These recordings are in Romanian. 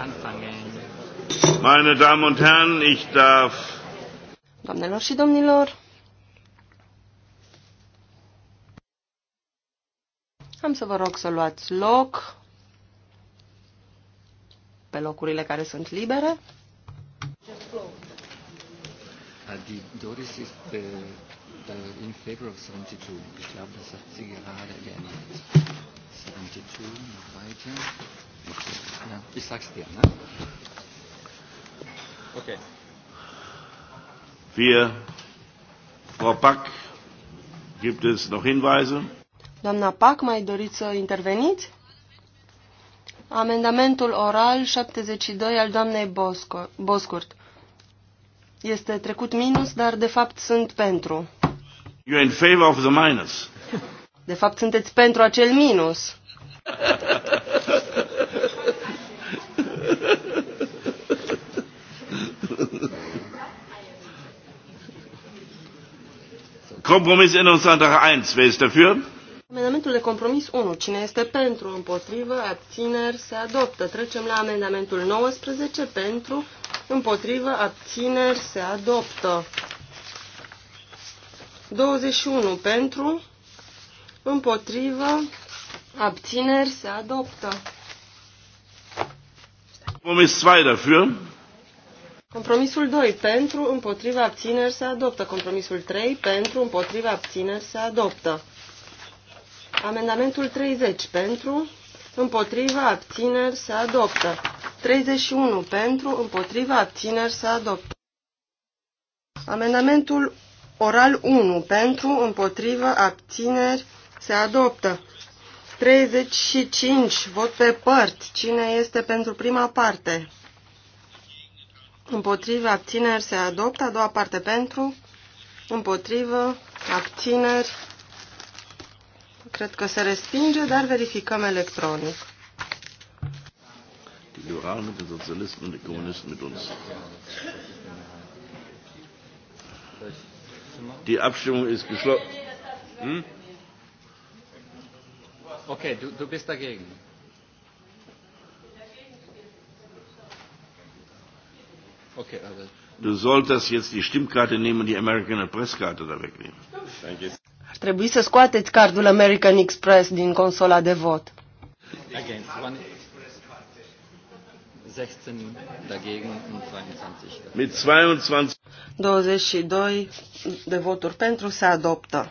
anfangen. Meine Damen und Herren, ich darf. Doamnelor și domnilor, am să vă rog să luați loc pe locurile care sunt libere. Ah, Doris 72. Äh, äh, ich glaube, das hat sie gerade 72, noch weiter. Ja, ich sag's dir, ne? Okay. Wir, Frau gibt es noch Hinweise? Doamna Pac, mai doriți să interveniți? Amendamentul oral 72 al doamnei Bosco, Boscurt. Este trecut minus, dar de fapt sunt pentru. You're in favor of the minus. De fapt sunteți pentru acel minus. Kompromissänderungsantrag 1. Wer ist dafür? Amendamentul de compromis 1. Cine este pentru, împotrivă, abțineri, se adoptă. Trecem la amendamentul 19. Pentru, împotrivă, abțineri, se adoptă. 21. Pentru, împotrivă, abțineri, se adoptă. Compromis 2 dafür. Compromisul 2 pentru, împotriva, abțineri se adoptă. Compromisul 3 pentru, împotriva, abțineri se adoptă. Amendamentul 30 pentru, împotriva, abțineri se adoptă. 31 pentru, împotriva, abțineri se adoptă. Amendamentul oral 1 pentru, împotriva, abțineri se adoptă. 35 vot pe părți. Cine este pentru prima parte? împotrivă, abțineri se adoptă, a doua parte pentru, împotrivă, abțineri, cred că se respinge, dar verificăm electronic. Die Abstimmung ist geschlossen. Hm? Okay, du, du bist dagegen. Okay, also. Du solltest jetzt die Stimmkarte nehmen und die American Express-Karte da wegnehmen. Ar trebui să scoateți cardul American Express din consola de vot. Again, 16 dagegen und 22 Mit 22. 22 de voturi pentru se adoptă.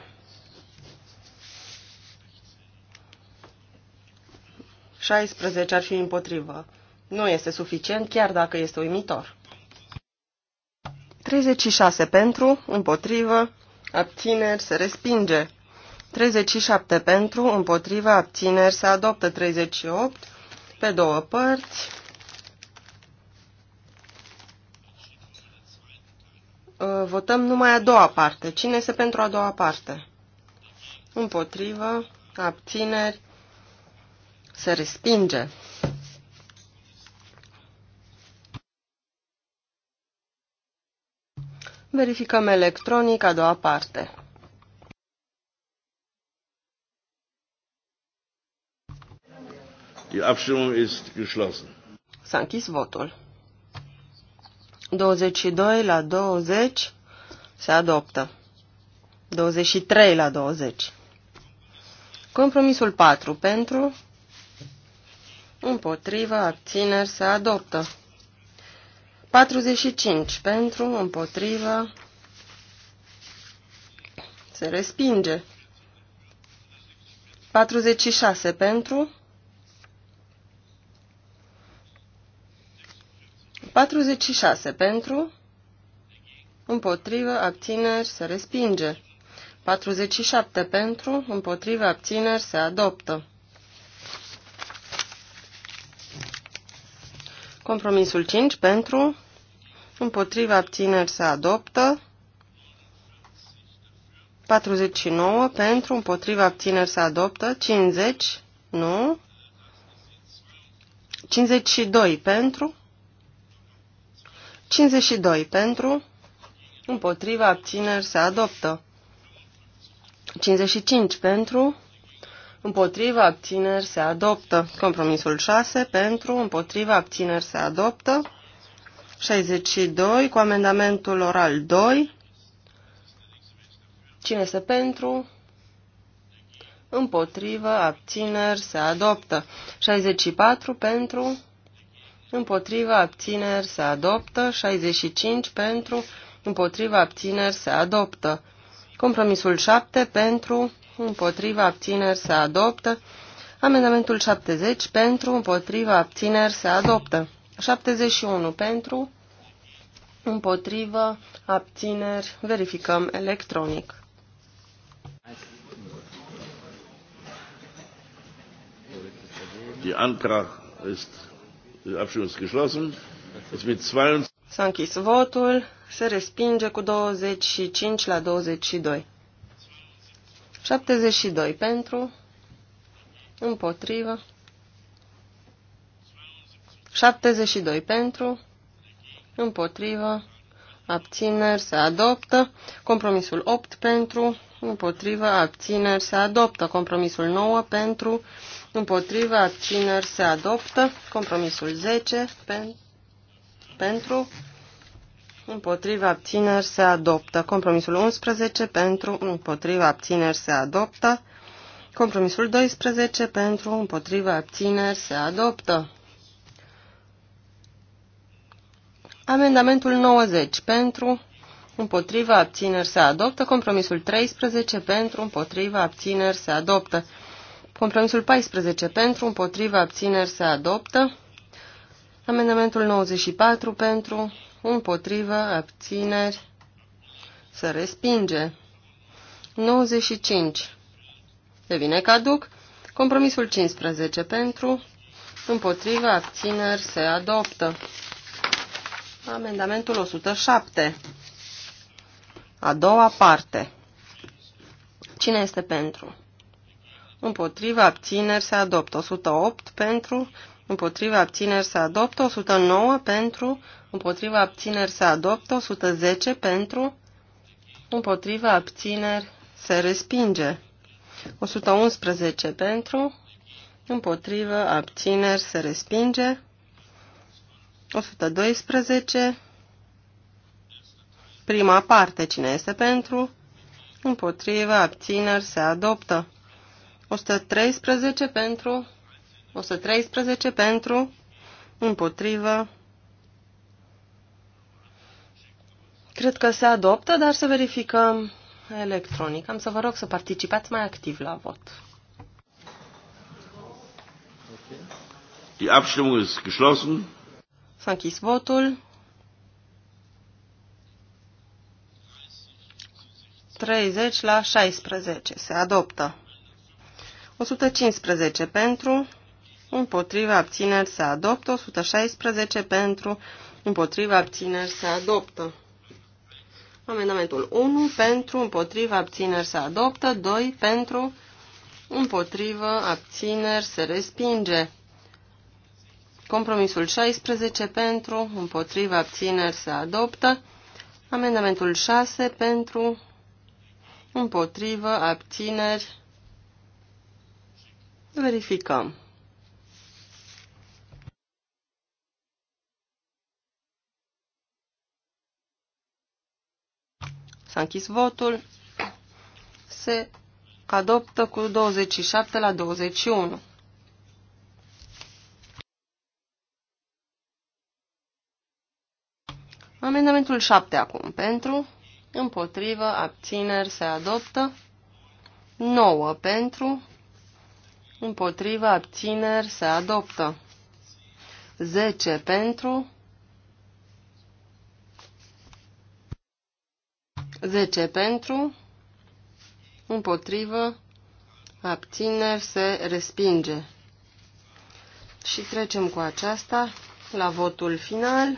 șaisprezece ar fi împotrivă. Nu este suficient, chiar dacă este uimitor. 36 pentru, împotrivă, abțineri, se respinge. 37 pentru, împotrivă, abțineri, se adoptă. 38 pe două părți. Uh, votăm numai a doua parte. Cine este pentru a doua parte? Împotrivă, abțineri, se respinge. Verificăm electronic a doua parte. Die Abstimmung ist geschlossen. S-a închis votul. 22 la 20 se adoptă. 23 la 20. Compromisul 4 pentru, împotriva abțineri se adoptă. 45 pentru, împotrivă, se respinge. 46 pentru, 46 pentru, împotrivă, abțineri, se respinge. 47 pentru, împotrivă, abțineri, se adoptă. Compromisul 5 pentru, împotriva abțineri se adoptă. 49 pentru, împotriva abțineri se adoptă. 50, nu. 52 pentru. 52 pentru, împotriva abțineri se adoptă. 55 pentru, împotriva abțineri se adoptă. Compromisul 6 pentru, împotriva abțineri se adoptă. 62 cu amendamentul oral 2. Cine este pentru? Împotrivă, abțineri, se adoptă. 64 pentru, împotrivă, abțineri, se adoptă. 65 pentru, împotrivă, abțineri, se adoptă. Compromisul 7 pentru, împotriva abțineri se adoptă. Amendamentul 70 pentru, împotriva abțineri se adoptă. 71 pentru, împotriva abțineri verificăm electronic. S-a închis votul, se respinge cu 25 la 22. 72 pentru, împotrivă, 72 pentru, împotrivă, abțineri, se adoptă, compromisul 8 pentru, împotrivă, abțineri, se adoptă, compromisul 9 pentru, împotrivă, abțineri, se adoptă, compromisul 10 pen, pentru, Împotriva abțineri se adoptă. Compromisul 11 pentru împotriva abțineri se adoptă. Compromisul 12 pentru împotriva abțineri se adoptă. Amendamentul 90 pentru împotriva abțineri se adoptă. Compromisul 13 pentru împotriva abțineri se adoptă. Compromisul 14 pentru împotriva abțineri se adoptă. Amendamentul 94 pentru împotrivă, abțineri, se respinge. 95. Devine caduc. Compromisul 15 pentru, împotrivă, abțineri, se adoptă. Amendamentul 107. A doua parte. Cine este pentru? Împotrivă, abțineri, se adoptă. 108 pentru, împotriva abțineri se adoptă, 109 pentru, împotriva abțineri se adoptă, 110 pentru, împotriva abțineri se respinge, 111 pentru, împotriva abțineri se respinge, 112, prima parte, cine este pentru, împotriva abțineri se adoptă, 113 pentru, 113 pentru, împotrivă. Cred că se adoptă, dar să verificăm electronic. Am să vă rog să participați mai activ la vot. Die Abstimmung ist geschlossen. S-a închis votul. 30 la 16. Se adoptă. 115 pentru, împotriva abțineri se adoptă, 116 pentru, împotriva abțineri se adoptă. Amendamentul 1 pentru, împotriva abțineri se adoptă, 2 pentru, împotriva abțineri se respinge. Compromisul 16 pentru, împotriva abțineri se adoptă. Amendamentul 6 pentru, împotriva abțineri. Verificăm. S-a închis votul. Se adoptă cu 27 la 21. Amendamentul 7 acum. Pentru, împotrivă, abțineri, se adoptă. 9 pentru, împotrivă, abțineri, se adoptă. 10 pentru, 10 pentru, împotrivă, abțineri, se respinge. Și trecem cu aceasta la votul final.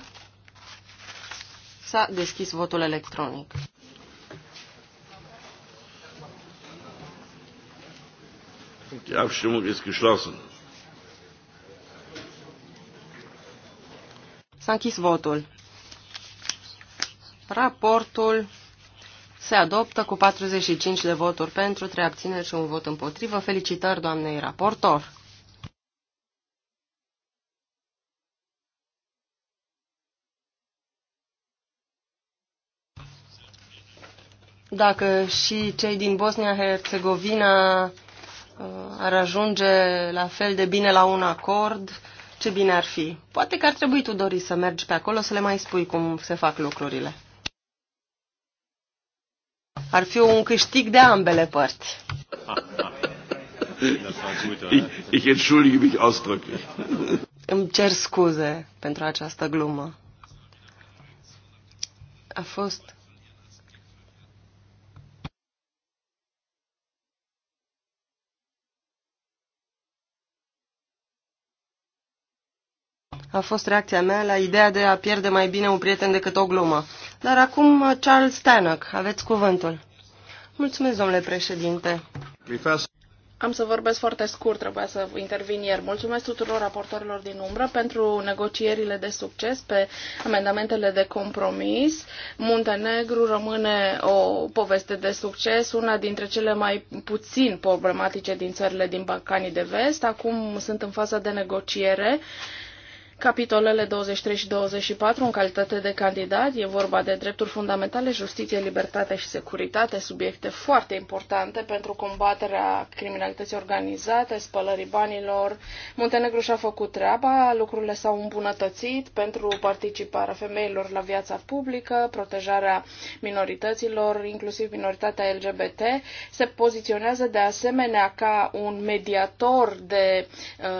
S-a deschis votul electronic. Die Abstimmung ist geschlossen. S-a închis votul. Raportul se adoptă cu 45 de voturi pentru, 3 abțineri și un vot împotrivă. Felicitări doamnei raportor! Dacă și cei din Bosnia-Herzegovina uh, ar ajunge la fel de bine la un acord, ce bine ar fi. Poate că ar trebui, tu dori să mergi pe acolo să le mai spui cum se fac lucrurile. Ar fi un câștig de ambele părți. ich, entschuldige mich ausdrücklich. Îmi cer scuze pentru această glumă. A fost a fost reacția mea la ideea de a pierde mai bine un prieten decât o glumă. Dar acum, uh, Charles Tannock, aveți cuvântul. Mulțumesc, domnule președinte. Am să vorbesc foarte scurt, trebuia să intervin ieri. Mulțumesc tuturor raportorilor din umbră pentru negocierile de succes pe amendamentele de compromis. Muntenegru rămâne o poveste de succes, una dintre cele mai puțin problematice din țările din Balcanii de Vest. Acum sunt în faza de negociere. Uh, Capitolele 23 și 24, în calitate de candidat, e vorba de drepturi fundamentale, justiție, libertate și securitate, subiecte foarte importante pentru combaterea criminalității organizate, spălării banilor. Muntenegru și-a făcut treaba, lucrurile s-au îmbunătățit pentru participarea femeilor la viața publică, protejarea minorităților, inclusiv minoritatea LGBT. Se poziționează de asemenea ca un mediator de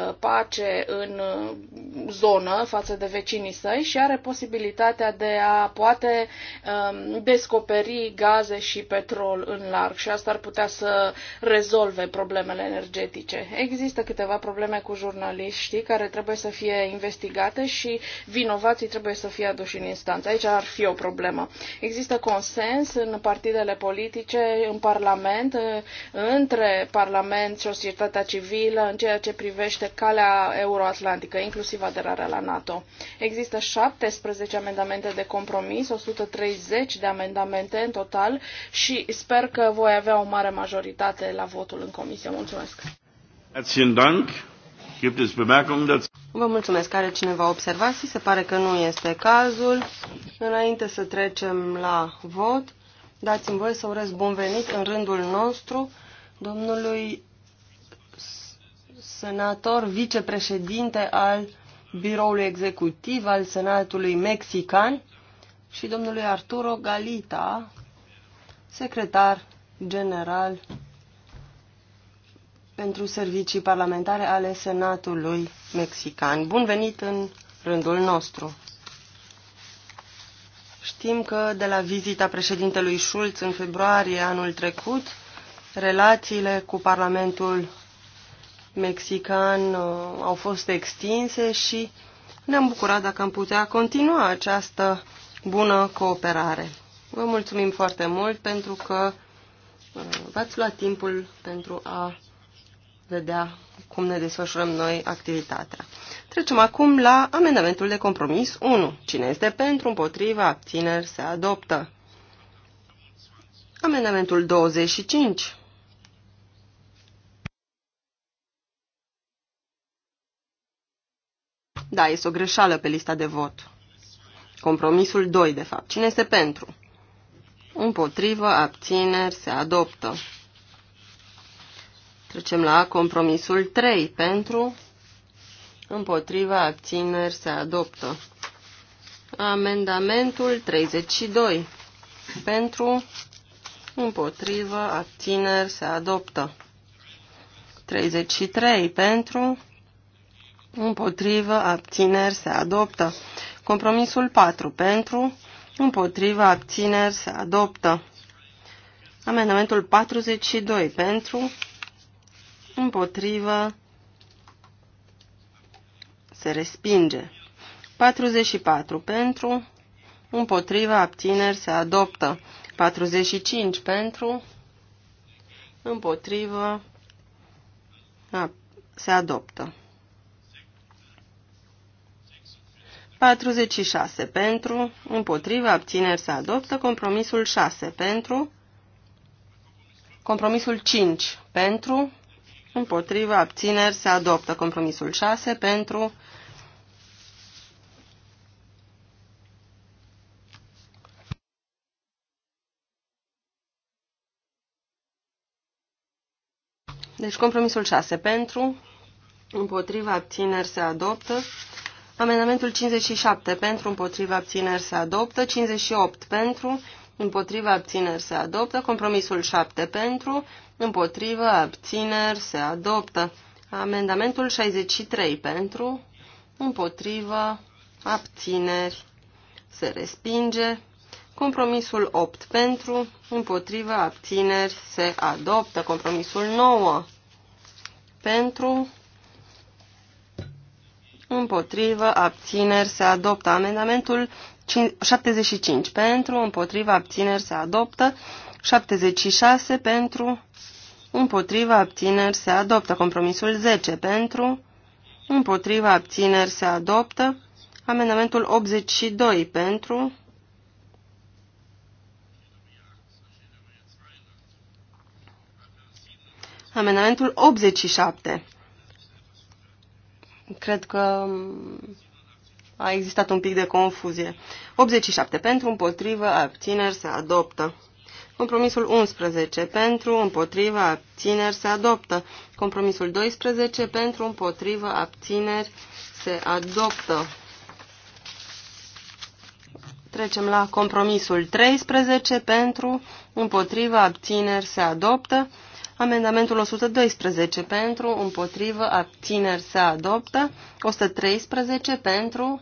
uh, pace în uh, zonă față de vecinii săi și are posibilitatea de a poate um, descoperi gaze și petrol în larg și asta ar putea să rezolve problemele energetice. Există câteva probleme cu jurnaliștii care trebuie să fie investigate și vinovații trebuie să fie aduși în instanță. Aici ar fi o problemă. Există consens în partidele politice, în Parlament, între Parlament și societatea civilă în ceea ce privește calea euroatlantică, inclusiv aderarea aderarea la NATO. Există 17 amendamente de compromis, 130 de amendamente în total și sper că voi avea o mare majoritate la votul în comisie. Mulțumesc! Vă mulțumesc. Are cineva observații? Se pare că nu este cazul. Înainte să trecem la vot, dați-mi voie să urez bun venit în rândul nostru domnului senator vicepreședinte al biroului executiv al Senatului Mexican și domnului Arturo Galita, secretar general pentru servicii parlamentare ale Senatului Mexican. Bun venit în rândul nostru! Știm că de la vizita președintelui Schulz în februarie anul trecut, relațiile cu Parlamentul mexican uh, au fost extinse și ne-am bucurat dacă am putea continua această bună cooperare. Vă mulțumim foarte mult pentru că uh, v-ați luat timpul pentru a vedea cum ne desfășurăm noi activitatea. Trecem acum la amendamentul de compromis 1. Cine este pentru, împotriva, abțineri, se adoptă. Amendamentul 25. Da, este o greșeală pe lista de vot. Compromisul 2, de fapt. Cine este pentru? Împotrivă, abțineri, se adoptă. Trecem la compromisul 3. Pentru, împotrivă, abțineri, se adoptă. Amendamentul 32. Pentru, împotrivă, abțineri, se adoptă. 33. Pentru, împotrivă, abțineri, se adoptă. Compromisul 4 pentru, împotrivă, abțineri, se adoptă. Amendamentul 42 pentru, împotrivă, se respinge. 44 pentru, împotrivă, abțineri, se adoptă. 45 pentru, împotrivă, se adoptă. 46 pentru, împotriva, abțineri se adoptă, compromisul 6 pentru, compromisul 5 pentru, împotriva, abțineri se adoptă, compromisul 6 pentru, Deci compromisul 6 pentru, împotriva abțineri se adoptă, Amendamentul 57 pentru împotriva abțineri se adoptă, 58 pentru împotriva abțineri se adoptă, compromisul 7 pentru împotriva abțineri se adoptă. Amendamentul 63 pentru împotriva abțineri se respinge. Compromisul 8 pentru, împotriva abțineri se adoptă. Compromisul 9 pentru, împotrivă, abțineri, se adoptă. Amendamentul 75 pentru, împotrivă, abțineri, se adoptă. 76 pentru, împotrivă, abțineri, se adoptă. Compromisul 10 pentru, împotrivă, abțineri, se adoptă. Amendamentul 82 pentru, Amendamentul 87. Cred că mm, a existat un pic de confuzie. 87 pentru, împotrivă, abțineri, se adoptă. Compromisul 11 pentru, împotrivă, abțineri, se adoptă. Compromisul 12 pentru, împotrivă, abțineri, se adoptă. Trecem la compromisul 13 pentru, împotrivă, abțineri, se adoptă. Amendamentul 112 pentru, împotrivă, abțineri se adoptă. 113 pentru,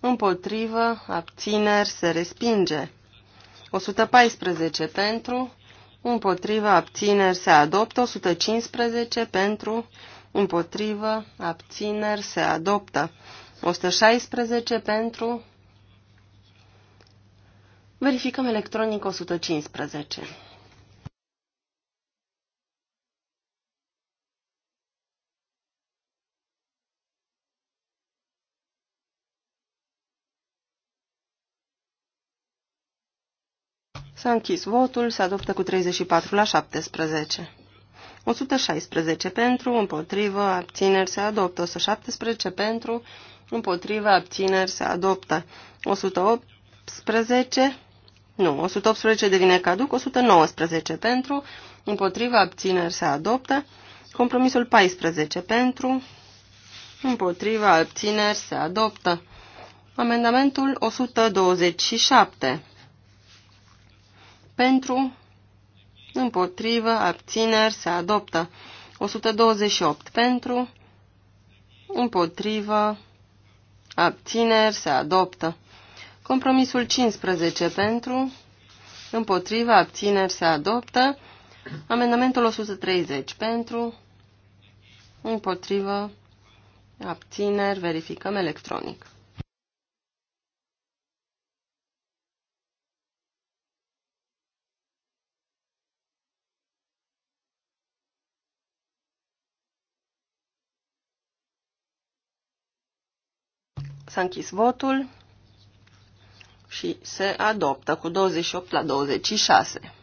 împotrivă, abțineri se respinge. 114 pentru, împotrivă, abțineri se adoptă. 115 pentru, împotrivă, abțineri se adoptă. 116 pentru, verificăm electronic 115. S-a închis votul, se adoptă cu 34 la 17. 116 pentru, împotrivă, abțineri se adoptă. 117 pentru, împotrivă, abțineri se adoptă. 118, nu, 118 devine caduc, 119 pentru, împotrivă, abțineri se adoptă. Compromisul 14 pentru, împotrivă, abțineri se adoptă. Amendamentul 127 pentru, împotrivă, abțineri, se adoptă. 128 pentru, împotrivă, abțineri, se adoptă. Compromisul 15 pentru, împotrivă, abțineri, se adoptă. Amendamentul 130 pentru, împotrivă, abțineri, verificăm electronic. S-a închis votul și se adoptă cu 28 la 26.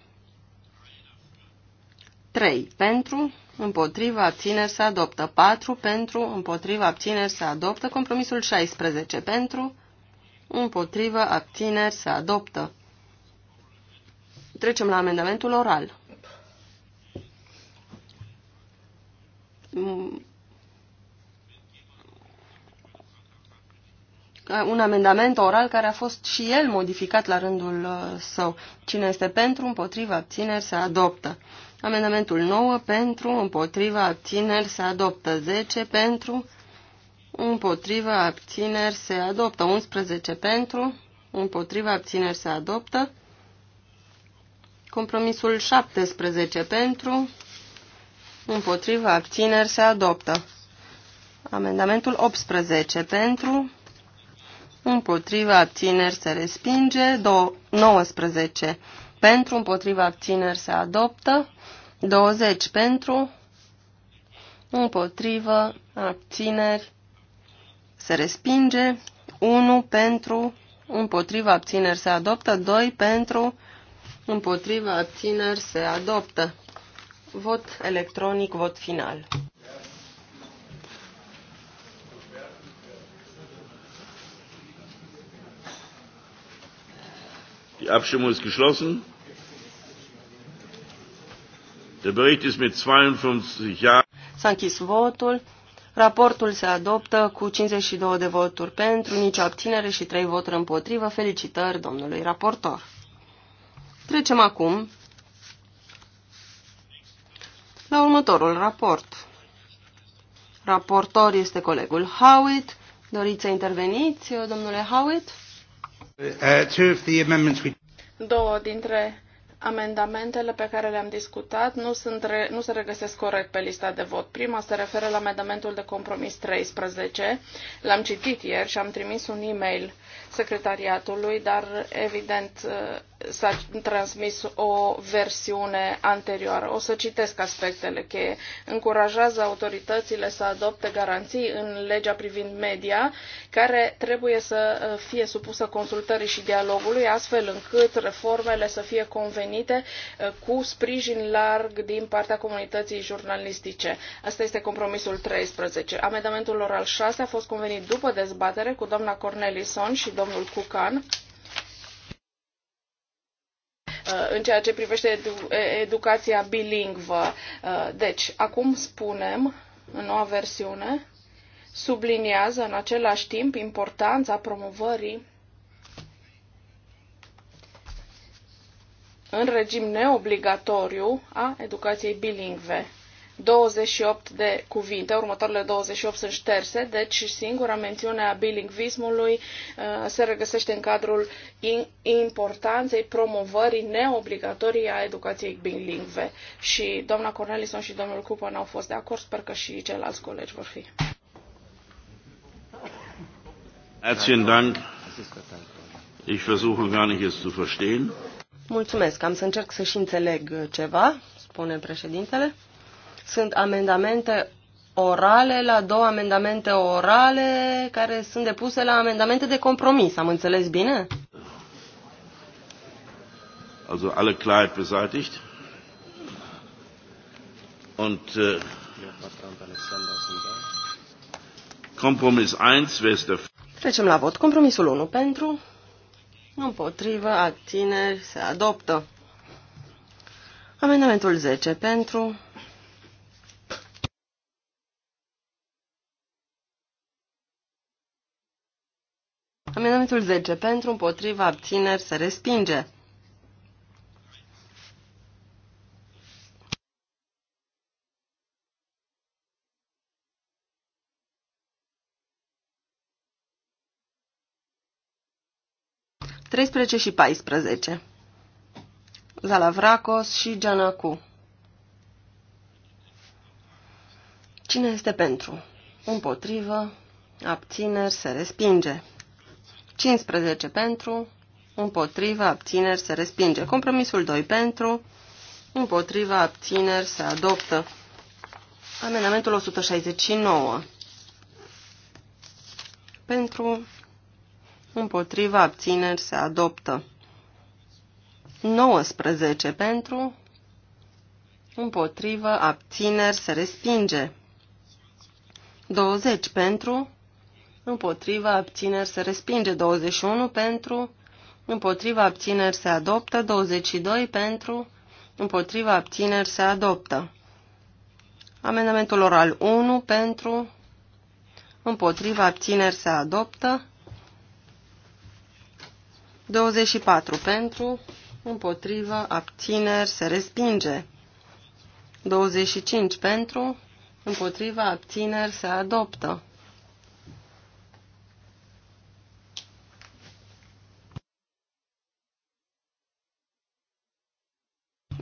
3 pentru, împotriva, abțineri se adoptă. 4 pentru, împotriva, abțineri se adoptă. Compromisul 16 pentru, împotriva, abțineri se adoptă. Trecem la amendamentul oral. un amendament oral care a fost și el modificat la rândul uh, său. Cine este pentru, împotriva, abțineri, se adoptă. Amendamentul 9 pentru, împotriva, abțineri, se adoptă. 10 pentru, împotriva, abțineri, se adoptă. 11 pentru, împotriva, abțineri, se adoptă. Compromisul 17 pentru, împotriva, abțineri, se adoptă. Amendamentul 18 pentru, împotriva abțineri se respinge, 19 pentru, împotriva abțineri se adoptă, 20 pentru, împotriva abțineri se respinge, 1 pentru, împotriva abțineri se adoptă, 2 pentru, împotriva abțineri se adoptă. Vot electronic, vot final. Die Abstimmung ist geschlossen. Der Bericht ist mit 52 Ja. votul. Raportul se adoptă cu 52 de voturi pentru, nicio abținere și 3 voturi împotrivă. Felicitări domnului raportor. Trecem acum la următorul raport. Raportor este colegul Howitt. Doriți să interveniți, domnule Howitt? Uh, two of the amendments we Două dintre amendamentele pe care le-am discutat nu, sunt re, nu se regăsesc corect pe lista de vot. Prima se referă la amendamentul de compromis 13. L-am citit ieri și am trimis un e-mail secretariatului, dar evident s-a transmis o versiune anterioară. O să citesc aspectele cheie. Încurajează autoritățile să adopte garanții în legea privind media, care trebuie să uh, fie supusă consultării și dialogului, astfel încât reformele să fie convenite uh, cu sprijin larg din partea comunității jurnalistice. Asta este compromisul 13. Amendamentul oral 6 a fost convenit după dezbatere cu doamna Cornelison și domnul Cucan Uh, în ceea ce privește edu- educația bilingvă. Uh, deci, acum spunem, în noua versiune, subliniază în același timp importanța promovării în regim neobligatoriu a educației bilingve. 28 de cuvinte, următoarele 28 sunt șterse, deci singura mențiune a bilingvismului uh, se regăsește în cadrul importanței promovării neobligatorii a educației bilingve. Și doamna Cornelison și domnul Cupan au fost de acord, sper că și ceilalți colegi vor fi. Herzlichen Dank. Ich versuche gar nicht es zu verstehen. Mulțumesc, am să încerc să și înțeleg ceva, spune președintele. Sunt amendamente orale la două amendamente orale care sunt depuse la amendamente de compromis. Am înțeles bine? Also alle Klarheit beseitigt. Und äh, Kompromiss äh, 1, wer ist dafür? Trecem la vot. Compromisul 1 pentru, împotrivă, abțineri, se adoptă. Amendamentul 10 pentru, Amendamentul 10 pentru, împotriva, abțineri, se respinge. Treisprezece și paisprezece. Zalavracos și Gianacu. Cine este pentru? Împotrivă, abțineri, se respinge. 15 pentru, împotriva, abțineri, se respinge. Compromisul 2 pentru, împotriva, abțineri, se adoptă. Amendamentul 169 pentru, împotriva, abțineri, se adoptă. 19 pentru, împotriva, abțineri, se respinge. 20 pentru, împotriva abțineri se respinge 21 pentru, împotriva abțineri se adoptă 22 pentru, împotriva abțineri se adoptă. Amendamentul oral 1 pentru, împotriva abțineri se adoptă 24 pentru, împotriva abțineri se respinge 25 pentru, împotriva abțineri se adoptă.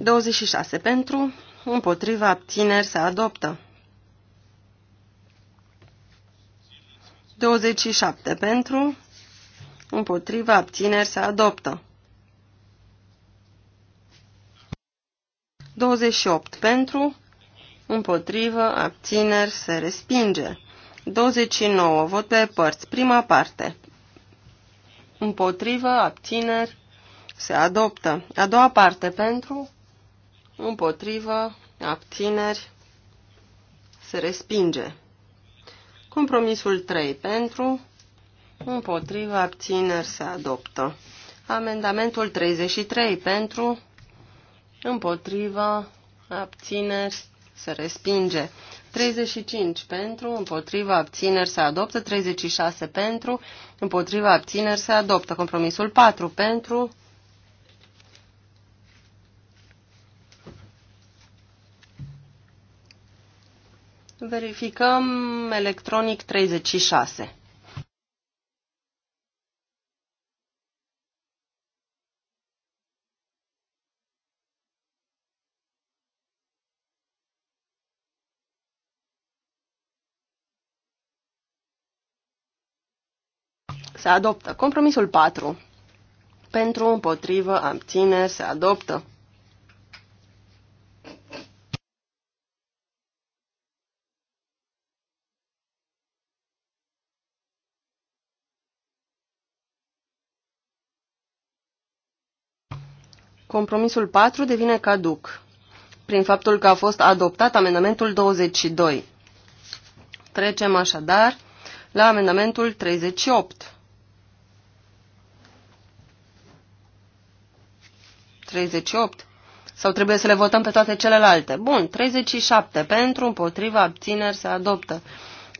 26 pentru, împotriva abțineri se adoptă. 27 pentru, împotriva abțineri se adoptă. 28 pentru, împotrivă, abțineri, se respinge. 29. Vot pe părți. Prima parte. Împotrivă, abțineri, se adoptă. A doua parte pentru, împotrivă, abțineri, se respinge. Compromisul 3 pentru, împotrivă, abțineri, se adoptă. Amendamentul 33 pentru, împotrivă, abțineri, se respinge. 35 pentru, împotriva abțineri se adoptă, 36 pentru, împotriva abțineri se adoptă. Compromisul 4 pentru, Verificăm electronic 36. Se adoptă. Compromisul 4. Pentru, împotrivă, abțineri, se adoptă. Compromisul 4 devine caduc prin faptul că a fost adoptat amendamentul 22. Trecem așadar la amendamentul 38. 38. Sau trebuie să le votăm pe toate celelalte? Bun, 37 pentru, împotriva, abțineri, se adoptă.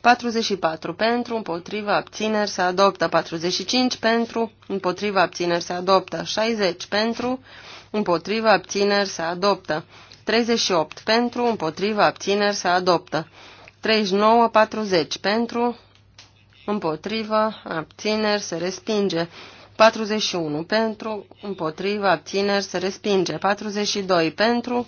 44 pentru, împotriva, abțineri, se adoptă. 45 pentru, împotriva, abțineri, se adoptă. 60 pentru, împotrivă, abțineri, se adoptă. 38 pentru, împotrivă, abțineri, se adoptă. 39, 40 pentru, împotrivă, abțineri, se respinge. 41 pentru, împotrivă, abțineri, se respinge. 42 pentru,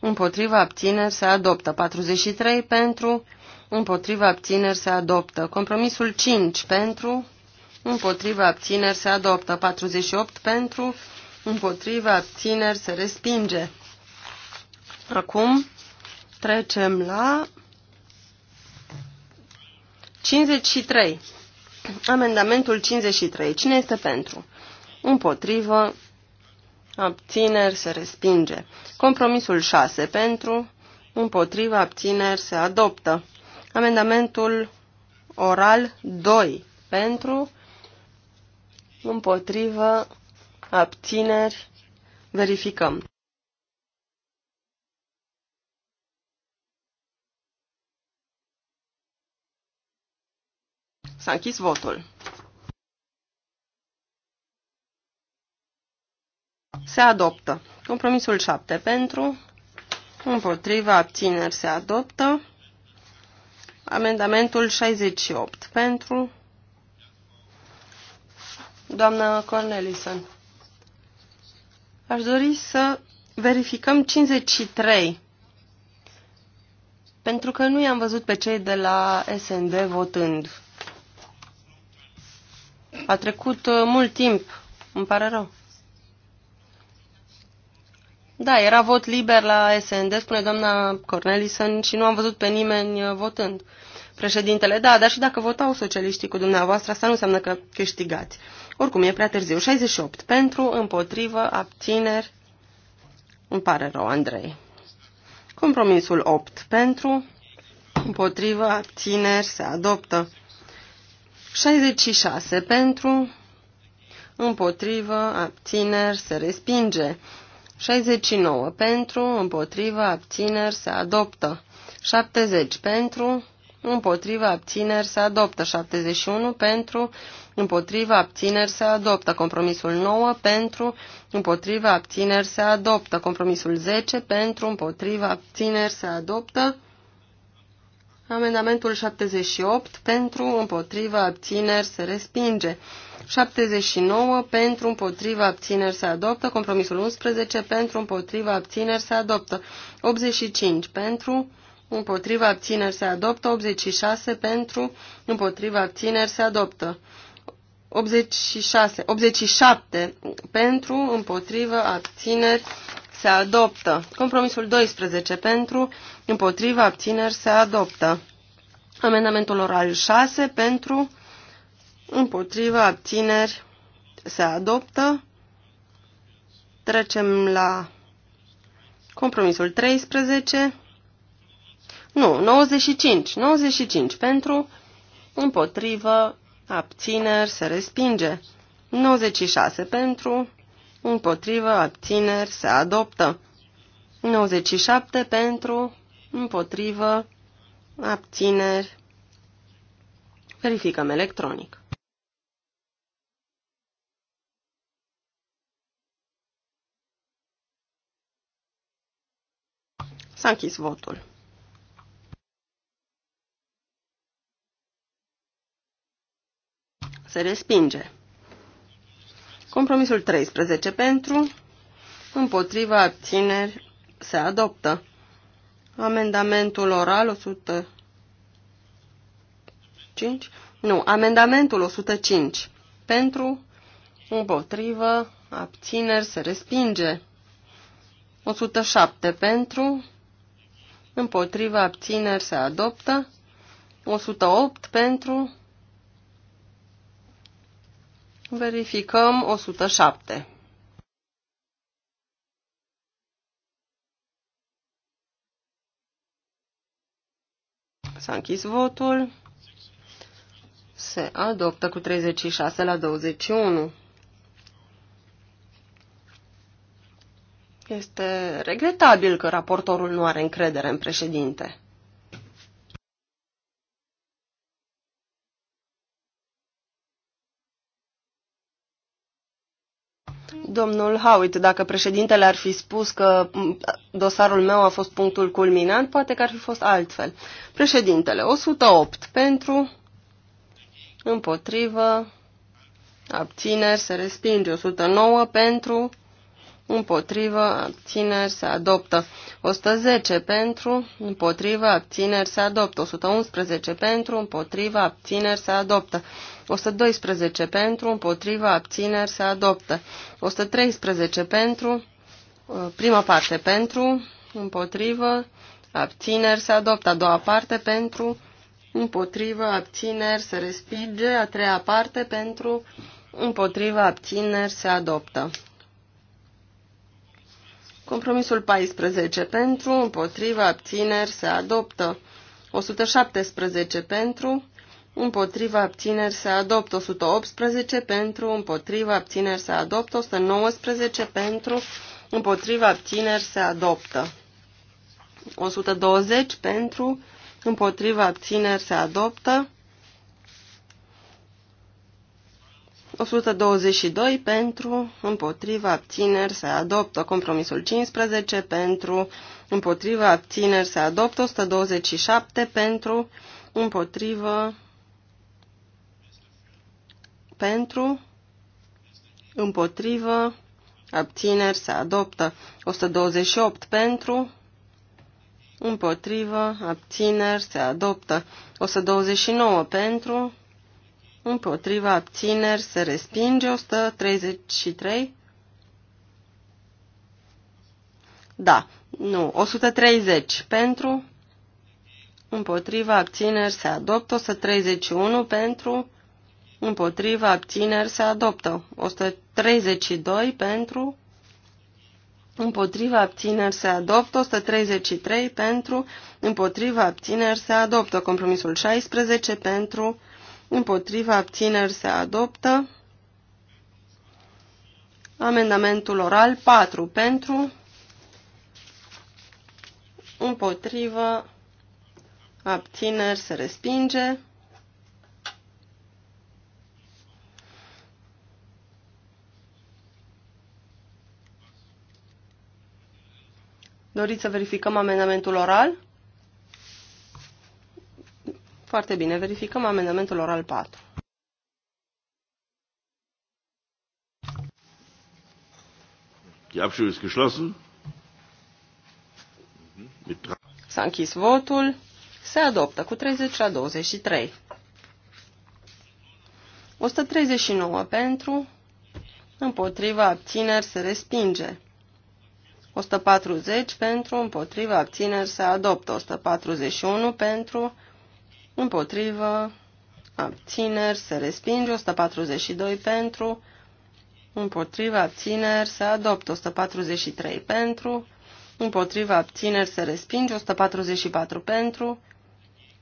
împotrivă, abțineri, se adoptă. 43 pentru, împotrivă, abțineri, se adoptă. Compromisul 5 pentru, împotrivă, abțineri, se adoptă. 48 pentru, împotriva, abțineri, se respinge. Acum trecem la 53. Amendamentul 53. Cine este pentru? Împotrivă, abțineri, se respinge. Compromisul 6 pentru, împotrivă, abțineri, se adoptă. Amendamentul oral 2 pentru, împotrivă, abțineri, verificăm. S-a închis votul. Se adoptă. Compromisul 7 pentru, împotriva, abțineri se adoptă. Amendamentul 68 pentru doamna Cornelison. Aș dori să verificăm 53, pentru că nu i-am văzut pe cei de la SND votând. A trecut uh, mult timp, îmi pare rău. Da, era vot liber la SND, spune doamna Cornelison, și nu am văzut pe nimeni uh, votând. Președintele, da, dar și dacă votau socialiștii cu dumneavoastră, asta nu înseamnă că câștigați. Oricum, e prea târziu. 68 pentru, împotrivă, abțineri. Îmi pare rău, Andrei. Compromisul 8 pentru, împotrivă, abțineri, se adoptă. 66 pentru, împotrivă, abțineri, se respinge. 69 pentru, împotrivă, abțineri, se adoptă. 70 pentru, împotriva abțineri se adoptă 71 pentru, împotriva abțineri se adoptă compromisul 9 pentru, împotriva abțineri se adoptă compromisul 10 pentru, împotriva abțineri se adoptă amendamentul 78 pentru, împotriva abțineri se respinge. 79 pentru, împotriva abțineri se adoptă, compromisul 11 pentru, împotriva abțineri se adoptă, 85 pentru, împotriva abțineri se adoptă, 86 pentru, împotriva abțineri se adoptă, 86, 87 pentru, împotriva abțineri se adoptă, compromisul 12 pentru, împotriva abțineri se adoptă, amendamentul oral 6 pentru, împotriva abțineri se adoptă, trecem la compromisul 13, nu, 95. 95 pentru, împotrivă, abțineri, se respinge. 96 pentru, împotrivă, abțineri, se adoptă. 97 pentru, împotrivă, abțineri. Verificăm electronic. S-a închis votul. Se respinge. Compromisul 13 pentru, împotriva abțineri, se adoptă. Amendamentul oral 105? Nu, amendamentul 105. Pentru, împotrivă, abțineri, se respinge. 107 pentru, împotriva abțineri, se adoptă. 108 pentru, Verificăm 107. S-a închis votul. Se adoptă cu 36 la 21. Este regretabil că raportorul nu are încredere în președinte. Domnul Howitt, dacă președintele ar fi spus că dosarul meu a fost punctul culminant, poate că ar fi fost altfel. Președintele, 108 pentru, împotrivă, abțineri, se respinge, 109 pentru, împotrivă, abțineri, se adoptă. 110 pentru, împotrivă, abțineri, se adoptă. 111 pentru, împotrivă, abțineri, se adoptă. 112 pentru, împotrivă, abțineri, se adoptă. 113 pentru, uh, prima parte pentru, împotrivă, abțineri, se adoptă. A doua parte pentru, împotrivă, abțineri, se respinge. A treia parte pentru, împotrivă, abțineri, se adoptă. Compromisul 14 pentru, împotriva, abțineri, se adoptă. 117 pentru, împotriva, abțineri, se adoptă. 118 pentru, împotriva, abțineri, se adoptă. 119 pentru, împotriva, abțineri, se adoptă. 120 pentru, împotriva, abțineri, se adoptă. 122 pentru, împotriva, abțineri, se adoptă. Compromisul 15 pentru, împotriva, abțineri, se adoptă. 127 pentru, împotrivă, pentru, împotrivă, abțineri, se adoptă. 128 pentru, împotrivă, abțineri, se adoptă. 129 pentru, Împotriva abțineri se respinge 133. Da, nu, 130 pentru. Împotriva abțineri se adoptă 131 pentru. Împotriva abțineri se adoptă 132 pentru. Împotriva abțineri se adoptă 133 pentru. Împotriva abțineri se adoptă compromisul 16 pentru împotriva abțineri se adoptă. Amendamentul oral 4 pentru, împotrivă, abțineri se respinge. Doriți să verificăm amendamentul oral? Foarte bine, verificăm amendamentul oral 4. Die Abstimmung ist geschlossen. S-a închis votul. Se adoptă cu 30 la 23. 139 pentru, împotriva abțineri se respinge. 140 pentru, împotriva abțineri se adoptă. 141 pentru, împotrivă, abțineri, se respinge, 142 pentru, împotriva abțineri, se adoptă, 143 pentru, împotriva abțineri, se respinge, 144 pentru,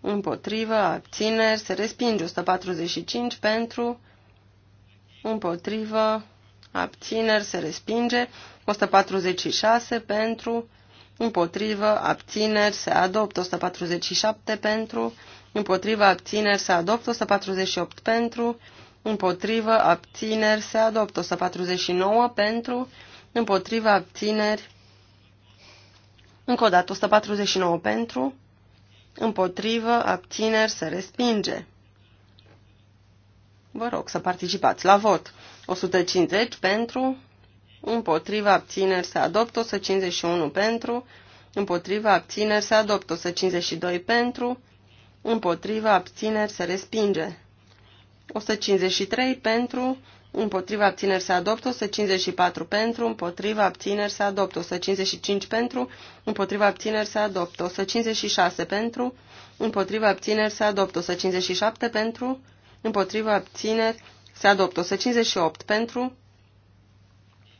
împotriva abțineri, se respinge, 145 pentru, împotriva abțineri, se respinge, 146 pentru, împotrivă, abțineri, se adoptă, 147 pentru, împotrivă, abțineri, se adoptă, 148 pentru, împotrivă, abțineri, se adoptă, 149 pentru, împotrivă, abțineri, încă o dată, 149 pentru, împotrivă, abțineri, se respinge. Vă rog să participați la vot. 150 pentru, împotriva abțineri se adoptă 151 pentru, împotriva abțineri se adoptă 152 pentru, împotriva, abțineri, se respinge. 153 pentru, împotriva, abțineri, se adoptă. 154 pentru, împotriva, abțineri, se adoptă. 155 pentru, împotriva, abțineri, se adoptă. 156 pentru, împotriva, abțineri, se adoptă. 157 pentru, împotriva, abțineri, se adoptă. 158 pentru,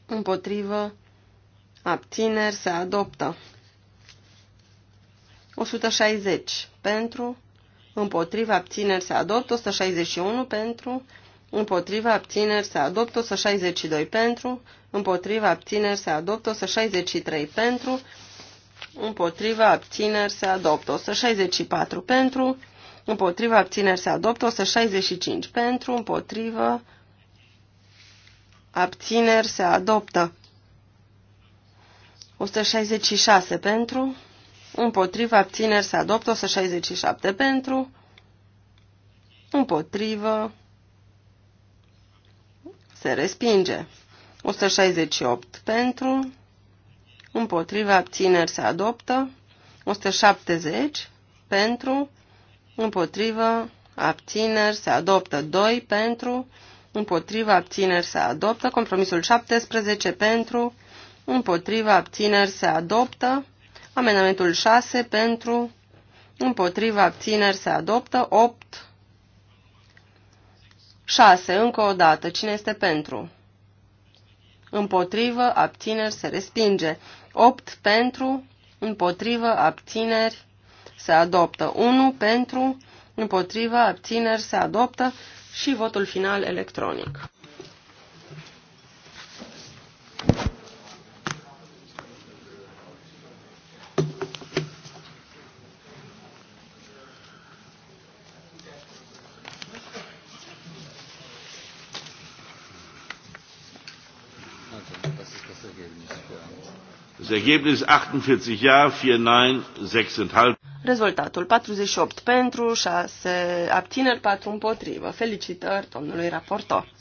împotriva abțineri, se adoptă. 160 pentru, împotriva abțineri se adoptă 161 pentru, împotriva abțineri se adoptă 162 pentru, împotriva abțineri se adoptă 163 pentru, împotriva abțineri se adoptă 164 pentru, împotriva abțineri se adoptă 165 pentru, împotriva abțineri se adoptă 166 pentru, împotrivă, abțineri se adoptă, 167 pentru, împotrivă, se respinge, 168 pentru, împotrivă, abțineri se adoptă, 170 pentru, împotrivă, abțineri se adoptă, 2 pentru, împotrivă, abțineri se adoptă, compromisul 17 pentru, împotrivă, abțineri se adoptă, Amendamentul 6 pentru, împotriva, abțineri se adoptă. 8. 6. Încă o dată. Cine este pentru? Împotrivă, abțineri se respinge. 8 pentru, împotrivă, abțineri se adoptă. 1 pentru, împotrivă, abțineri se adoptă și votul final electronic. Das Ergebnis 48 Ja, 4 Nein, 6 enthalten. Rezultatul 48 pentru, 6 abțineri, 4 împotrivă. Felicitări domnului raportor.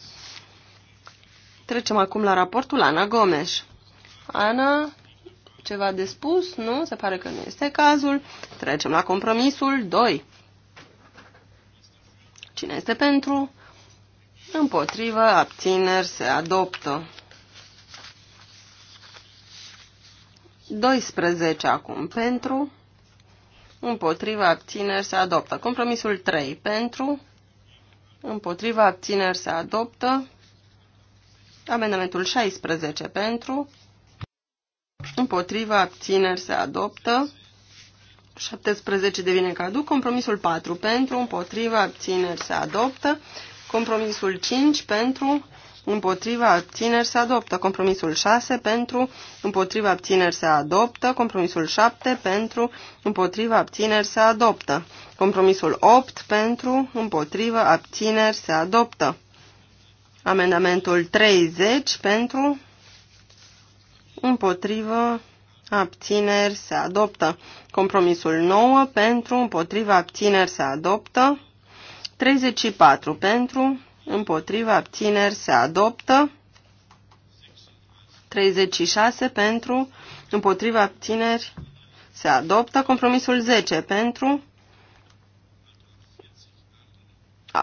Trecem acum la raportul Ana Gomes. Ana, ceva de spus? Nu? Se pare că nu este cazul. Trecem la compromisul 2. Cine este pentru? Împotrivă, abțineri, se adoptă. 12 acum pentru, împotriva abțineri se adoptă. Compromisul 3 pentru, împotriva abțineri se adoptă. Amendamentul 16 pentru, împotriva abțineri se adoptă. 17 devine caduc. Compromisul 4 pentru, împotriva abțineri se adoptă. Compromisul 5 pentru, împotriva abțineri se adoptă. Compromisul 6 pentru, împotriva abțineri se adoptă. Compromisul 7 pentru, împotriva abțineri se adoptă. Compromisul 8 pentru, împotriva abțineri se adoptă. Amendamentul 30 pentru, împotriva abțineri se adoptă. Compromisul 9 pentru, împotriva abțineri se adoptă. 34 pentru, împotriva, abțineri, se adoptă. 36 pentru, împotriva, abțineri, se adoptă. Compromisul 10 pentru,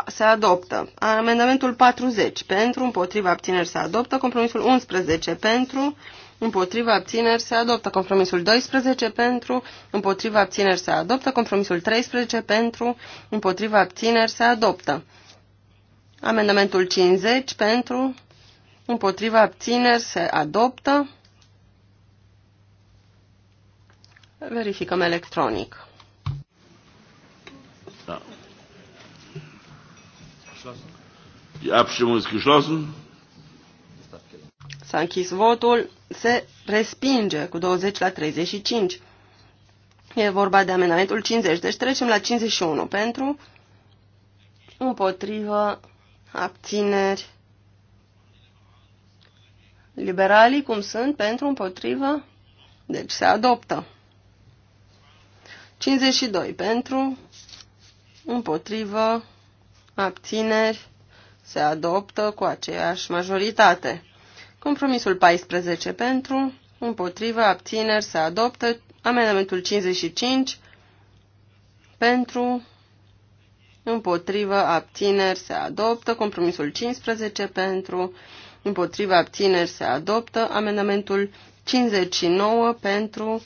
se adoptă. Amendamentul 40 pentru, împotriva, abțineri, se adoptă. Compromisul 11 pentru, împotriva abțineri se adoptă compromisul 12 pentru, împotriva abțineri se adoptă compromisul 13 pentru, împotriva abțineri se adoptă. Amendamentul 50 pentru, împotriva abțineri se adoptă. Verificăm electronic. Da. Die Abstimmung ist geschlossen. S-a închis votul, se respinge cu 20 la 35. E vorba de amendamentul 50, deci trecem la 51 pentru împotrivă abțineri. Liberalii cum sunt, pentru, împotrivă, deci se adoptă. 52 pentru, împotrivă, abțineri, se adoptă cu aceeași majoritate. Compromisul 14 pentru, împotrivă, abțineri, se adoptă. Amendamentul 55 pentru, împotrivă, abțineri, se adoptă. Compromisul 15 pentru, împotrivă, abțineri, se adoptă. Amendamentul 59 pentru,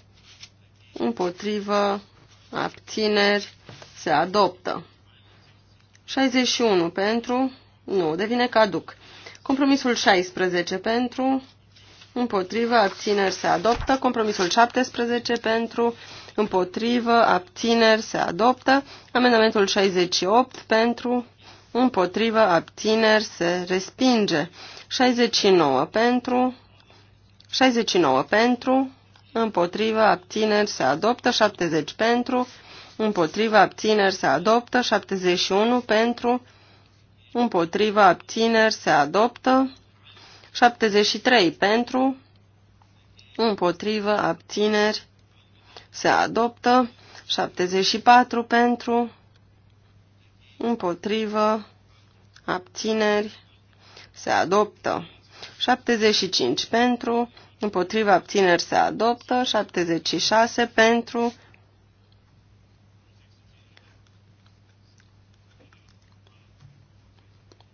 împotrivă, abțineri, se adoptă. 61 pentru, nu, devine caduc. Compromisul 16 pentru, împotrivă, abțineri, se adoptă. Compromisul 17 pentru, împotrivă, abțineri, se adoptă. Amendamentul 68 pentru, împotrivă, abțineri, se respinge. 69 pentru, 69 pentru, împotrivă, abțineri, se adoptă. 70 pentru, împotrivă, abțineri, se adoptă. 71 pentru, împotrivă, abțineri, se adoptă. 73 pentru, împotrivă, abțineri, se adoptă, 74 pentru, împotrivă, abțineri, se adoptă, 75 pentru, împotrivă, abțineri, se adoptă, 76 pentru,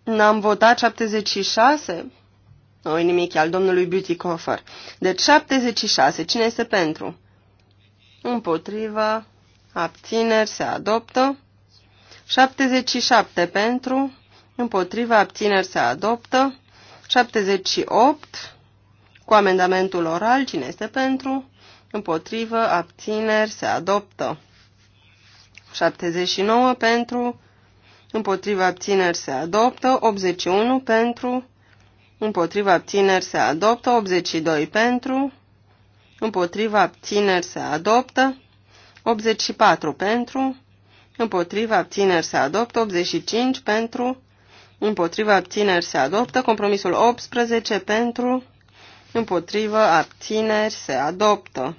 N-am votat 76? Nu, nimic al domnului Beauty Coffer. Deci 76. Cine este pentru? împotriva, abțineri, se adoptă. 77 pentru, împotriva, abțineri, se adoptă. 78 cu amendamentul oral, cine este pentru, împotrivă, abțineri, se adoptă. 79 pentru, împotriva abțineri se adoptă, 81 pentru, împotriva abțineri se adoptă, 82 pentru, împotriva abțineri se adoptă, 84 pentru, împotriva abțineri se adoptă, 85 pentru, împotriva abțineri se adoptă, compromisul 18 pentru, împotriva abțineri se adoptă.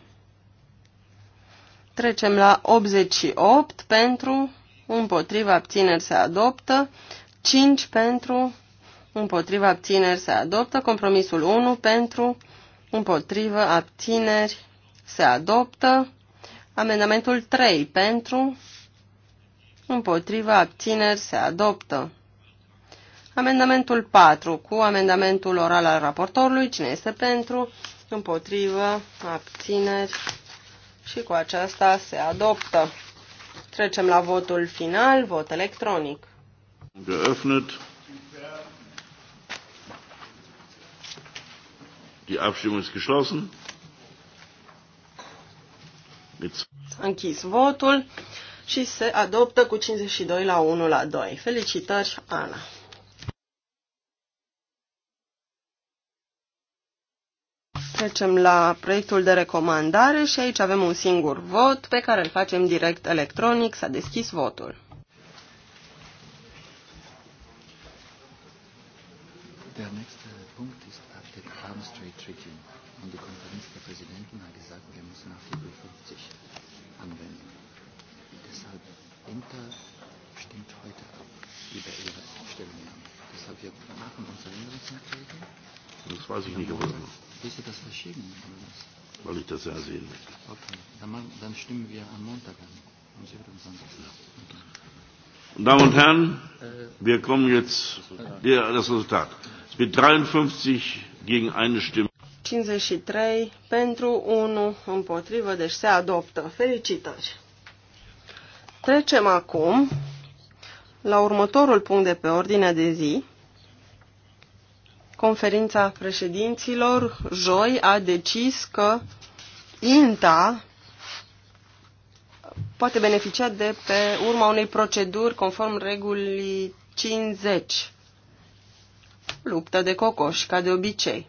Trecem la 88 pentru, împotriva abțineri se adoptă, 5 pentru, împotriva abțineri se adoptă, compromisul 1 pentru, împotrivă, abțineri, se adoptă. Amendamentul 3 pentru, împotrivă, abțineri, se adoptă. Amendamentul 4 cu amendamentul oral al raportorului, cine este pentru, împotrivă, abțineri și cu aceasta se adoptă. Trecem la votul final, vot electronic. Geöffnet. Die Abstimmung ist geschlossen. închis votul și se adoptă cu 52 la 1 la 2. Felicitări, Ana! Trecem la proiectul de recomandare și aici avem un singur vot pe care îl facem direct electronic. S-a deschis votul. Das weiß ich nicht, aber. Willst du das verschieben oder was? Weil ich das ja sehen möchte. Okay, dann, dann stimmen wir am Montag an. Am 27. Ja. Damen und Herren, eh. wir kommen jetzt ja, eh. das Resultat. Es wird 53 gegen eine Stimme. 53 pentru 1 împotrivă, deci se adoptă. Felicitări! Trecem acum la următorul punct de pe ordinea de zi conferința președinților joi a decis că INTA poate beneficia de pe urma unei proceduri conform regulii 50. Luptă de cocoș, ca de obicei.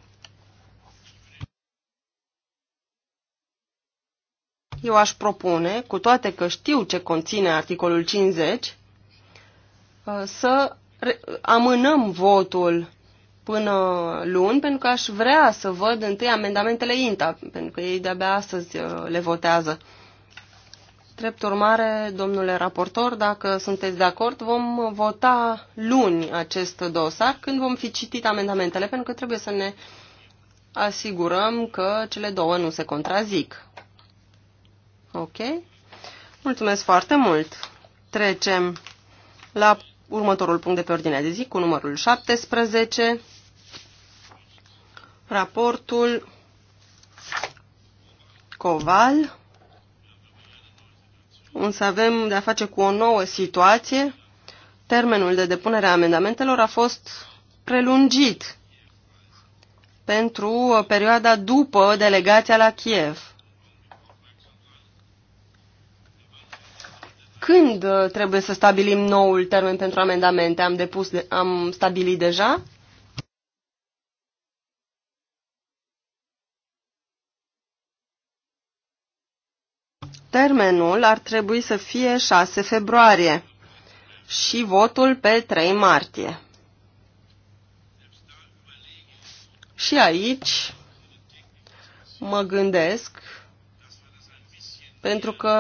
Eu aș propune, cu toate că știu ce conține articolul 50, să amânăm votul până luni, pentru că aș vrea să văd întâi amendamentele INTA, pentru că ei de-abia astăzi uh, le votează. Drept urmare, domnule raportor, dacă sunteți de acord, vom vota luni acest dosar când vom fi citit amendamentele, pentru că trebuie să ne asigurăm că cele două nu se contrazic. Ok? Mulțumesc foarte mult! Trecem la următorul punct de pe ordinea de zi cu numărul 17 raportul Coval, însă avem de-a face cu o nouă situație. Termenul de depunere a amendamentelor a fost prelungit pentru perioada după delegația la Kiev. Când trebuie să stabilim noul termen pentru amendamente? Am, depus de, am stabilit deja? Termenul ar trebui să fie 6 februarie și votul pe 3 martie. Și aici mă gândesc, pentru că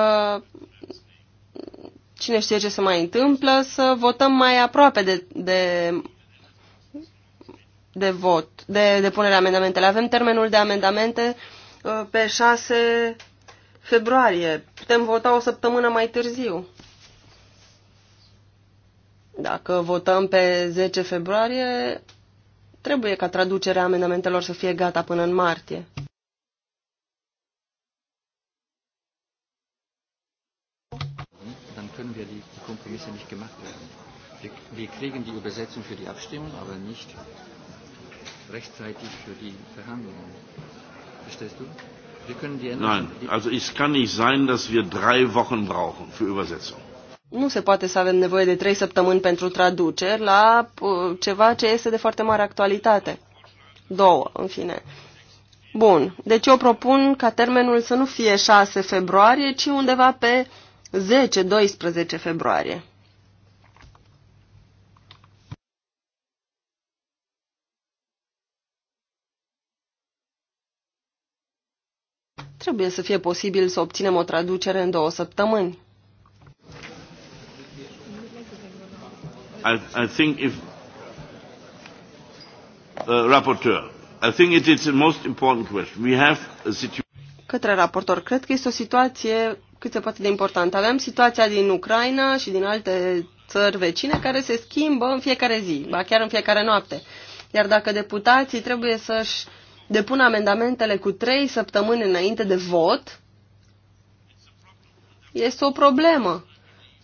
cine știe ce se mai întâmplă, să votăm mai aproape de, de, de vot, de depunerea amendamentele. Avem termenul de amendamente uh, pe 6 februarie. Putem vota o săptămână mai târziu. Dacă votăm pe 10 februarie, trebuie ca traducerea amendamentelor să fie gata până în martie. Dann können wir die Kompromisse nicht gemacht werden. Wir, wir kriegen die Übersetzung für die Abstimmung, aber nicht rechtzeitig für die Verhandlungen. Verstehst du? Nein, also es kann nicht sein, dass wir drei Wochen brauchen für Übersetzung. Nu se poate să avem nevoie de trei săptămâni pentru traduceri la uh, ceva ce este de foarte mare actualitate. Două, în fine. Bun, deci eu propun ca termenul să nu fie 6 februarie, ci undeva pe 10-12 februarie. Trebuie să fie posibil să obținem o traducere în două săptămâni. I, I think if uh, rapporteur, I think it is the most important question. We have a situation. Către raportor, cred că este o situație cât se poate de importantă. Avem situația din Ucraina și din alte țări vecine care se schimbă în fiecare zi, ba chiar în fiecare noapte. Iar dacă deputații trebuie să-și depun amendamentele cu trei săptămâni înainte de vot, este o problemă.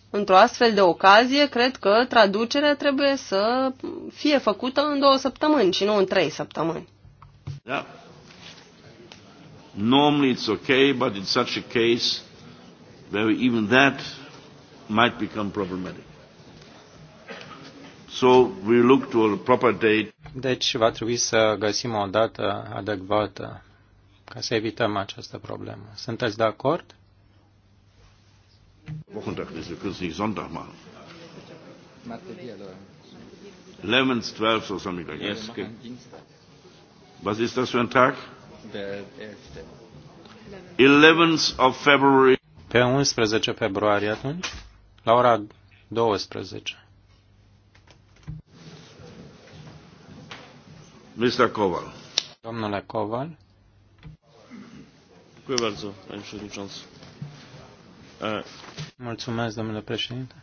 Într-o astfel de ocazie, cred că traducerea trebuie să fie făcută în două săptămâni și nu în trei săptămâni. Da. Normally it's okay, but in such a case, where even that might become problematic. So we look to a proper date. Deci va trebui să găsim o dată adecvată ca să evităm această problemă. Sunteți de acord? Wochentag ist, wir können es nicht Sonntag machen. Lemons 12 oder something like yes. Was ist das für ein Tag? Der 11th of February. Pe 11 februarie atunci, la ora 12. Mr. Kowal. Domnule Kowal. Mulțumesc, domnule președinte.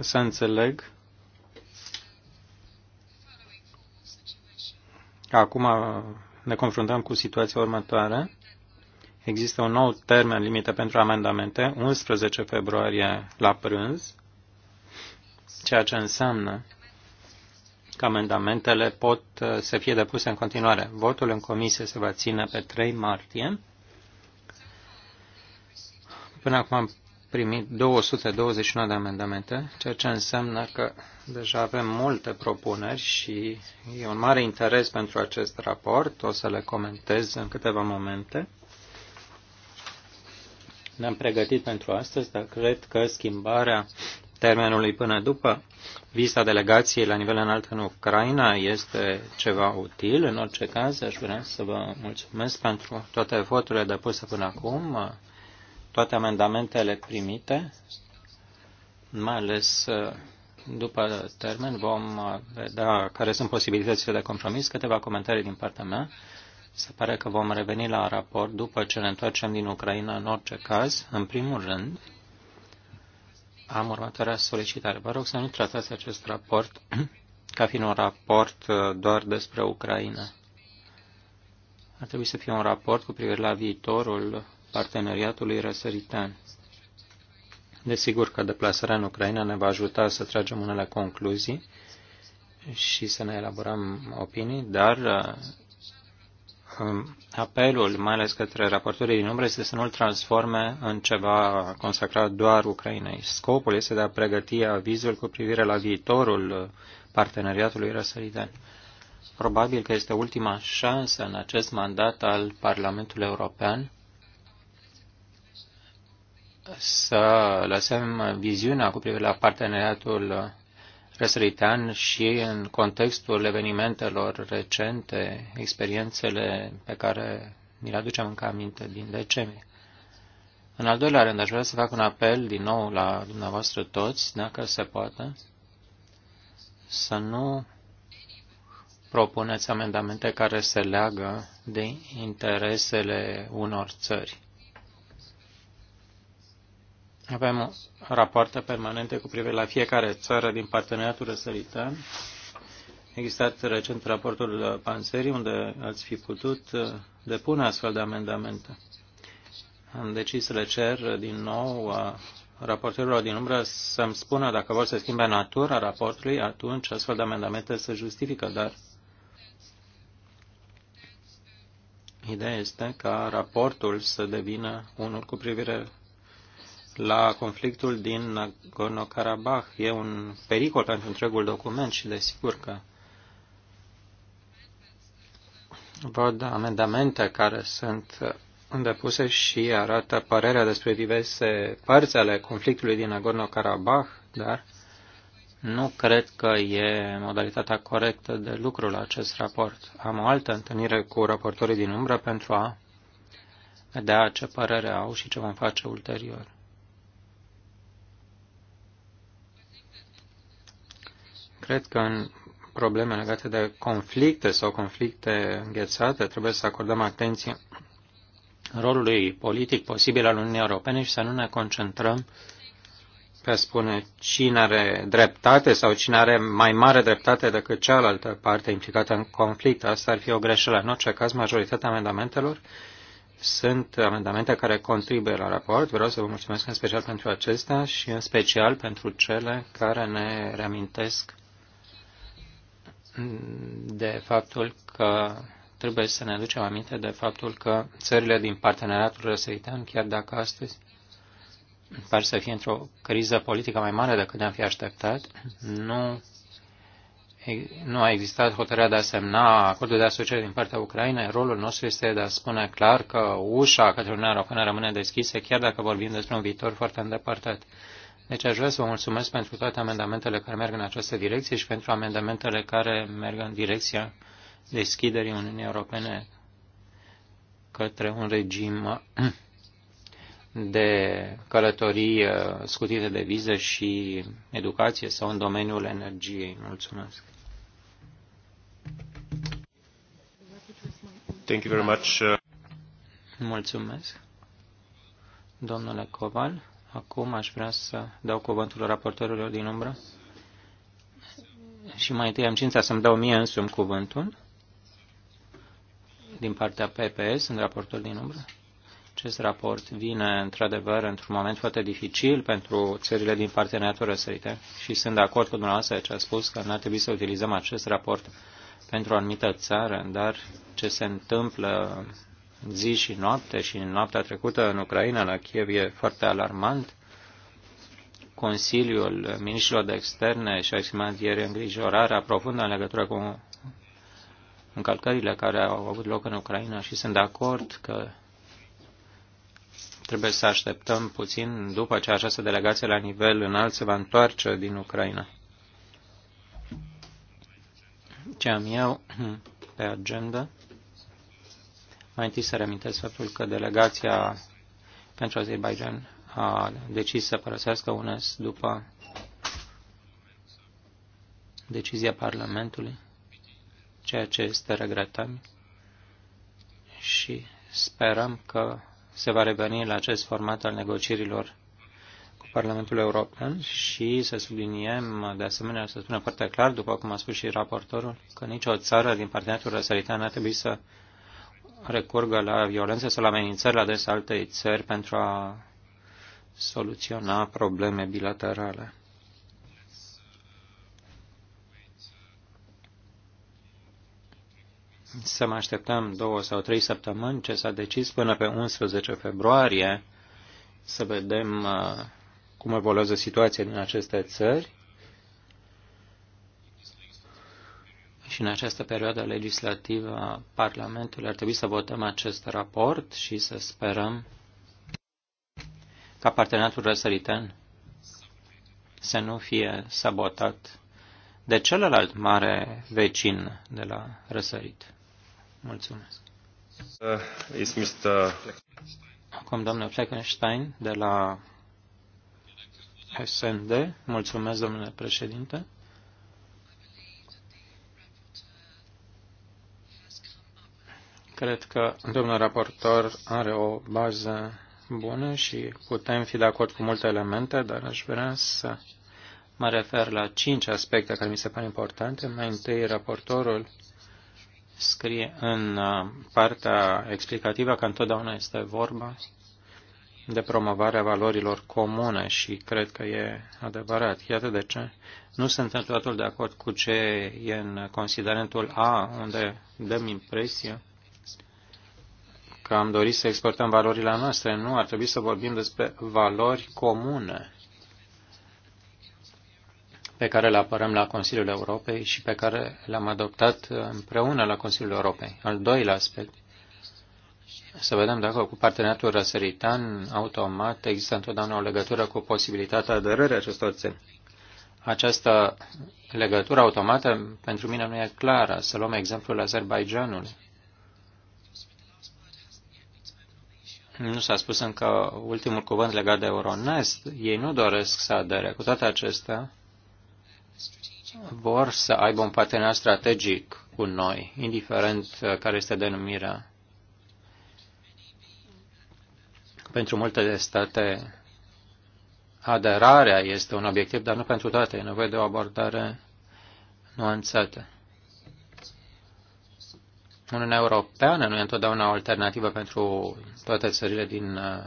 Să înțeleg că acum ne confruntăm cu situația următoare. Există un nou termen limită pentru amendamente, 11 februarie la prânz, ceea ce înseamnă că amendamentele pot uh, să fie depuse în continuare. Votul în comisie se va ține pe 3 martie. Până acum am primit 229 de amendamente, ceea ce înseamnă că deja avem multe propuneri și e un mare interes pentru acest raport. O să le comentez în câteva momente. Ne-am pregătit pentru astăzi, dar cred că schimbarea termenului până după vizita delegației la nivel înalt în Ucraina este ceva util. În orice caz, aș vrea să vă mulțumesc pentru toate eforturile depuse până acum, toate amendamentele primite, mai ales după termen vom vedea care sunt posibilitățile de compromis. Câteva comentarii din partea mea. Se pare că vom reveni la raport după ce ne întoarcem din Ucraina în orice caz. În primul rând, am următoarea solicitare. Vă rog să nu tratați acest raport ca fiind un raport uh, doar despre Ucraina. Ar trebui să fie un raport cu privire la viitorul parteneriatului răsăritan. Desigur că deplasarea în Ucraina ne va ajuta să tragem unele concluzii și să ne elaborăm opinii, dar uh, Um, apelul, mai ales către raportorii din umbră, este să nu-l transforme în ceva consacrat doar Ucrainei. Scopul este de a pregăti avizul cu privire la viitorul parteneriatului răsăritan. Probabil că este ultima șansă în acest mandat al Parlamentului European să lăsăm viziunea cu privire la parteneriatul răsărit și în contextul evenimentelor recente, experiențele pe care ni le aducem încă aminte din decembrie. În al doilea rând, aș vrea să fac un apel din nou la dumneavoastră toți, dacă se poate, să nu propuneți amendamente care se leagă de interesele unor țări. Avem rapoarte permanente cu privire la fiecare țară din parteneriatul răsăritan. A existat recent raportul Panserii, unde ați fi putut depune astfel de amendamente. Am decis să le cer din nou raportorilor din umbră să-mi spună dacă vor să schimbe natura raportului, atunci astfel de amendamente se justifică, dar ideea este ca raportul să devină unul cu privire la conflictul din Nagorno-Karabakh. E un pericol pentru întregul document și desigur că văd amendamente care sunt îndepuse și arată părerea despre diverse părți ale conflictului din Nagorno-Karabakh, dar nu cred că e modalitatea corectă de lucru la acest raport. Am o altă întâlnire cu raportorii din umbră pentru a vedea ce părere au și ce vom face ulterior. Cred că în probleme legate de conflicte sau conflicte înghețate trebuie să acordăm atenție rolului politic posibil al Uniunii Europene și să nu ne concentrăm pe a spune cine are dreptate sau cine are mai mare dreptate decât cealaltă parte implicată în conflict. Asta ar fi o greșeală. În orice caz, majoritatea amendamentelor sunt amendamente care contribuie la raport. Vreau să vă mulțumesc în special pentru acestea și în special pentru cele care ne reamintesc de faptul că trebuie să ne aducem aminte de faptul că țările din parteneriatul răsăritean, chiar dacă astăzi par să fie într-o criză politică mai mare decât ne-am fi așteptat, nu, nu a existat hotărârea de a semna acordul de asociere din partea Ucrainei. Rolul nostru este de a spune clar că ușa către Uniunea Europeană rămâne deschisă, chiar dacă vorbim despre un viitor foarte îndepărtat. Deci aș vrea să vă mulțumesc pentru toate amendamentele care merg în această direcție și pentru amendamentele care merg în direcția deschiderii Uniunii Europene către un regim de călătorii uh, scutite de viză și educație sau în domeniul energiei. Mulțumesc. Thank you very much. Uh. Mulțumesc. Domnule Coval. Acum aș vrea să dau cuvântul raportorilor din umbră. Și mai întâi am cința să-mi dau mie însumi cuvântul din partea PPS, sunt raportor din umbră. Acest raport vine într-adevăr într-un moment foarte dificil pentru țările din parteneriatul răsărite și sunt de acord cu dumneavoastră ce a spus că n-ar trebui să utilizăm acest raport pentru o anumită țară, dar ce se întâmplă zi și noapte și în noaptea trecută în Ucraina, la Kiev, e foarte alarmant. Consiliul Ministrilor de Externe și-a exprimat ieri îngrijorarea profundă în legătură cu încălcările care au avut loc în Ucraina și sunt de acord că trebuie să așteptăm puțin după ce această delegație la nivel înalt se va întoarce din Ucraina. Ce am eu pe agenda? Mai întâi să reamintesc faptul că delegația pentru Azerbaijan a decis să părăsească UNES după decizia Parlamentului, ceea ce este regretabil și sperăm că se va reveni la acest format al negocierilor cu Parlamentul European și să subliniem, de asemenea, să spunem foarte clar, după cum a spus și raportorul, că nicio țară din parteneriatul răsăritan ar trebui să recurgă la violență sau la amenințări la adresa altei țări pentru a soluționa probleme bilaterale. Să mai așteptăm două sau trei săptămâni ce s-a decis până pe 11 februarie să vedem uh, cum evoluează situația din aceste țări și în această perioadă legislativă a Parlamentului ar trebui să votăm acest raport și să sperăm ca parteneriatul răsăritan să nu fie sabotat de celălalt mare vecin de la răsărit. Mulțumesc. Uh, Acum domnul Fleckenstein de la SND. Mulțumesc, domnule președinte. Cred că domnul raportor are o bază bună și putem fi de acord cu multe elemente, dar aș vrea să mă refer la cinci aspecte care mi se par importante. Mai întâi, raportorul scrie în uh, partea explicativă că întotdeauna este vorba de promovarea valorilor comune și cred că e adevărat. Iată de ce nu sunt întotdeauna totul de acord cu ce e în considerentul A, unde dăm impresia că am dorit să exportăm valorile noastre. Nu, ar trebui să vorbim despre valori comune pe care le apărăm la Consiliul Europei și pe care le-am adoptat împreună la Consiliul Europei. Al doilea aspect, să vedem dacă cu parteneriatul răsăritan, automat, există întotdeauna o legătură cu posibilitatea aderării acestor țări. Această legătură automată pentru mine nu e clară. Să luăm exemplul Azerbaijanului. Nu s-a spus încă ultimul cuvânt legat de Euronest. Ei nu doresc să adere. Cu toate acestea, vor să aibă un partener strategic cu noi, indiferent uh, care este denumirea. Pentru multe de state, aderarea este un obiectiv, dar nu pentru toate. E nevoie de o abordare nuanțată. Uniunea Europeană nu e întotdeauna o alternativă pentru toate țările din uh,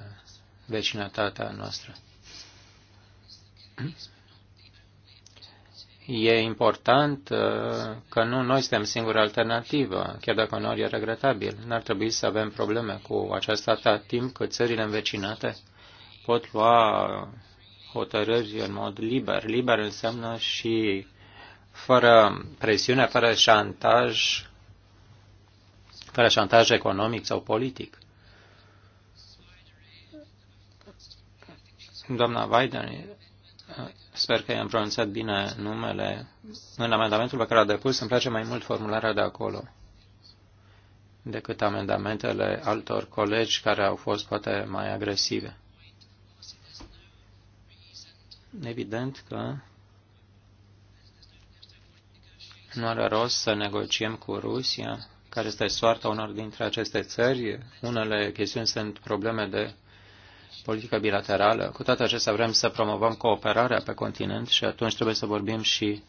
vecinătatea noastră. E important uh, că nu noi suntem singura alternativă, chiar dacă uneori e regretabil. N-ar trebui să avem probleme cu aceasta atâta timp cât țările învecinate pot lua hotărâri în mod liber. Liber înseamnă și fără presiune, fără șantaj, fără șantaj economic sau politic. Doamna Biden, sper că i-am pronunțat bine numele, în amendamentul pe care l-a depus îmi place mai mult formularea de acolo decât amendamentele altor colegi care au fost poate mai agresive. Evident că nu are rost să negociem cu Rusia care este soarta unor dintre aceste țări. Unele chestiuni sunt probleme de politică bilaterală. Cu toate acestea vrem să promovăm cooperarea pe continent și atunci trebuie să vorbim și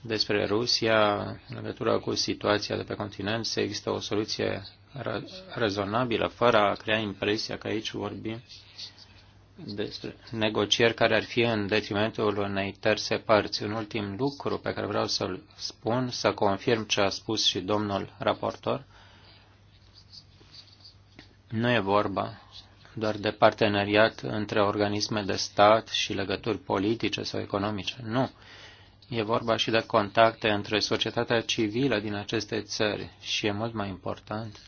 despre Rusia în legătură cu situația de pe continent, Se există o soluție rezonabilă, fără a crea impresia că aici vorbim despre negocieri care ar fi în detrimentul unei terțe părți. Un ultim lucru pe care vreau să-l spun, să confirm ce a spus și domnul raportor, nu e vorba doar de parteneriat între organisme de stat și legături politice sau economice. Nu. E vorba și de contacte între societatea civilă din aceste țări și e mult mai important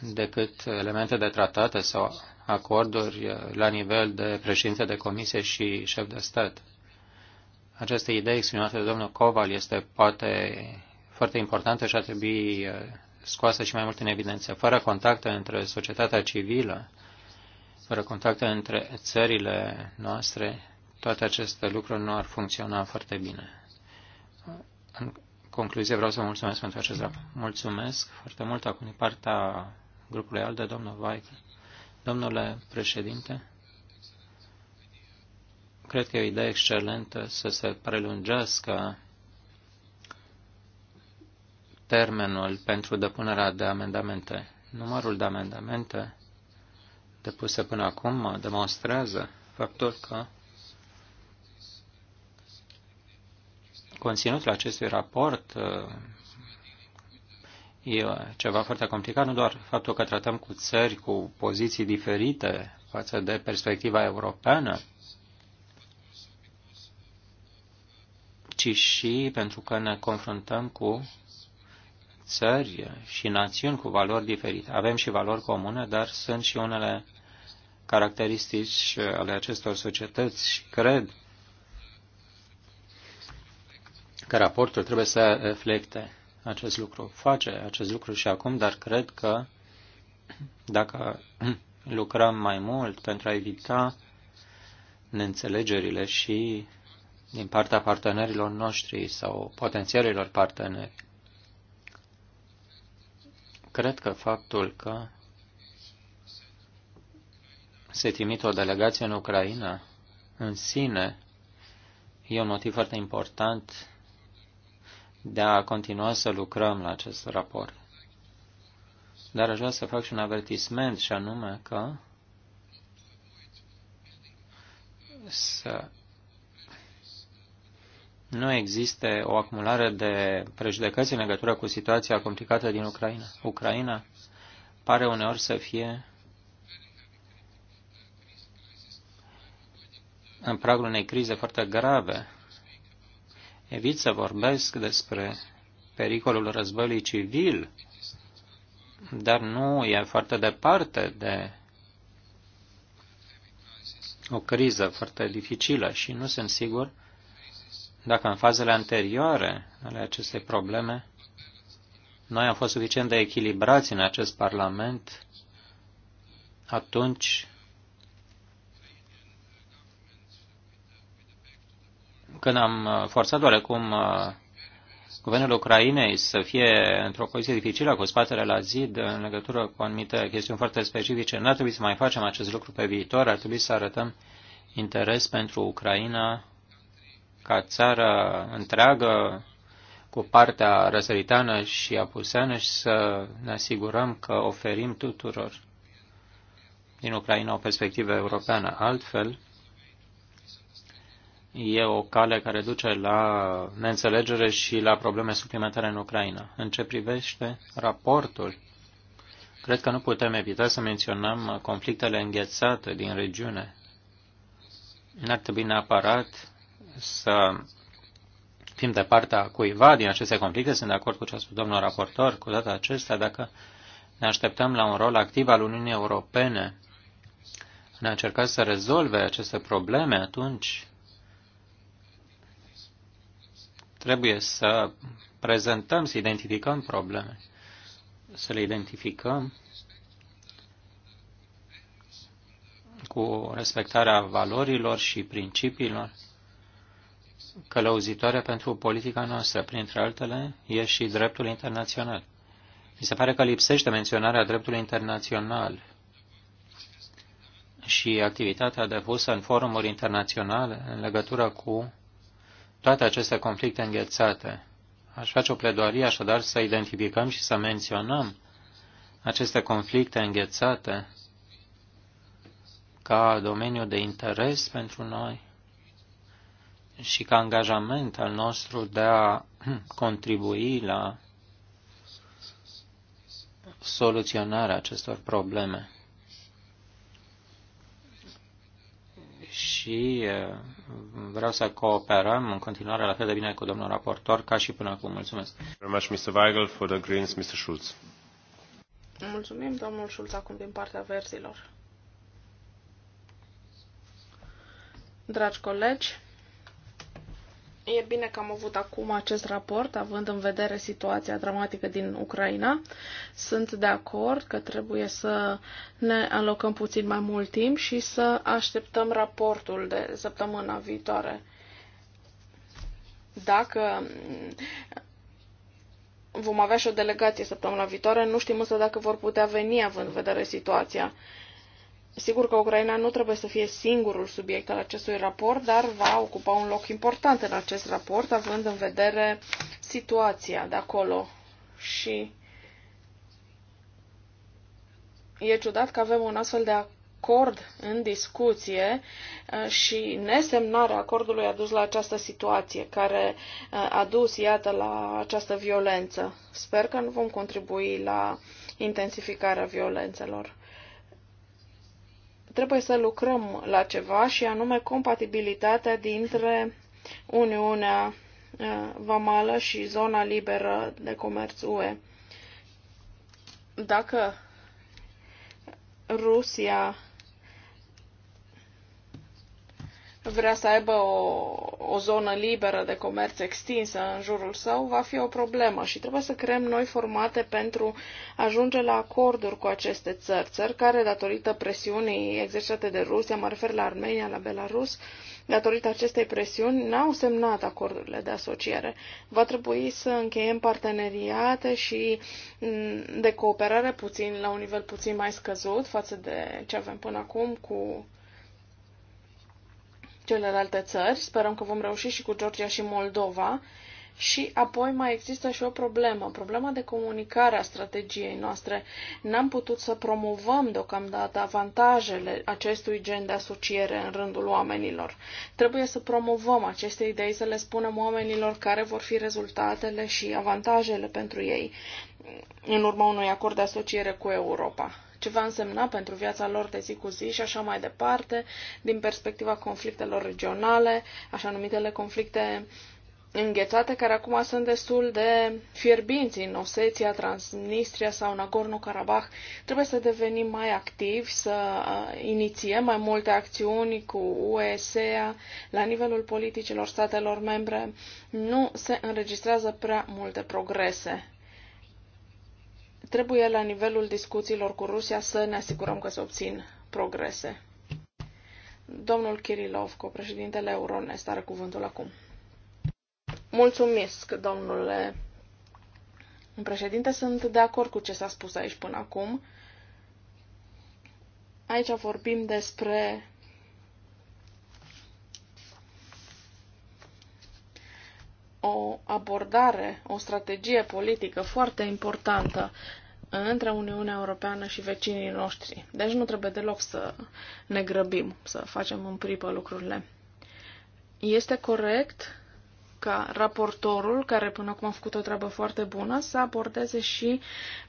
decât elemente de tratate sau acorduri la nivel de președinte de comisie și șef de stat. Această idee exprimată de domnul Coval este poate foarte importantă și ar trebui uh, scoasă și mai mult în evidență. Fără contacte între societatea civilă, fără contacte între țările noastre, toate aceste lucruri nu ar funcționa foarte bine. În concluzie, vreau să mulțumesc pentru acest raport. Mulțumesc foarte mult acum din partea grupului ALDE, domnul Vaică. Domnule președinte, cred că e o idee excelentă să se prelungească termenul pentru depunerea de amendamente. Numărul de amendamente depuse până acum demonstrează faptul că conținutul acestui raport uh, E ceva foarte complicat, nu doar faptul că tratăm cu țări cu poziții diferite față de perspectiva europeană, ci și pentru că ne confruntăm cu țări și națiuni cu valori diferite. Avem și valori comune, dar sunt și unele caracteristici ale acestor societăți și cred că raportul trebuie să reflecte acest lucru. Face acest lucru și acum, dar cred că dacă lucrăm mai mult pentru a evita neînțelegerile și din partea partenerilor noștri sau potențialilor parteneri. Cred că faptul că se trimite o delegație în Ucraina în sine e un motiv foarte important de a continua să lucrăm la acest raport. Dar aș vrea să fac și un avertisment și anume că să nu există o acumulare de prejudecăți în legătură cu situația complicată din Ucraina. Ucraina pare uneori să fie în pragul unei crize foarte grave evit să vorbesc despre pericolul războiului civil, dar nu e foarte departe de o criză foarte dificilă și nu sunt sigur dacă în fazele anterioare ale acestei probleme noi am fost suficient de echilibrați în acest Parlament atunci când am uh, forțat oarecum uh, guvernul Ucrainei să fie într-o poziție dificilă cu spatele la zid în legătură cu anumite chestiuni foarte specifice, n-ar trebui să mai facem acest lucru pe viitor, ar trebui să arătăm interes pentru Ucraina ca țară întreagă cu partea răsăritană și apuseană și să ne asigurăm că oferim tuturor din Ucraina o perspectivă europeană. Altfel, e o cale care duce la neînțelegere și la probleme suplimentare în Ucraina. În ce privește raportul, cred că nu putem evita să menționăm conflictele înghețate din regiune. N-ar trebui neapărat să fim de partea cuiva din aceste conflicte. Sunt de acord cu ce a spus domnul raportor. Cu toate acestea, dacă ne așteptăm la un rol activ al Uniunii Europene în a încerca să rezolve aceste probleme, atunci Trebuie să prezentăm, să identificăm probleme, să le identificăm cu respectarea valorilor și principiilor călăuzitoare pentru politica noastră. Printre altele, e și dreptul internațional. Mi se pare că lipsește menționarea dreptului internațional și activitatea depusă în forumuri internaționale în legătură cu toate aceste conflicte înghețate. Aș face o pledoarie așadar să identificăm și să menționăm aceste conflicte înghețate ca domeniu de interes pentru noi și ca angajament al nostru de a contribui la soluționarea acestor probleme. și vreau să cooperăm în continuare la fel de bine cu domnul raportor ca și până acum. Mulțumesc. Mulțumim, domnul Schulz, acum din partea verzilor. Dragi colegi, E bine că am avut acum acest raport, având în vedere situația dramatică din Ucraina. Sunt de acord că trebuie să ne alocăm puțin mai mult timp și să așteptăm raportul de săptămâna viitoare. Dacă mm, vom avea și o delegație săptămâna viitoare, nu știm însă dacă vor putea veni având în vedere situația. Sigur că Ucraina nu trebuie să fie singurul subiect al acestui raport, dar va ocupa un loc important în acest raport, având în vedere situația de acolo. Și e ciudat că avem un astfel de acord în discuție uh, și nesemnarea acordului a dus la această situație care uh, a dus, iată, la această violență. Sper că nu vom contribui la intensificarea violențelor trebuie să lucrăm la ceva și anume compatibilitatea dintre Uniunea uh, Vamală și zona liberă de comerț UE. Dacă Rusia vrea să aibă o, o zonă liberă de comerț extinsă în jurul său, va fi o problemă și trebuie să creăm noi formate pentru a ajunge la acorduri cu aceste țări, țări care, datorită presiunii exercitate de Rusia, mă refer la Armenia, la Belarus, datorită acestei presiuni, n-au semnat acordurile de asociere. Va trebui să încheiem parteneriate și mm, de cooperare puțin, la un nivel puțin mai scăzut față de ce avem până acum cu celelalte țări. Sperăm că vom reuși și cu Georgia și Moldova. Și apoi mai există și o problemă, problema de comunicare a strategiei noastre. N-am putut să promovăm deocamdată avantajele acestui gen de asociere în rândul oamenilor. Trebuie să promovăm aceste idei, să le spunem oamenilor care vor fi rezultatele și avantajele pentru ei în urma unui acord de asociere cu Europa ce va însemna pentru viața lor de zi cu zi și așa mai departe, din perspectiva conflictelor regionale, așa numitele conflicte înghețate, care acum sunt destul de fierbinți în Osetia, Transnistria sau Nagorno-Karabakh. Trebuie să devenim mai activi, să inițiem mai multe acțiuni cu USA la nivelul politicilor statelor membre. Nu se înregistrează prea multe progrese trebuie la nivelul discuțiilor cu Rusia să ne asigurăm că se obțin progrese. Domnul Kirilov, copreședintele Euronest, are cuvântul acum. Mulțumesc, domnule președinte. Sunt de acord cu ce s-a spus aici până acum. Aici vorbim despre o abordare, o strategie politică foarte importantă între Uniunea Europeană și vecinii noștri. Deci nu trebuie deloc să ne grăbim, să facem în pripă lucrurile. Este corect ca raportorul, care până acum a făcut o treabă foarte bună, să abordeze și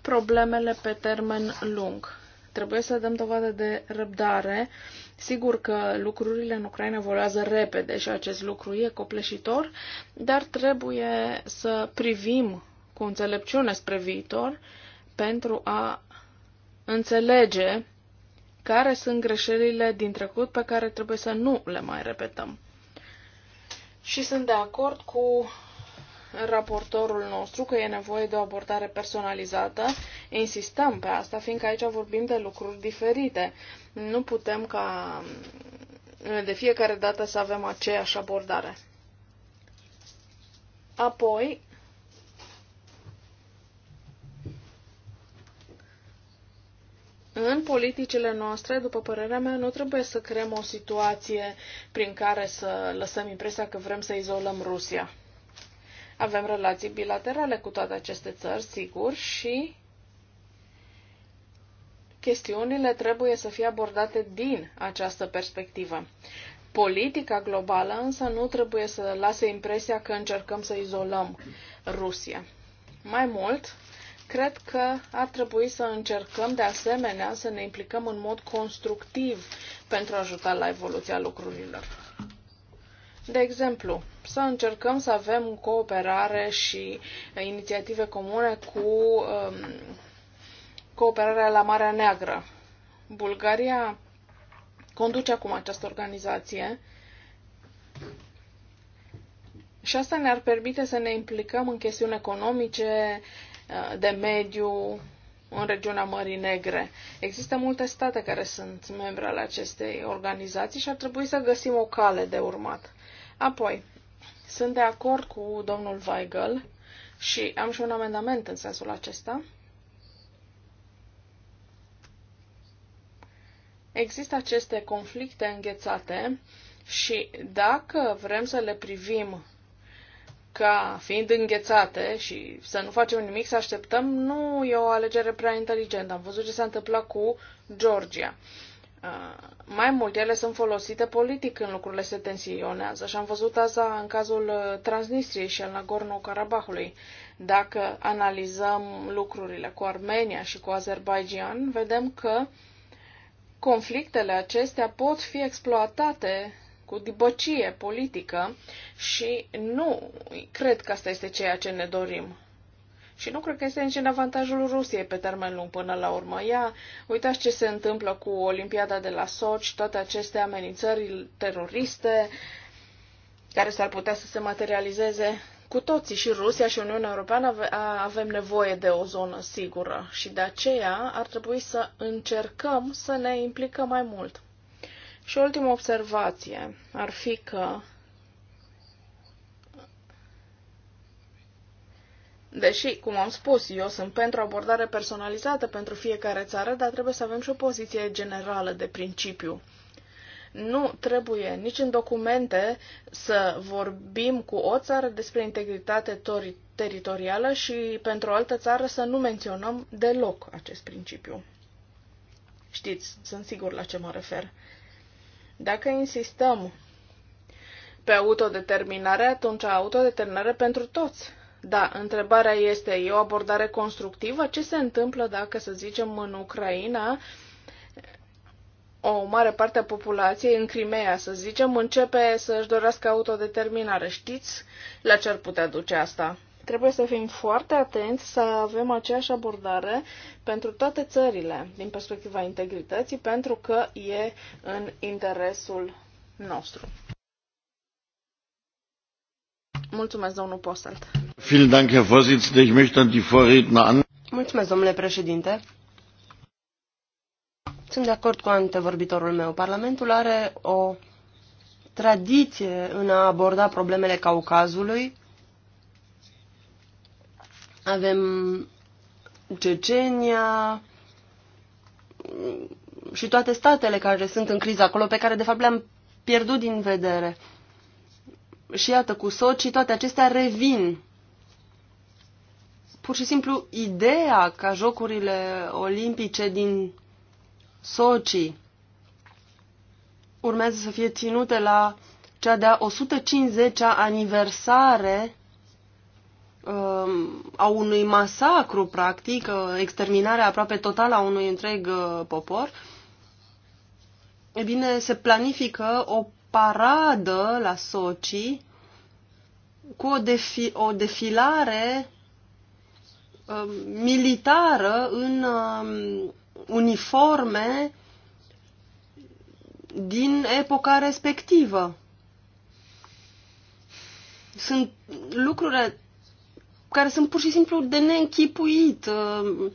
problemele pe termen lung. Trebuie să dăm dovadă de răbdare Sigur că lucrurile în Ucraina evoluează repede și acest lucru e copleșitor, dar trebuie să privim cu înțelepciune spre viitor pentru a înțelege care sunt greșelile din trecut pe care trebuie să nu le mai repetăm. Și sunt de acord cu raportorul nostru că e nevoie de o abordare personalizată. Insistăm pe asta, fiindcă aici vorbim de lucruri diferite. Nu putem ca de fiecare dată să avem aceeași abordare. Apoi, în politicile noastre, după părerea mea, nu trebuie să creăm o situație prin care să lăsăm impresia că vrem să izolăm Rusia. Avem relații bilaterale cu toate aceste țări, sigur, și chestiunile trebuie să fie abordate din această perspectivă. Politica globală însă nu trebuie să lase impresia că încercăm să izolăm Rusia. Mai mult, cred că ar trebui să încercăm de asemenea să ne implicăm în mod constructiv pentru a ajuta la evoluția lucrurilor. De exemplu, să încercăm să avem cooperare și uh, inițiative comune cu um, cooperarea la Marea Neagră. Bulgaria conduce acum această organizație și asta ne-ar permite să ne implicăm în chestiuni economice, uh, de mediu, în regiunea Mării Negre. Există multe state care sunt membre ale acestei organizații și ar trebui să găsim o cale de urmat. Apoi, sunt de acord cu domnul Weigel și am și un amendament în sensul acesta. Există aceste conflicte înghețate și dacă vrem să le privim ca fiind înghețate și să nu facem nimic, să așteptăm, nu e o alegere prea inteligentă. Am văzut ce s-a întâmplat cu Georgia. Uh, mai mult, ele sunt folosite politic când lucrurile se tensionează și am văzut asta în cazul uh, Transnistriei și al Nagorno-Karabahului. Dacă analizăm lucrurile cu Armenia și cu Azerbaijan, vedem că conflictele acestea pot fi exploatate cu dibăcie politică și nu cred că asta este ceea ce ne dorim. Și nu cred că este nici în avantajul Rusiei pe termen lung până la urmă. Ia, uitați ce se întâmplă cu Olimpiada de la Sochi, toate aceste amenințări teroriste care s-ar putea să se materializeze. Cu toții și Rusia și Uniunea Europeană avem nevoie de o zonă sigură și de aceea ar trebui să încercăm să ne implicăm mai mult. Și ultima observație ar fi că Deși, cum am spus, eu sunt pentru abordare personalizată pentru fiecare țară, dar trebuie să avem și o poziție generală de principiu. Nu trebuie nici în documente să vorbim cu o țară despre integritate teritorială și pentru o altă țară să nu menționăm deloc acest principiu. Știți, sunt sigur la ce mă refer. Dacă insistăm pe autodeterminare, atunci autodeterminare pentru toți da, întrebarea este, e o abordare constructivă? Ce se întâmplă dacă, să zicem, în Ucraina o mare parte a populației în Crimea, să zicem, începe să-și dorească autodeterminare. Știți la ce ar putea duce asta? Trebuie să fim foarte atenți să avem aceeași abordare pentru toate țările, din perspectiva integrității, pentru că e în interesul nostru. Mulțumesc, domnul Postelt domnule președinte. Sunt de acord cu antevorbitorul meu. Parlamentul are o tradiție în a aborda problemele Caucazului. Avem Cecenia și toate statele care sunt în criză acolo, pe care de fapt le-am pierdut din vedere. Și iată, cu Sochi, toate acestea revin pur și simplu ideea ca jocurile olimpice din Sochi urmează să fie ținute la cea de-a 150-a aniversare um, a unui masacru, practic, uh, exterminarea aproape totală a unui întreg uh, popor, e bine, se planifică o paradă la Sochi cu o, defi- o defilare Um, militară în um, uniforme din epoca respectivă. Sunt lucruri care sunt pur și simplu de neînchipuit. Um,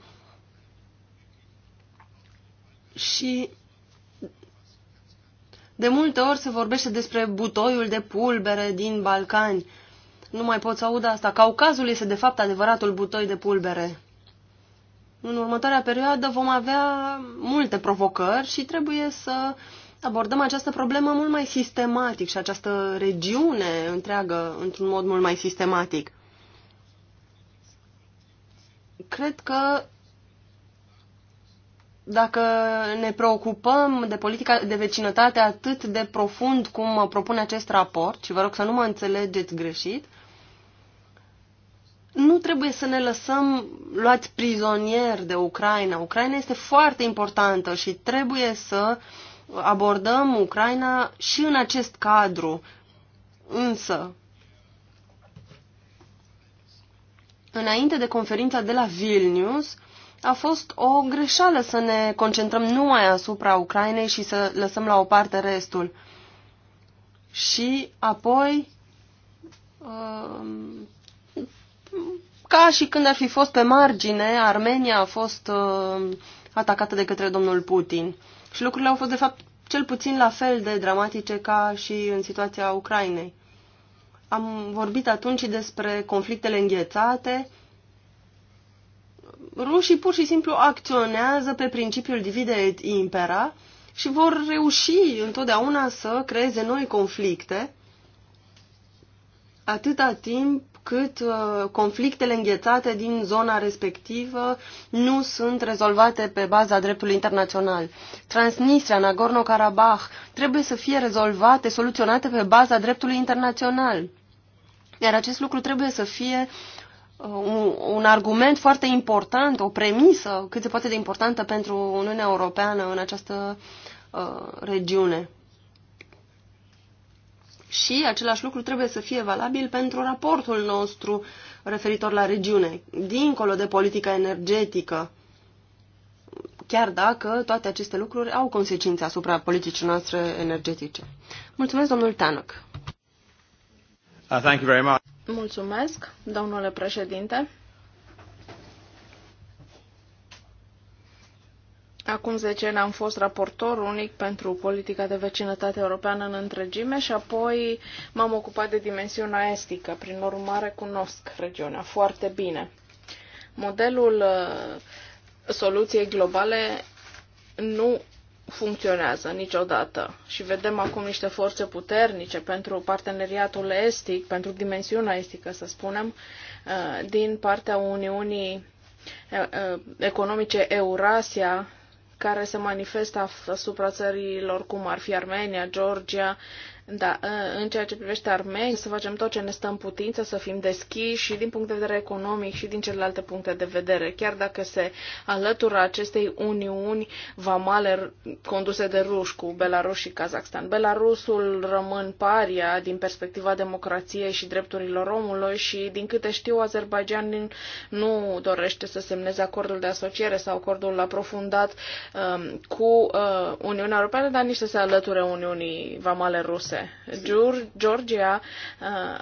și de multe ori se vorbește despre butoiul de pulbere din Balcani. Nu mai pot să aud asta. Caucazul este de fapt adevăratul butoi de pulbere. În următoarea perioadă vom avea multe provocări și trebuie să abordăm această problemă mult mai sistematic și această regiune întreagă într-un mod mult mai sistematic. Cred că dacă ne preocupăm de politica de vecinătate atât de profund cum propune acest raport, și vă rog să nu mă înțelegeți greșit, nu trebuie să ne lăsăm luați prizonieri de Ucraina. Ucraina este foarte importantă și trebuie să abordăm Ucraina și în acest cadru. Însă, înainte de conferința de la Vilnius, a fost o greșeală să ne concentrăm numai asupra Ucrainei și să lăsăm la o parte restul. Și apoi uh, ca și când ar fi fost pe margine, Armenia a fost uh, atacată de către domnul Putin. Și lucrurile au fost, de fapt, cel puțin la fel de dramatice ca și în situația Ucrainei. Am vorbit atunci despre conflictele înghețate. Rușii pur și simplu acționează pe principiul divide et impera și vor reuși întotdeauna să creeze noi conflicte atâta timp cât uh, conflictele înghețate din zona respectivă nu sunt rezolvate pe baza dreptului internațional. Transnistria, Nagorno-Karabakh trebuie să fie rezolvate, soluționate pe baza dreptului internațional. Iar acest lucru trebuie să fie uh, un, un argument foarte important, o premisă cât se poate de importantă pentru Uniunea Europeană în această uh, regiune și același lucru trebuie să fie valabil pentru raportul nostru referitor la regiune, dincolo de politica energetică, chiar dacă toate aceste lucruri au consecințe asupra politicii noastre energetice. Mulțumesc, domnul Tanăc. Uh, Mulțumesc, domnule președinte. Acum 10 ani am fost raportor unic pentru politica de vecinătate europeană în întregime și apoi m-am ocupat de dimensiunea estică. Prin urmare, cunosc regiunea foarte bine. Modelul uh, soluției globale nu funcționează niciodată și vedem acum niște forțe puternice pentru parteneriatul estic, pentru dimensiunea estică, să spunem, uh, din partea Uniunii uh, economice Eurasia care se manifestă asupra țărilor cum ar fi Armenia, Georgia da, ă, în ceea ce privește armeni, să facem tot ce ne stă în putință, să fim deschiși și din punct de vedere economic și din celelalte puncte de vedere. Chiar dacă se alătură acestei uniuni vamale conduse de ruși cu Belarus și Kazakhstan. Belarusul rămân paria din perspectiva democrației și drepturilor omului și, din câte știu, Azerbaijan nu dorește să semneze acordul de asociere sau acordul aprofundat um, cu uh, Uniunea Europeană, dar nici să se alăture Uniunii Vamale Ruse produse. Georgia uh,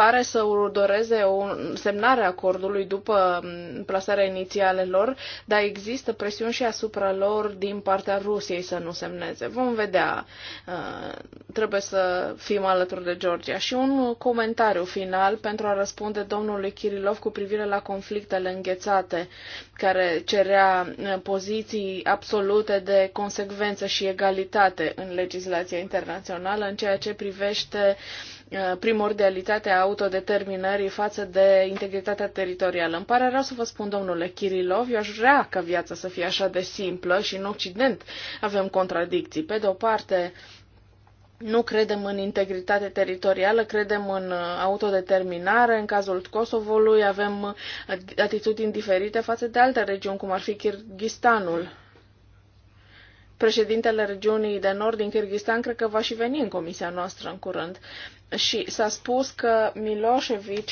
pare să urmăreze o semnare a acordului după mm, plasarea inițială lor, dar există presiuni și asupra lor din partea Rusiei să nu semneze. Vom vedea. Uh, trebuie să fim alături de Georgia. Și un comentariu final pentru a răspunde domnului Kirilov cu privire la conflictele înghețate, care cerea uh, poziții absolute de consecvență și egalitate în legislația internațională în ceea ce privește uh, Uh, primordialitatea autodeterminării față de integritatea teritorială. Îmi pare rău să vă spun, domnule Kirilov, eu aș vrea ca viața să fie așa de simplă și în Occident avem contradicții. Pe de o parte, nu credem în integritate teritorială, credem în autodeterminare. În cazul Kosovo-ului avem atitudini diferite față de alte regiuni, cum ar fi Kirghistanul președintele regiunii de nord din Kyrgyzstan cred că va și veni în comisia noastră în curând. Și s-a spus că Milosevic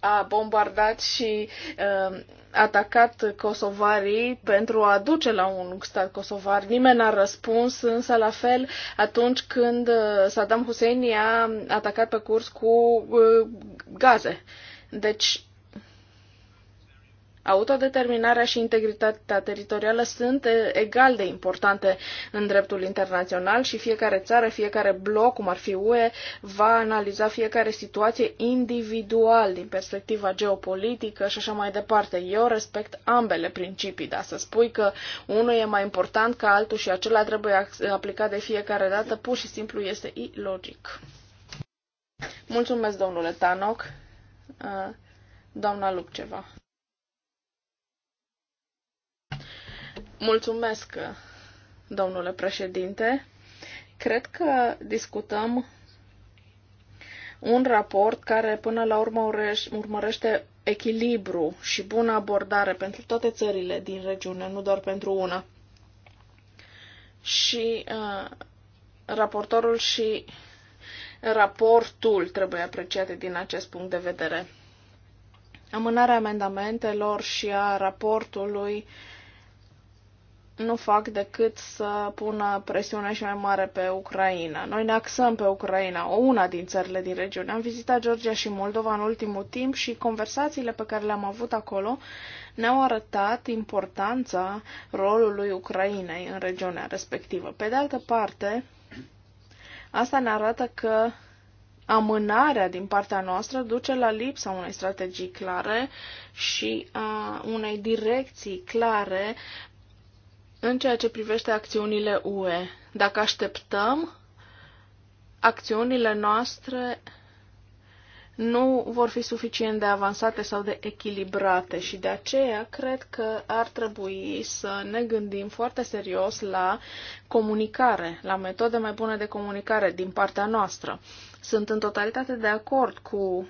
a bombardat și uh, atacat kosovarii pentru a duce la un stat kosovar. Nimeni n-a răspuns, însă la fel atunci când uh, Saddam Hussein i-a atacat pe curs cu uh, gaze. Deci Autodeterminarea și integritatea teritorială sunt egal de importante în dreptul internațional și fiecare țară, fiecare bloc, cum ar fi UE, va analiza fiecare situație individual din perspectiva geopolitică și așa mai departe. Eu respect ambele principii, dar să spui că unul e mai important ca altul și acela trebuie aplicat de fiecare dată, pur și simplu este ilogic. Mulțumesc, domnule Tanoc. Doamna Lupceva. Mulțumesc, domnule președinte. Cred că discutăm un raport care până la urmă urmărește echilibru și bună abordare pentru toate țările din regiune, nu doar pentru una. Și uh, raportorul și raportul trebuie apreciate din acest punct de vedere. Amânarea amendamentelor și a raportului uh, nu fac decât să pună presiune și mai mare pe Ucraina. Noi ne axăm pe Ucraina, o una din țările din regiune. Am vizitat Georgia și Moldova în ultimul timp și conversațiile pe care le-am avut acolo ne-au arătat importanța rolului Ucrainei în regiunea respectivă. Pe de altă parte, asta ne arată că amânarea din partea noastră duce la lipsa unei strategii clare și a unei direcții clare în ceea ce privește acțiunile UE, dacă așteptăm, acțiunile noastre nu vor fi suficient de avansate sau de echilibrate și de aceea cred că ar trebui să ne gândim foarte serios la comunicare, la metode mai bune de comunicare din partea noastră. Sunt în totalitate de acord cu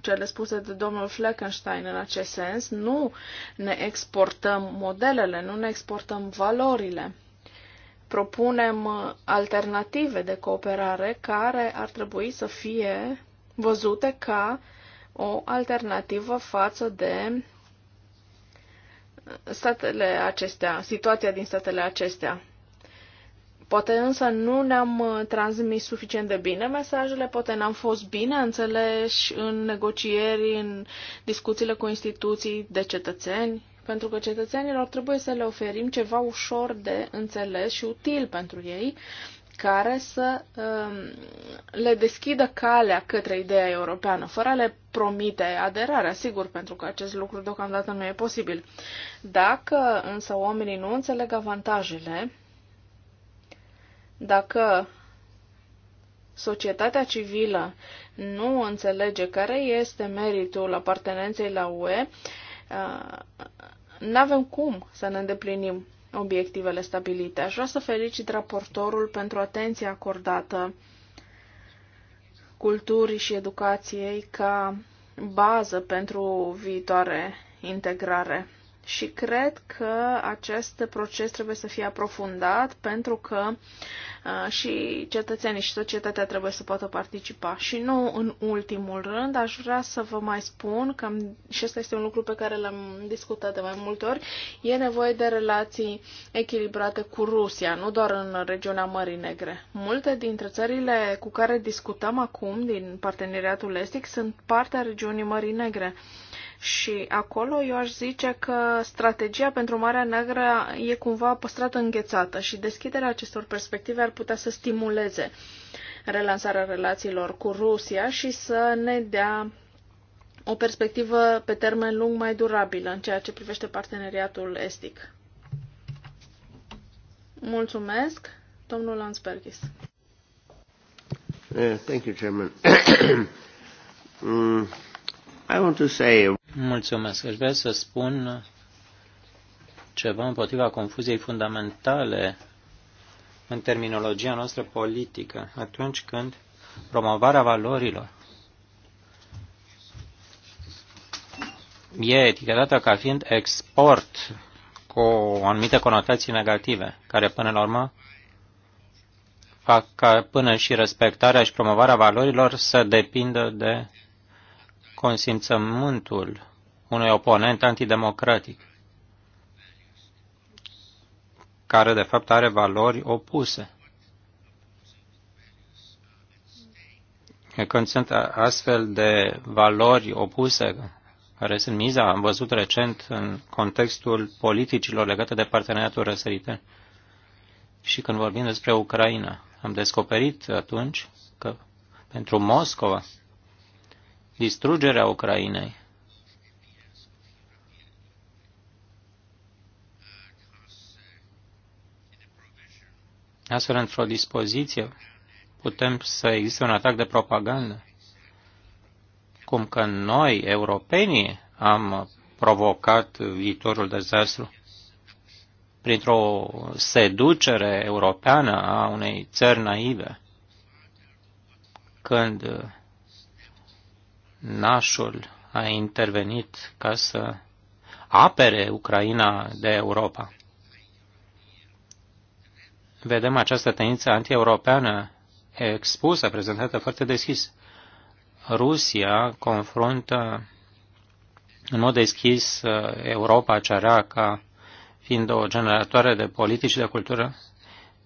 cele spuse de domnul Fleckenstein în acest sens, nu ne exportăm modelele, nu ne exportăm valorile. Propunem alternative de cooperare care ar trebui să fie văzute ca o alternativă față de statele acestea, situația din statele acestea. Poate însă nu ne-am uh, transmis suficient de bine mesajele, poate n-am fost bine înțeleși în negocieri, în discuțiile cu instituții de cetățeni, pentru că cetățenilor trebuie să le oferim ceva ușor de înțeles și util pentru ei, care să um, le deschidă calea către ideea europeană, fără a le promite aderarea, sigur, pentru că acest lucru deocamdată nu e posibil. Dacă însă oamenii nu înțeleg avantajele dacă societatea civilă nu înțelege care este meritul apartenenței la UE, uh, nu avem cum să ne îndeplinim obiectivele stabilite. Aș vrea să felicit raportorul pentru atenția acordată culturii și educației ca bază pentru viitoare integrare și cred că acest proces trebuie să fie aprofundat pentru că uh, și cetățenii și societatea trebuie să poată participa. Și nu în ultimul rând, aș vrea să vă mai spun că, și asta este un lucru pe care l-am discutat de mai multe ori, e nevoie de relații echilibrate cu Rusia, nu doar în regiunea Mării Negre. Multe dintre țările cu care discutăm acum din parteneriatul estic sunt partea regiunii Mării Negre. Și acolo eu aș zice că strategia pentru Marea Neagră e cumva păstrată înghețată și deschiderea acestor perspective ar putea să stimuleze relansarea relațiilor cu Rusia și să ne dea o perspectivă pe termen lung mai durabilă în ceea ce privește parteneriatul estic. Mulțumesc, domnul Lansbergis. Eh, thank you, Chairman. mm. I want to say... Mulțumesc. Aș vrea să spun ceva împotriva confuziei fundamentale în terminologia noastră politică, atunci când promovarea valorilor e etichetată ca fiind export cu anumite conotații negative, care până la urmă fac ca până și respectarea și promovarea valorilor să depindă de consimțământul unui oponent antidemocratic, care de fapt are valori opuse. Când sunt astfel de valori opuse, care sunt miza, am văzut recent în contextul politicilor legate de parteneriatul răsăriten. Și când vorbim despre Ucraina, am descoperit atunci că pentru Moscova distrugerea Ucrainei. Astfel, într-o dispoziție, putem să existe un atac de propagandă. Cum că noi, europenii, am provocat viitorul dezastru printr-o seducere europeană a unei țări naive, când nașul a intervenit ca să apere Ucraina de Europa. Vedem această tendință antieuropeană expusă, prezentată foarte deschis. Rusia confruntă în mod deschis uh, Europa ca fiind o generatoare de politici de cultură,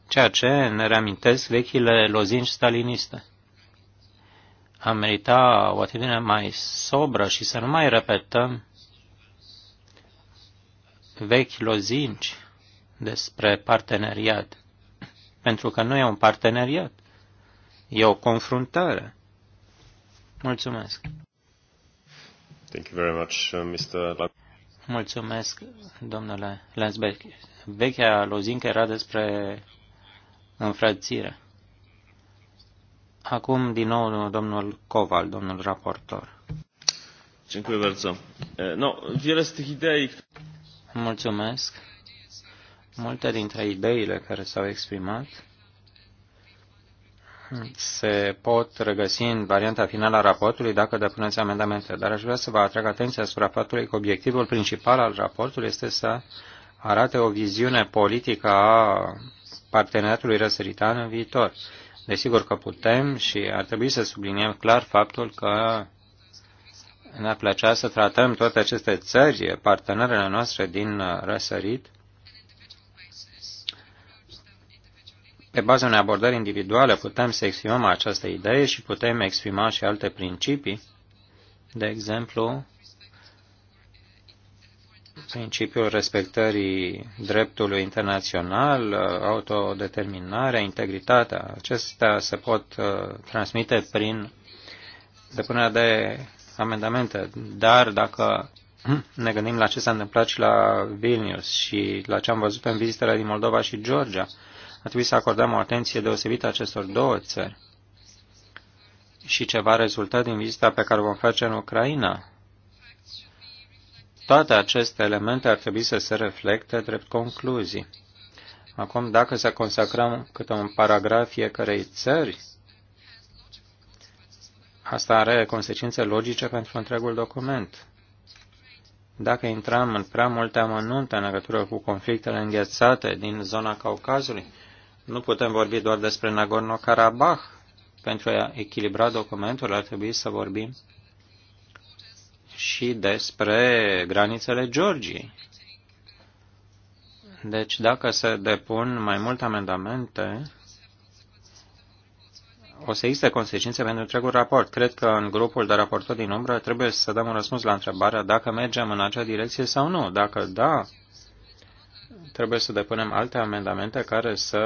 ceea ce ne reamintesc vechile lozinci staliniste am merita o atitudine mai sobră și să nu mai repetăm vechi lozinci despre parteneriat. Pentru că nu e un parteneriat, e o confruntare. Mulțumesc. Thank you very much, uh, Mr. Mulțumesc, domnule Lansberg. Vechea lozincă era despre înfrățire. Acum, din nou, domnul Coval, domnul raportor. Dziękuję bardzo. No, wiele z tych idei... Mulțumesc. Multe dintre ideile care s-au exprimat se pot regăsi în varianta finală a raportului dacă depuneți amendamente, dar aș vrea să vă atrag atenția asupra faptului că obiectivul principal al raportului este să arate o viziune politică a parteneriatului răsăritan în viitor. Desigur că putem și ar trebui să subliniem clar faptul că ne-ar plăcea să tratăm toate aceste țări, partenerele noastre din uh, răsărit, pe baza unei abordări individuale putem să exprimăm această idee și putem exprima și alte principii, de exemplu, principiul respectării dreptului internațional, autodeterminarea, integritatea. Acestea se pot uh, transmite prin depunerea de amendamente. Dar dacă ne gândim la ce s-a întâmplat și la Vilnius și la ce am văzut în vizitele din Moldova și Georgia, ar trebui să acordăm o atenție deosebită acestor două țări. Și ceva rezultat din vizita pe care o vom face în Ucraina, toate aceste elemente ar trebui să se reflecte drept concluzii. Acum, dacă să consacrăm câte un paragraf fiecarei țări, asta are consecințe logice pentru întregul document. Dacă intrăm în prea multe amănunte în legătură cu conflictele înghețate din zona Caucazului, nu putem vorbi doar despre Nagorno-Karabakh. Pentru a echilibra documentul ar trebui să vorbim și despre granițele Georgiei. Deci dacă se depun mai multe amendamente, o să existe consecințe pentru întregul raport. Cred că în grupul de raportori din umbră trebuie să dăm un răspuns la întrebarea dacă mergem în acea direcție sau nu. Dacă da, trebuie să depunem alte amendamente care să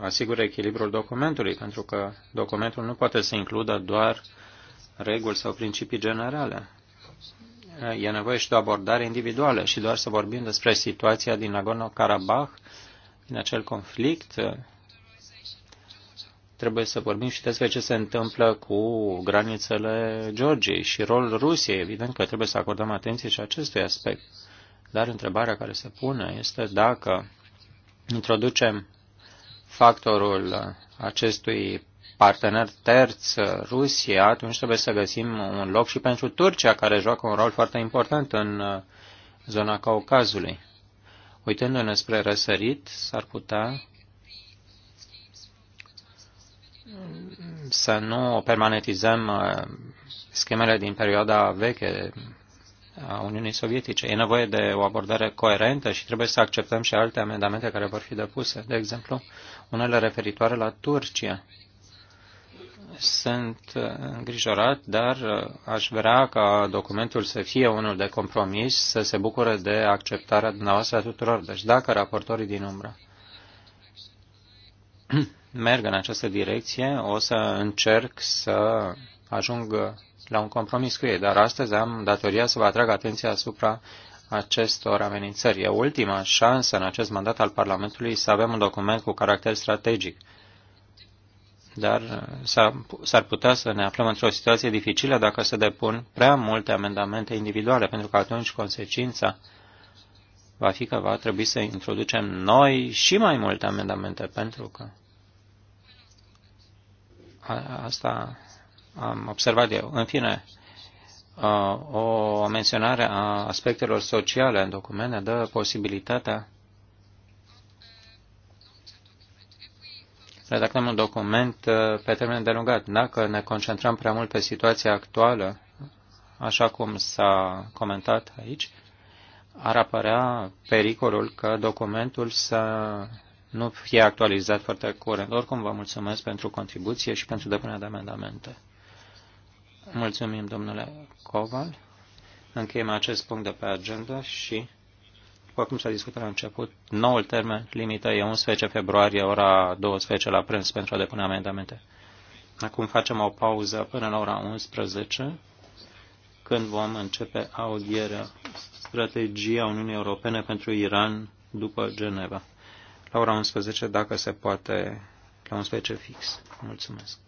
asigure echilibrul documentului, pentru că documentul nu poate să includă doar reguli sau principii generale e nevoie și de o abordare individuală și doar să vorbim despre situația din Nagorno-Karabakh, din acel conflict, trebuie să vorbim și despre ce se întâmplă cu granițele Georgiei și rolul Rusiei. Evident că trebuie să acordăm atenție și acestui aspect. Dar întrebarea care se pune este dacă introducem factorul acestui partener terț Rusia, atunci trebuie să găsim un loc și pentru Turcia, care joacă un rol foarte important în uh, zona Caucazului. Uitându-ne spre răsărit, s-ar putea să nu permanentizăm uh, schemele din perioada veche a Uniunii Sovietice. E nevoie de o abordare coerentă și trebuie să acceptăm și alte amendamente care vor fi depuse. De exemplu, unele referitoare la Turcia sunt uh, îngrijorat, dar uh, aș vrea ca documentul să fie unul de compromis, să se bucure de acceptarea dumneavoastră a tuturor. Deci dacă raportorii din umbră merg în această direcție, o să încerc să ajung la un compromis cu ei, dar astăzi am datoria să vă atrag atenția asupra acestor amenințări. E ultima șansă în acest mandat al Parlamentului să avem un document cu caracter strategic dar uh, s-ar putea să ne aflăm într-o situație dificilă dacă se depun prea multe amendamente individuale, pentru că atunci consecința va fi că va trebui să introducem noi și mai multe amendamente, pentru că asta am observat eu. În fine, uh, o menționare a aspectelor sociale în documente dă posibilitatea redactăm un document uh, pe termen delungat. Dacă ne concentrăm prea mult pe situația actuală, așa cum s-a comentat aici, ar apărea pericolul că documentul să nu fie actualizat foarte curând. Oricum, vă mulțumesc pentru contribuție și pentru depunerea de amendamente. Mulțumim, domnule Coval. Încheiem acest punct de pe agenda și după cum s-a discutat la început, noul termen limită e 11 februarie, ora 12 la prânz pentru a depune amendamente. Acum facem o pauză până la ora 11, când vom începe audierea strategia Uniunii Europene pentru Iran după Geneva. La ora 11, dacă se poate, la 11 fix. Mulțumesc.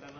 Da,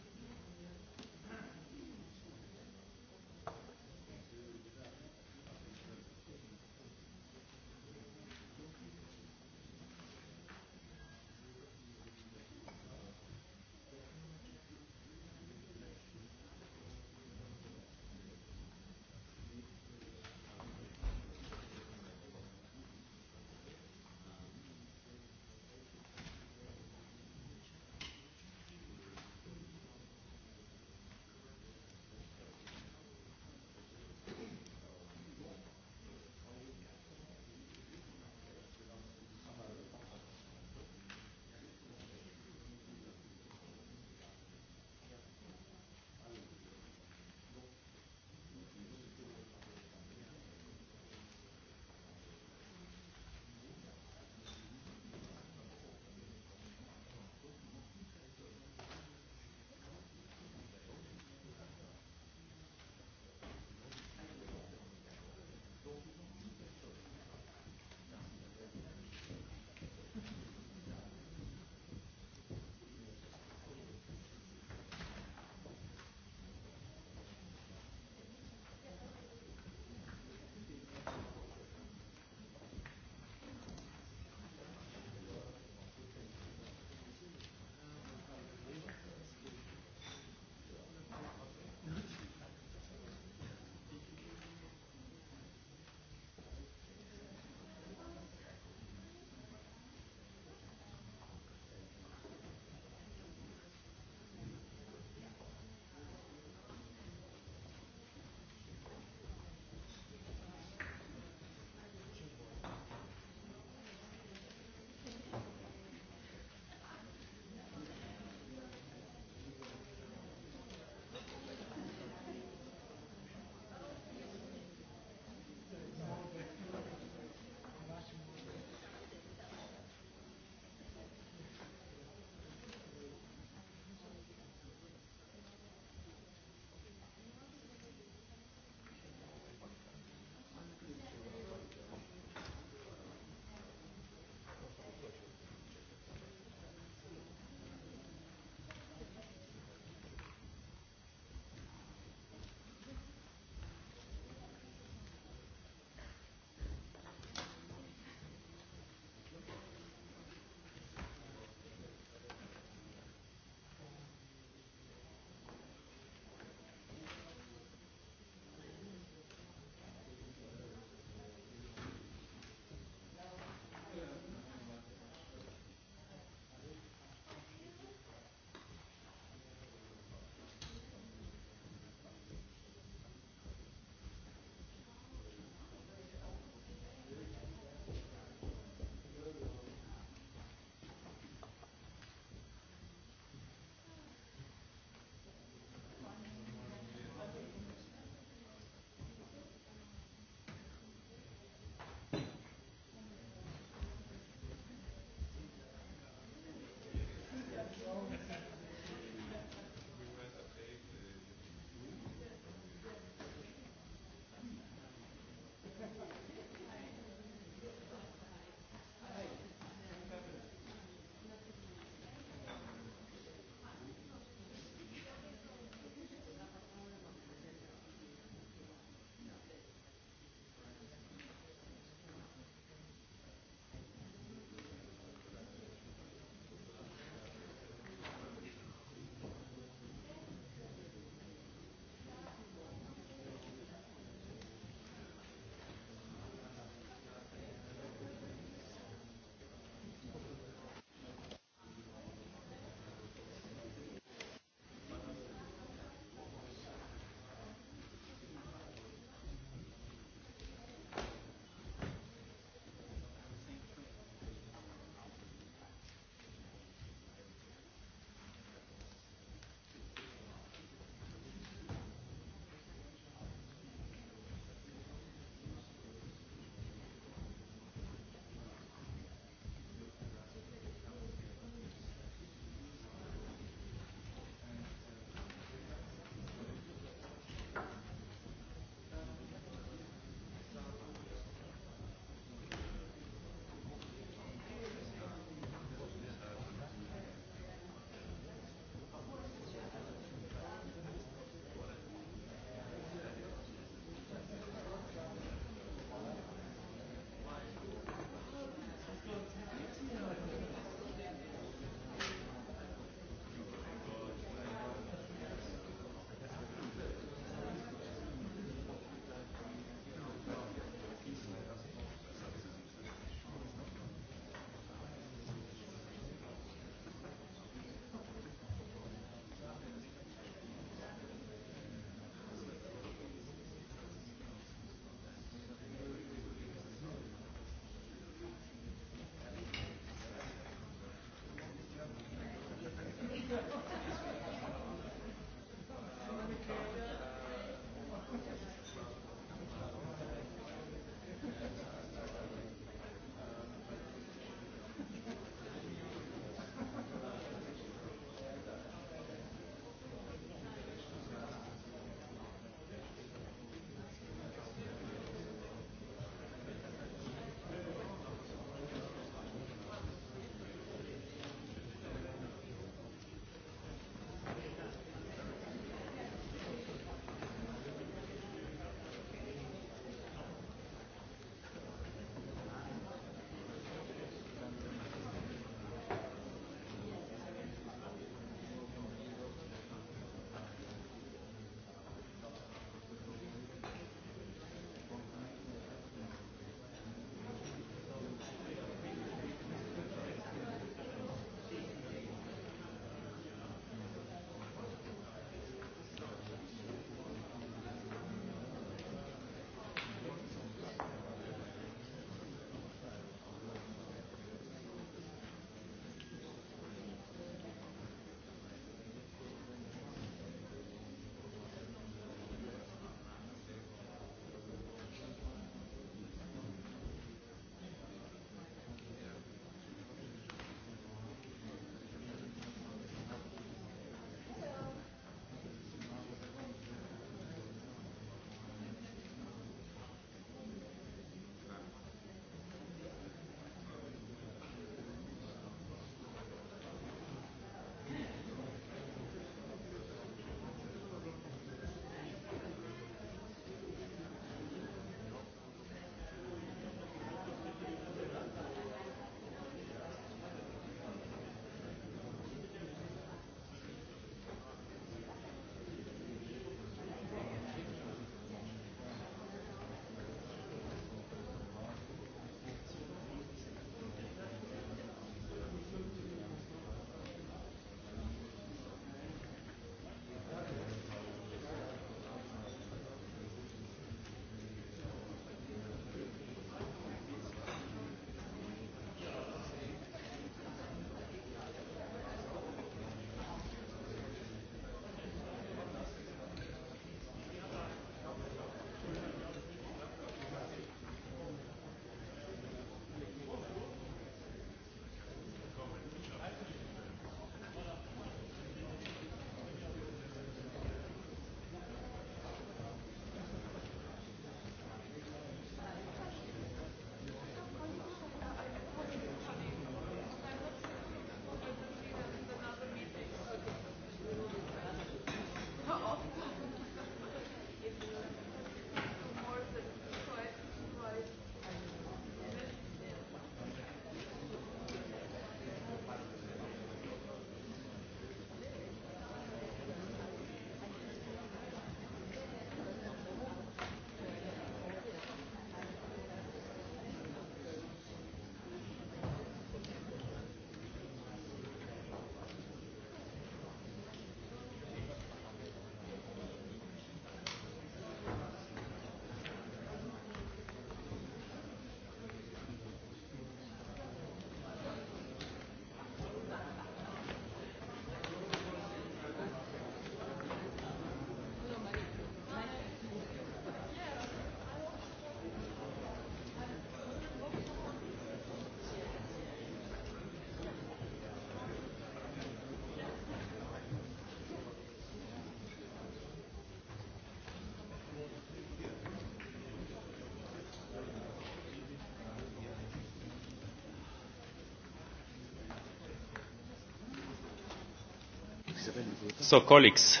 So, colleagues,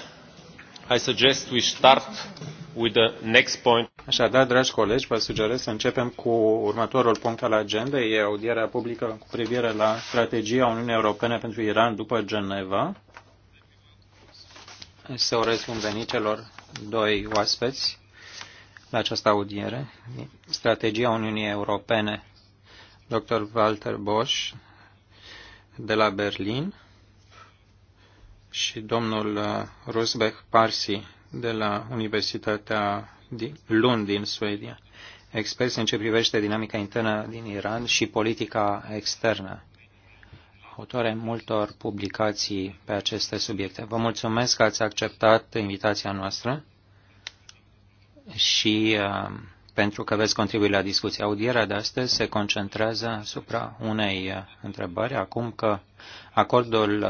I suggest we start with the next point. Așadar, dragi colegi, vă sugerez să începem cu următorul punct al agendei, e audierea publică cu privire la strategia Uniunii Europene pentru Iran după Geneva. Să urez bun venit celor doi oaspeți la această audiere. Strategia Uniunii Europene, dr. Walter Bosch, de la Berlin, și domnul uh, Rosbeck Parsi de la Universitatea din Lund din Suedia, expert în ce privește dinamica internă din Iran și politica externă, autoare multor publicații pe aceste subiecte. Vă mulțumesc că ați acceptat invitația noastră și uh, pentru că veți contribui la discuție. Audierea de astăzi se concentrează asupra unei uh, întrebări, acum că acordul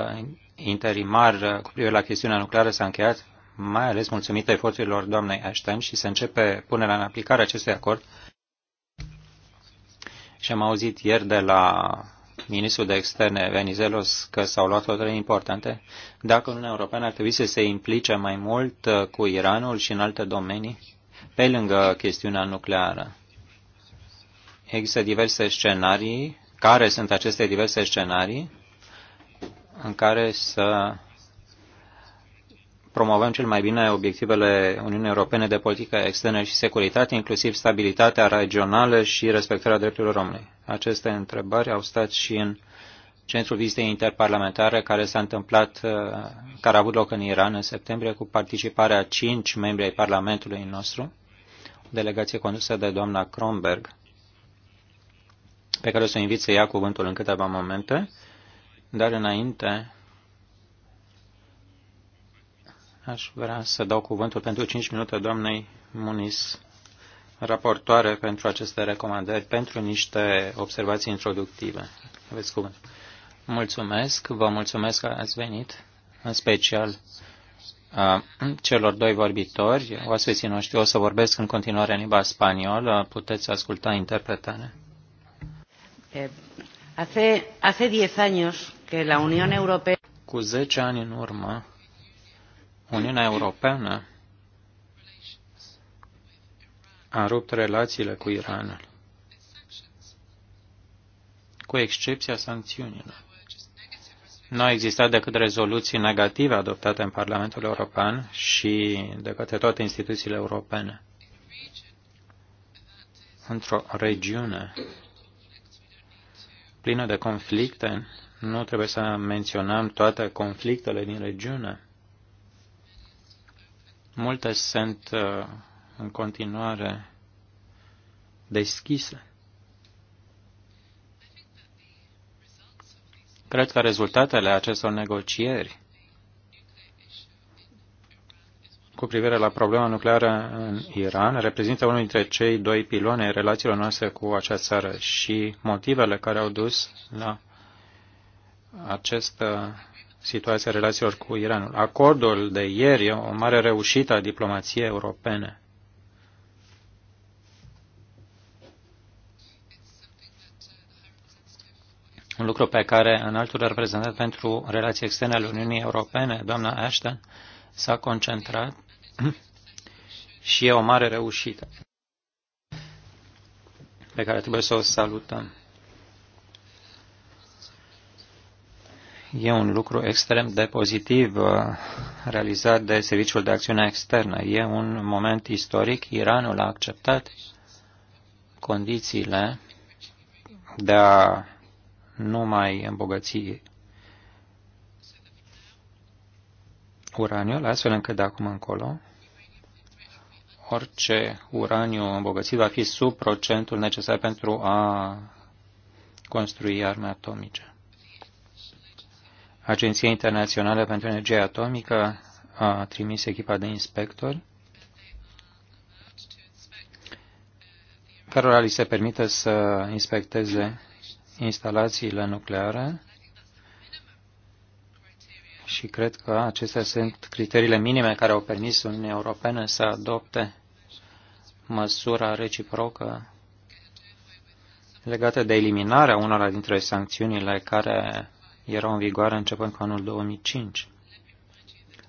interimar uh, cu privire la chestiunea nucleară s-a încheiat, mai ales mulțumită eforturilor doamnei Ashton și se începe punerea în aplicare acestui acord. Și am auzit ieri de la ministrul de externe Venizelos că s-au luat hotărâri importante. Dacă Uniunea Europeană ar trebui să se implice mai mult uh, cu Iranul și în alte domenii, pe lângă chestiunea nucleară. Există diverse scenarii. Care sunt aceste diverse scenarii? în care să promovăm cel mai bine obiectivele Uniunii Europene de politică externă și securitate, inclusiv stabilitatea regională și respectarea drepturilor omului. Aceste întrebări au stat și în centrul vizitei interparlamentare care s-a întâmplat, uh, care a avut loc în Iran în septembrie, cu participarea a cinci membri ai Parlamentului nostru, o delegație condusă de doamna Kronberg, pe care o să o invit să ia cuvântul în câteva momente dar înainte, aș vrea să dau cuvântul pentru 5 minute doamnei Munis, raportoare pentru aceste recomandări, pentru niște observații introductive. Aveți cuvânt. Mulțumesc, vă mulțumesc că ați venit, în special celor doi vorbitori, oaspeții noștri. O să vorbesc în continuare în limba spaniolă, puteți asculta interpretarea. Eh, 10 Cu zece ani în urmă, Uniunea Europeană a rupt relațiile cu Iranul, cu excepția sancțiunilor. Nu a existat decât rezoluții negative adoptate în Parlamentul European și de către toate instituțiile europene. Într-o regiune plină de conflicte. Nu trebuie să menționăm toate conflictele din regiune. Multe sunt uh, în continuare deschise. Cred că rezultatele acestor negocieri cu privire la problema nucleară în Iran reprezintă unul dintre cei doi piloni relațiilor noastre cu acea țară și motivele care au dus la această situație a relațiilor cu Iranul. Acordul de ieri e o mare reușită a diplomației europene. Un lucru pe care înaltul reprezentant pentru relații externe ale Uniunii Europene, doamna Ashton, s-a concentrat și e o mare reușită pe care trebuie să o salutăm. E un lucru extrem de pozitiv uh, realizat de Serviciul de Acțiune Externă. E un moment istoric. Iranul a acceptat condițiile de a nu mai îmbogăți uraniul, astfel încât de acum încolo orice uraniu îmbogățit va fi sub procentul necesar pentru a construi arme atomice. Agenția Internațională pentru Energie Atomică a trimis echipa de inspectori cărora li se permite să inspecteze instalațiile nucleare și cred că acestea sunt criteriile minime care au permis Uniunii Europene să adopte măsura reciprocă legată de eliminarea unora dintre sancțiunile care erau în vigoare începând cu anul 2005.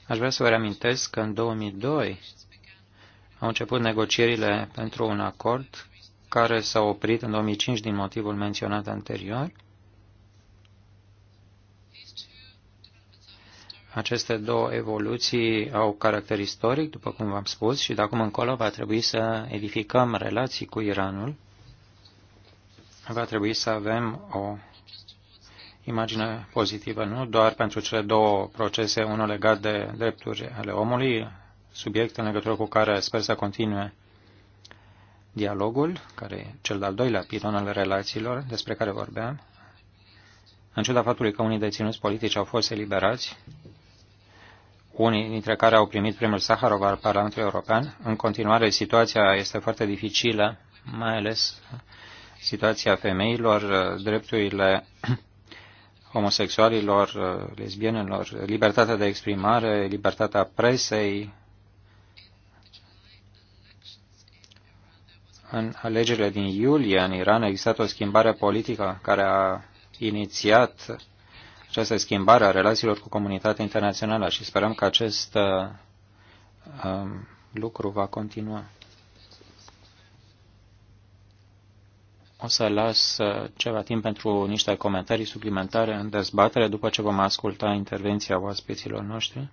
Aș vrea să vă reamintesc că în 2002 au început negocierile pentru un acord care s-a oprit în 2005 din motivul menționat anterior Aceste două evoluții au caracter istoric, după cum v-am spus, și de acum încolo va trebui să edificăm relații cu Iranul. Va trebui să avem o imagine pozitivă, nu doar pentru cele două procese, unul legat de drepturi ale omului, subiect în legătură cu care sper să continue dialogul, care e cel de-al doilea pilon al relațiilor despre care vorbeam, în ciuda faptului că unii deținuți politici au fost eliberați, unii dintre care au primit primul Saharov al Parlamentului European. În continuare, situația este foarte dificilă, mai ales situația femeilor, drepturile homosexualilor, lesbienelor, libertatea de exprimare, libertatea presei. În alegerile din iulie în Iran a existat o schimbare politică care a inițiat această schimbare a relațiilor cu comunitatea internațională și sperăm că acest uh, um, lucru va continua. O să las uh, ceva timp pentru niște comentarii suplimentare în dezbatere după ce vom asculta intervenția oaspeților noștri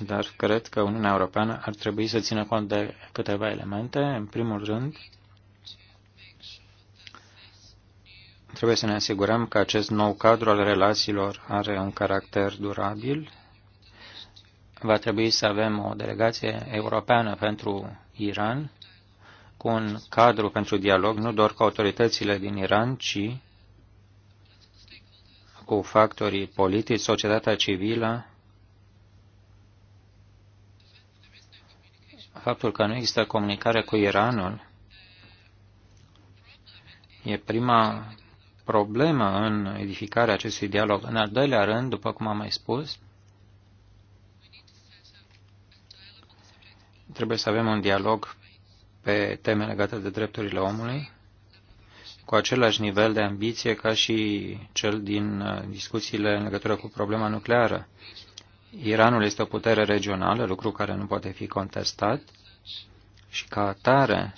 dar cred că Uniunea Europeană ar trebui să țină cont de câteva elemente. În primul rând, Trebuie să ne asigurăm că acest nou cadru al relațiilor are un caracter durabil. Va trebui să avem o delegație europeană pentru Iran cu un cadru pentru dialog, nu doar cu autoritățile din Iran, ci cu factorii politici, societatea civilă, faptul că nu există comunicare cu Iranul e prima problemă în edificarea acestui dialog. În al doilea rând, după cum am mai spus, trebuie să avem un dialog pe teme legate de drepturile omului, cu același nivel de ambiție ca și cel din uh, discuțiile în legătură cu problema nucleară. Iranul este o putere regională, lucru care nu poate fi contestat, și ca atare,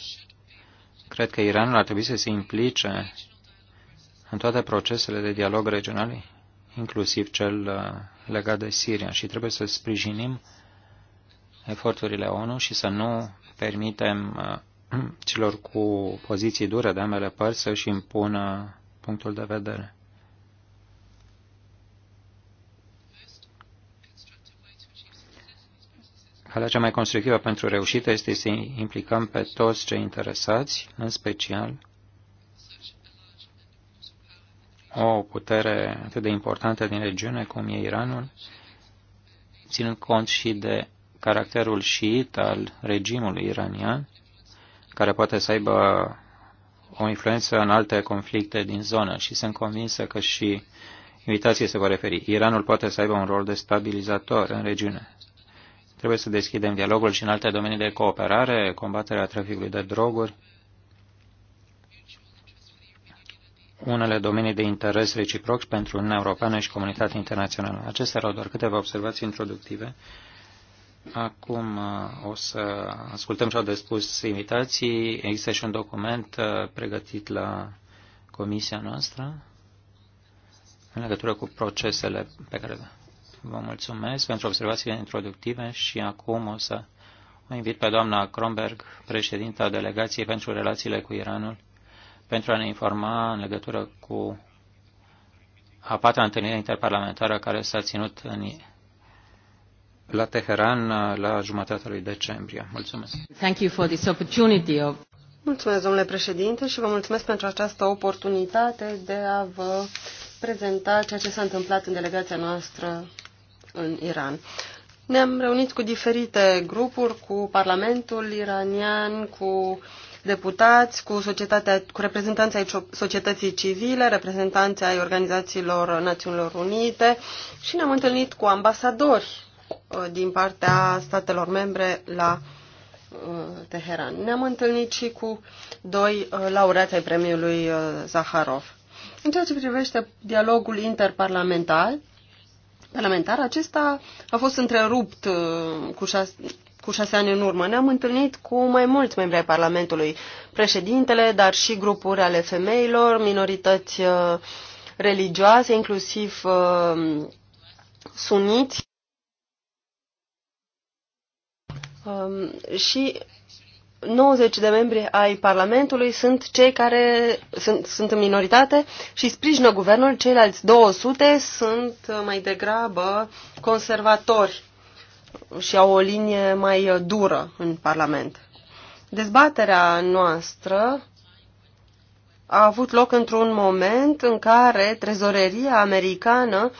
cred că Iranul ar trebui să se implice în toate procesele de dialog regional, inclusiv cel uh, legat de Siria. Și trebuie să sprijinim eforturile ONU și să nu permitem uh, celor cu poziții dure de ambele părți să-și impună punctul de vedere. Calea cea mai constructivă pentru reușită este să implicăm pe toți cei interesați, în special o putere atât de importantă din regiune cum e Iranul, ținând cont și de caracterul șiit al regimului iranian, care poate să aibă o influență în alte conflicte din zonă și sunt convinsă că și invitație se va referi. Iranul poate să aibă un rol de stabilizator în regiune. Trebuie să deschidem dialogul și în alte domenii de cooperare, combaterea traficului de droguri, unele domenii de interes reciproc pentru Uniunea Europeană și comunitatea internațională. Acestea erau doar câteva observații introductive. Acum uh, o să ascultăm ce au de spus invitații. Există și un document uh, pregătit la comisia noastră în legătură cu procesele pe care vă mulțumesc pentru observațiile introductive și acum o să o invit pe doamna Kronberg, președinta delegației pentru relațiile cu Iranul pentru a ne informa în legătură cu a patra întâlnire interparlamentară care s-a ținut în, la Teheran la jumătatea lui decembrie. Mulțumesc. Thank you for this opportunity of... Mulțumesc, domnule președinte, și vă mulțumesc pentru această oportunitate de a vă prezenta ceea ce s-a întâmplat în delegația noastră în Iran. Ne-am reunit cu diferite grupuri, cu Parlamentul iranian, cu uh, deputați, cu, societatea, cu reprezentanții ai societății civile, reprezentanții ai organizațiilor Națiunilor Unite și ne-am întâlnit cu ambasadori uh, din partea statelor membre la uh, Teheran. Ne-am întâlnit și cu doi uh, laureați ai premiului Zaharov. În ceea ce privește dialogul interparlamentar, parlamentar, acesta a fost întrerupt cu șase, cu șase ani în urmă. Ne-am întâlnit cu mai mulți membri ai Parlamentului, președintele, dar și grupuri ale femeilor, minorități uh, religioase, inclusiv uh, suniți. Um, și 90 de membri ai Parlamentului sunt cei care sunt, sunt în minoritate și sprijină guvernul, ceilalți 200 sunt uh, mai degrabă conservatori și au o linie mai dură în Parlament. Dezbaterea noastră a avut loc într-un moment în care trezoreria americană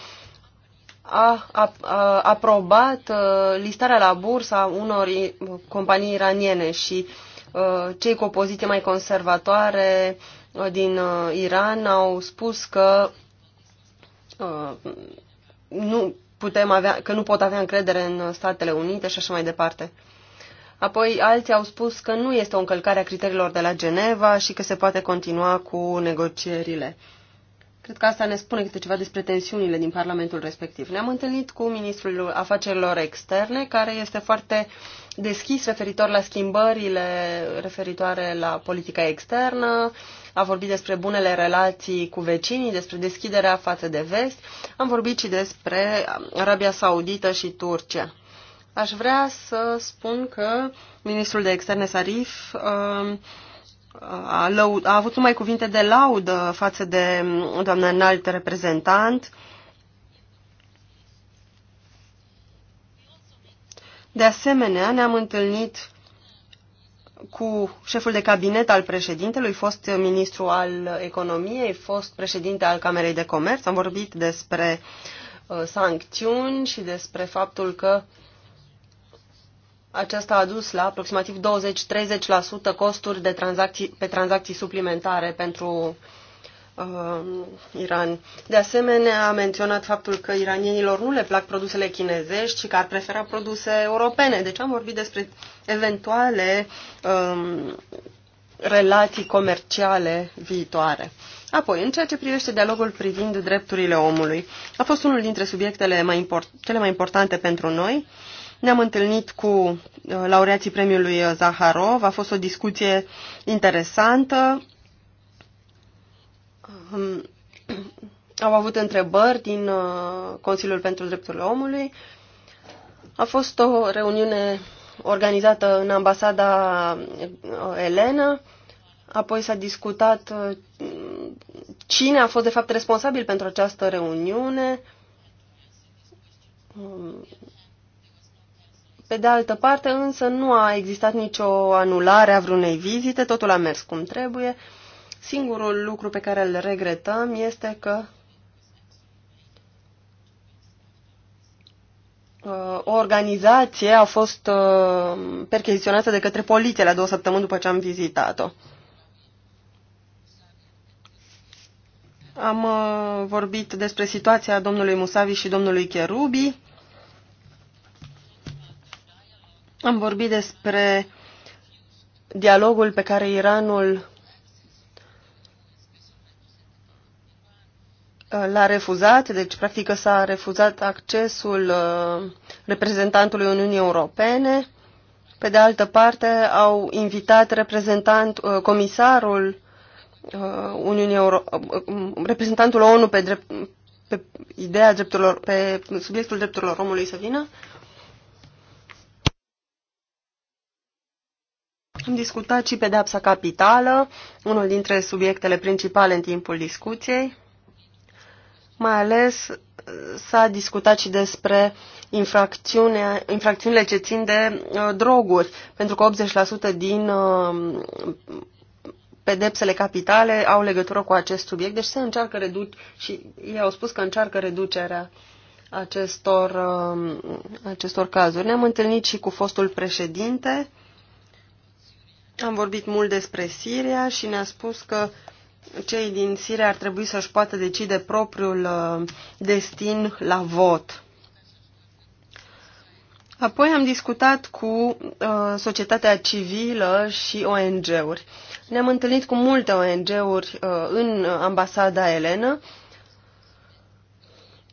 a, a, a aprobat uh, listarea la bursă a unor companii iraniene și uh, cei cu o poziție mai conservatoare uh, din Iran au spus că nu, putem avea, că nu pot avea încredere în Statele Unite și așa mai departe. Apoi alții au spus că nu este o încălcare a criteriilor de la Geneva și că se poate continua cu negocierile. Cred că asta ne spune câte ceva despre tensiunile din Parlamentul respectiv. Ne-am întâlnit cu Ministrul Afacerilor Externe, care este foarte deschis referitor la schimbările referitoare la politica externă, a vorbit despre bunele relații cu vecinii, despre deschiderea față de vest, am vorbit și despre Arabia Saudită și Turcia. Aș vrea să spun că ministrul de externe Sarif um, a, avut numai cuvinte de laudă față de doamna înalt reprezentant. De asemenea, ne-am întâlnit cu șeful de cabinet al președintelui, fost ministru al economiei, fost președinte al Camerei de Comerț. Am vorbit despre uh, sancțiuni și despre faptul că aceasta a dus la aproximativ 20-30% costuri de tranzacții, pe tranzacții suplimentare pentru uh, uh, Iran. De asemenea, a menționat faptul că iranienilor nu le plac produsele chinezești ci că ar prefera produse europene. Deci am vorbit despre eventuale um, relații comerciale viitoare. Apoi, în ceea ce privește dialogul privind drepturile omului, a fost unul dintre subiectele mai import- cele mai importante pentru noi. Ne-am întâlnit cu uh, laureații premiului Zaharov, a fost o discuție interesantă, au avut întrebări din uh, Consiliul pentru Drepturile Omului. A fost o reuniune organizată în ambasada uh, Elena, apoi s-a discutat uh, cine a fost de fapt responsabil pentru această reuniune. Um, pe de altă parte, însă, nu a existat nicio anulare a vreunei vizite, totul a mers cum trebuie. Singurul lucru pe care îl regretăm este că uh, o organizație a fost uh, percheziționată de către poliție la două săptămâni după ce am vizitat-o. Am uh, vorbit despre situația domnului Musavi și domnului Cherubi. Am vorbit despre dialogul pe care Iranul Uh, l-a refuzat, deci practic s-a refuzat accesul uh, reprezentantului Uniunii Europene. Pe de altă parte, au invitat reprezentant, uh, comisarul Uniunii Euro- reprezentantul ONU pe, drept, pe ideea drepturilor, pe subiectul drepturilor omului să vină. Am discutat și pedeapsa capitală, unul dintre subiectele principale în timpul discuției. Mai ales uh, s-a discutat și despre infracțiunile ce țin de uh, droguri, pentru că 80% din uh, pedepsele capitale au legătură cu acest subiect, deci se încearcă reduc și ei au spus că încearcă reducerea acestor, uh, acestor cazuri. Ne-am întâlnit și cu fostul președinte, am vorbit mult despre Siria și ne-a spus că uh, cei din Siria ar trebui să-și poată decide propriul uh, destin la vot. Apoi am discutat cu uh, societatea civilă și ONG-uri. Ne-am întâlnit cu multe ONG-uri uh, în ambasada Elena.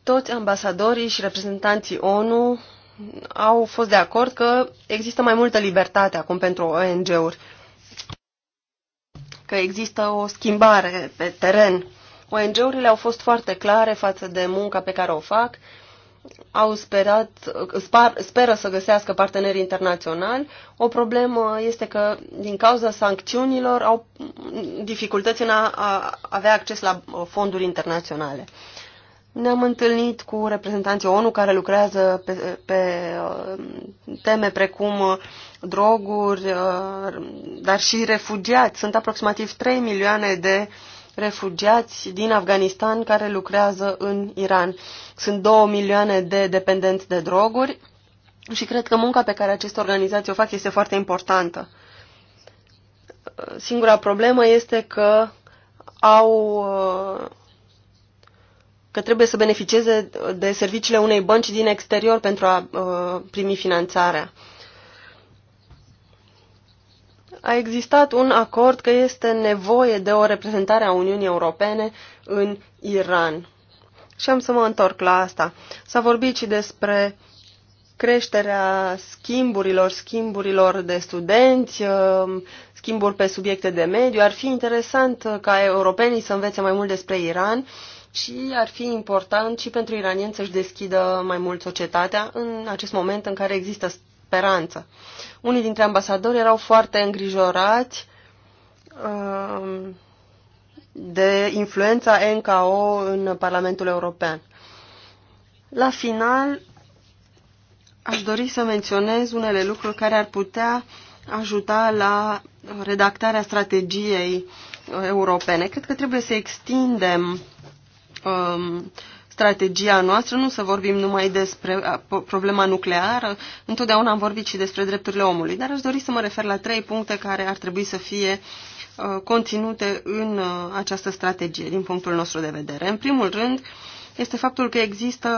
Toți ambasadorii și reprezentanții ONU au fost de acord că există mai multă libertate acum pentru ONG-uri că există o schimbare pe teren. ONG-urile au fost foarte clare față de munca pe care o fac, au sperat, spar, speră să găsească parteneri internaționali. O problemă este că din cauza sancțiunilor au dificultăți în a, a avea acces la uh, fonduri internaționale. Ne-am întâlnit cu reprezentanții ONU care lucrează pe, pe uh, teme precum uh, droguri, uh, dar și refugiați. Sunt aproximativ 3 milioane de refugiați din Afganistan care lucrează în Iran. Sunt 2 milioane de dependenți de droguri și cred că munca pe care aceste organizații o fac este foarte importantă. Singura problemă este că au uh, că trebuie să beneficieze de serviciile unei bănci din exterior pentru a uh, primi finanțarea a existat un acord că este nevoie de o reprezentare a Uniunii Europene în Iran. Și am să mă întorc la asta. S-a vorbit și despre creșterea schimburilor, schimburilor de studenți, um, schimburi pe subiecte de mediu. Ar fi interesant uh, ca europenii să învețe mai mult despre Iran și ar fi important și pentru iranieni să-și deschidă mai mult societatea în acest moment în care există speranță. Unii dintre ambasadori erau foarte îngrijorați um, de influența NKO în Parlamentul European. La final, aș dori să menționez unele lucruri care ar putea ajuta la redactarea strategiei europene. Cred că trebuie să extindem um, strategia noastră, nu să vorbim numai despre problema nucleară, întotdeauna am vorbit și despre drepturile omului, dar aș dori să mă refer la trei puncte care ar trebui să fie conținute în această strategie, din punctul nostru de vedere. În primul rând, este faptul că există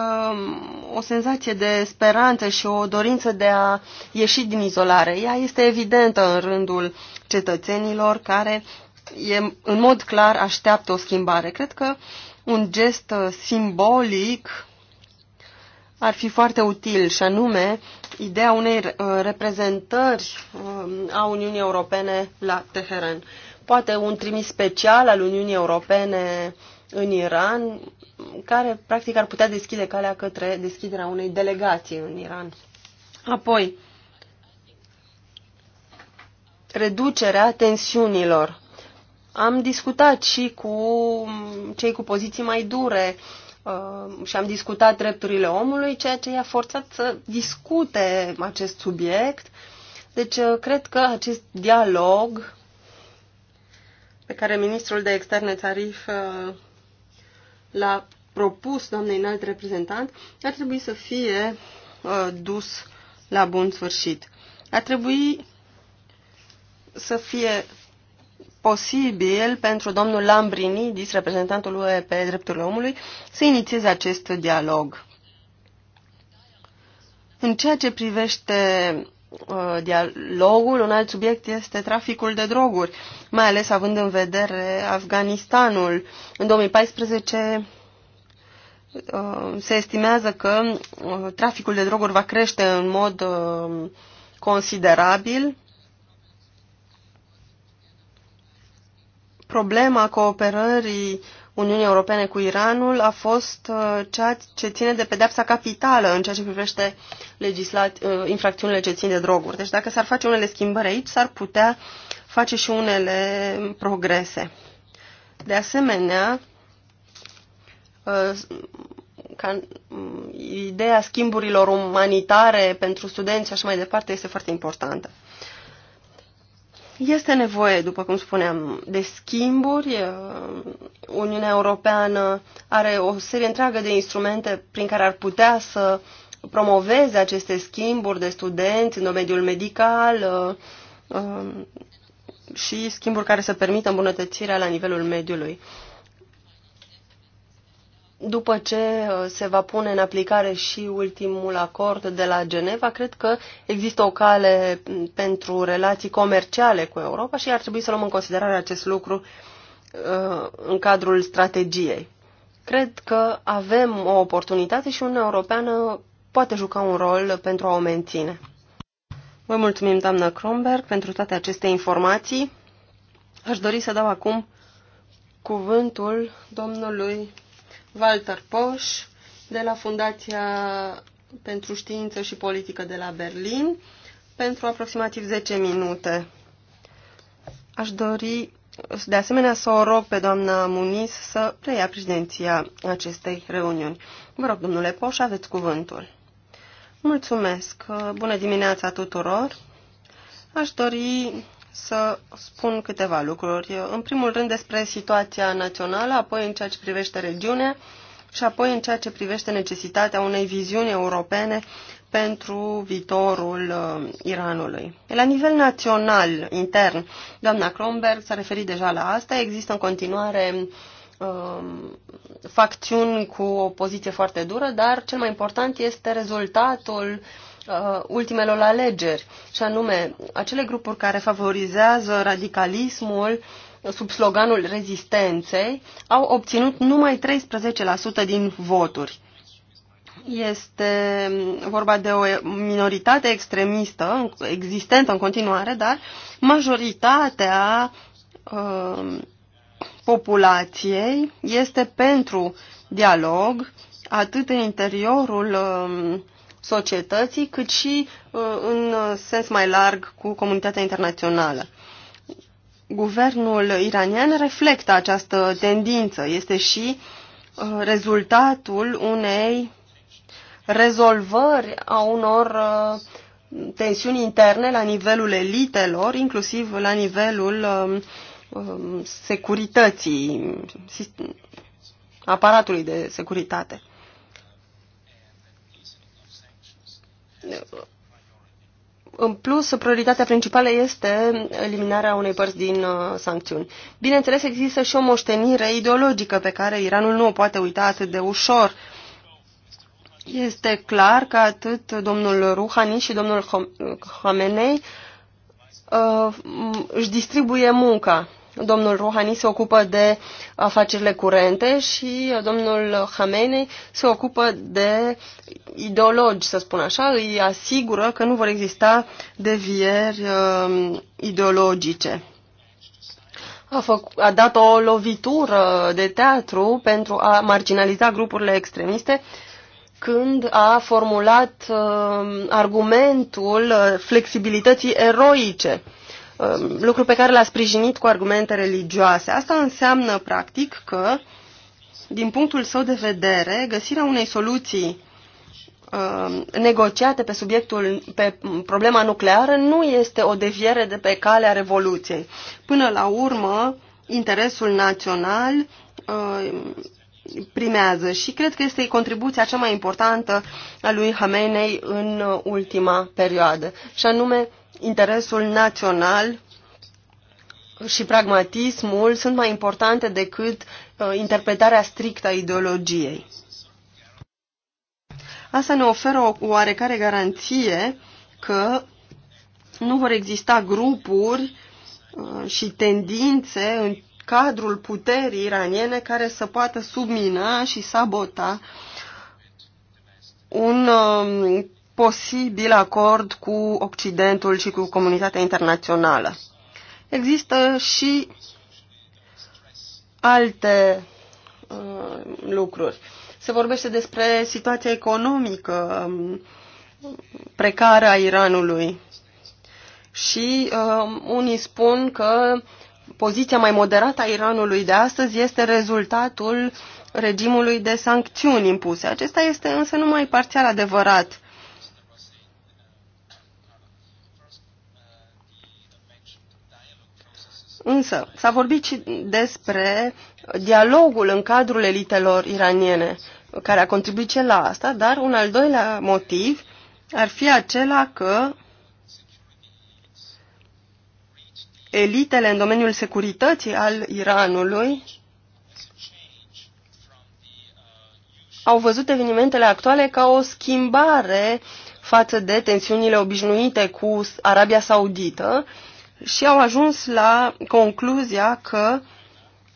o senzație de speranță și o dorință de a ieși din izolare. Ea este evidentă în rândul cetățenilor care e, în mod clar așteaptă o schimbare. Cred că uh, un gest uh, simbolic ar fi foarte util, și anume ideea unei uh, reprezentări um, a Uniunii Europene la Teheran. Poate un trimis special al Uniunii Europene în Iran, care practic ar putea deschide calea către deschiderea unei delegații în Iran. Apoi, reducerea tensiunilor. Am discutat și cu cei cu poziții mai dure uh, și am discutat drepturile omului, ceea ce i-a forțat să discute acest subiect. Deci, uh, cred că acest dialog pe care ministrul de externe tarif uh, l-a propus doamnei înalt reprezentant, ar trebui să fie dus la bun sfârșit. Ar trebui să fie posibil pentru domnul Lambrinidis, reprezentantul UE pe drepturile omului, să inițieze acest dialog. În ceea ce privește uh, dialogul, un alt subiect este traficul de droguri, mai ales având în vedere Afganistanul. În 2014 uh, se estimează că uh, traficul de droguri va crește în mod considerabil problema cooperării Uniunii Europene cu Iranul a fost uh, ceea ce ține de pedepsa capitală în ceea ce privește uh, infracțiunile ce țin de droguri. Deci dacă s-ar face unele schimbări aici, s-ar putea face și unele progrese. De asemenea, uh, ca mm, ideea schimburilor umanitare pentru studenți și așa mai departe este foarte importantă. Este nevoie, după cum spuneam, de schimburi. Uniunea Europeană are o serie întreagă de instrumente prin care ar putea să promoveze aceste schimburi de studenți în domeniul medical um, și schimburi care să permită îmbunătățirea la nivelul mediului după ce uh, se va pune în aplicare și ultimul acord de la Geneva, cred că există o cale pentru relații comerciale cu Europa și ar trebui să luăm în considerare acest lucru uh, în cadrul strategiei. Cred că avem o oportunitate și Uniunea Europeană poate juca un rol pentru a o menține. Vă mulțumim, doamnă Kronberg, pentru toate aceste informații. Aș dori să dau acum cuvântul domnului Walter Posch, de la Fundația pentru Știință și Politică de la Berlin pentru aproximativ 10 minute. Aș dori de asemenea să o rog pe doamna Muniz să preia președinția acestei reuniuni. Vă rog, domnule Poș, aveți cuvântul. Mulțumesc. Bună dimineața tuturor. Aș dori să spun câteva lucruri. În primul rând despre situația națională, apoi în ceea ce privește regiunea și apoi în ceea ce privește necesitatea unei viziuni europene pentru viitorul uh, Iranului. La nivel național, intern, doamna Kronberg s-a referit deja la asta, există în continuare uh, facțiuni cu o poziție foarte dură, dar cel mai important este rezultatul uh, uh, ultimelor alegeri, și anume acele grupuri care favorizează radicalismul sub sloganul rezistenței au obținut numai 13% din voturi. Este vorba de o minoritate extremistă existentă în continuare, dar majoritatea uh, populației este pentru dialog atât în interiorul uh, societății, cât și uh, în sens mai larg cu comunitatea internațională. Guvernul iranian reflectă această tendință, este și uh, rezultatul unei rezolvări a unor uh, tensiuni interne la nivelul elitelor, inclusiv la nivelul um, um, securității, aparatului de securitate. în plus, prioritatea principală este eliminarea unei părți din uh, sancțiuni. Bineînțeles, există și o moștenire ideologică pe care Iranul nu o poate uita atât de ușor. Este clar că atât domnul Rouhani și domnul Khamenei uh, își distribuie munca. Domnul Rouhani se ocupă de afacerile curente și domnul Khamenei se ocupă de ideologi, să spun așa, îi asigură că nu vor exista devieri uh, ideologice. A, făc, a dat o lovitură de teatru pentru a marginaliza grupurile extremiste când a formulat um, uh, argumentul flexibilității eroice. Um, lucru pe care l-a sprijinit cu argumente religioase. Asta înseamnă, practic, că, din punctul său de vedere, găsirea unei soluții um, negociate pe subiectul, pe problema nucleară, nu este o deviere de pe calea Revoluției. Până la urmă, interesul național um, primează și cred că este contribuția cea mai importantă a lui Hamenei în ultima perioadă, și anume interesul național și pragmatismul sunt mai importante decât uh, interpretarea strictă a ideologiei. Asta ne oferă o oarecare garanție că nu vor exista grupuri uh, și tendințe în cadrul puterii iraniene care să poată submina și sabota un um, posibil acord cu Occidentul și cu comunitatea internațională. Există și alte uh, lucruri. Se vorbește despre situația economică um, precară a Iranului și uh, unii spun că poziția mai moderată a Iranului de astăzi este rezultatul regimului de sancțiuni impuse. Acesta este însă numai parțial adevărat. Însă, s-a vorbit și despre dialogul în cadrul elitelor iraniene, care a contribuit și la asta, dar un al doilea motiv ar fi acela că elitele în domeniul securității al Iranului au văzut evenimentele actuale ca o schimbare față de tensiunile obișnuite cu Arabia Saudită, uh, și au ajuns la concluzia că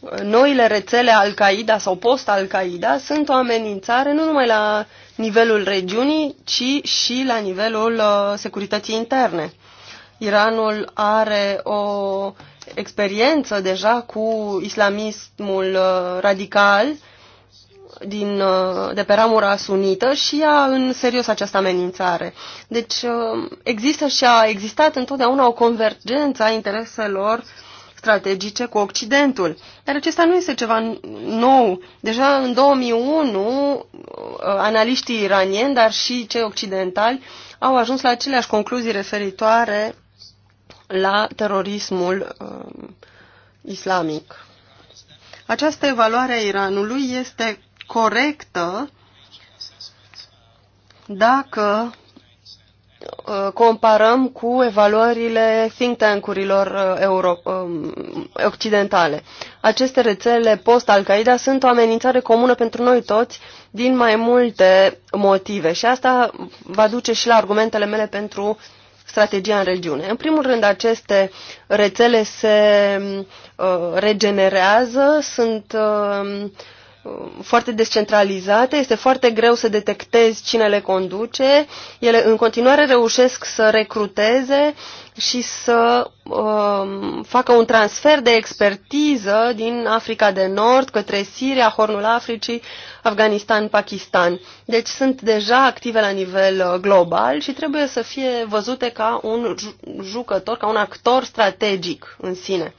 uh, noile rețele Al-Qaeda sau post-Al-Qaeda sunt o amenințare nu numai la nivelul regiunii, ci și la nivelul uh, securității interne. Iranul are o experiență deja cu islamismul uh, radical din, uh, de pe ramura sunită și ia în serios această amenințare. Deci uh, există și a existat întotdeauna o convergență a intereselor strategice cu Occidentul. Dar acesta nu este ceva nou. Deja în 2001, uh, analiștii iranieni, dar și cei occidentali, au ajuns la aceleași concluzii referitoare la terorismul uh, islamic. Această evaluare a Iranului este corectă dacă uh, comparăm cu evaluările think tank-urilor uh, um, occidentale. Aceste rețele post-Al-Qaeda sunt o amenințare comună pentru noi toți din mai multe motive și asta va duce și la argumentele mele pentru strategia în regiune. În primul rând, aceste rețele se uh, regenerează, sunt uh, foarte descentralizate, este foarte greu să detectezi cine le conduce. Ele în continuare reușesc să recruteze și să um, facă un transfer de expertiză din Africa de Nord către Siria, Hornul Africii, Afganistan, Pakistan. Deci sunt deja active la nivel uh, global și trebuie să fie văzute ca un jucător, ca un actor strategic în sine.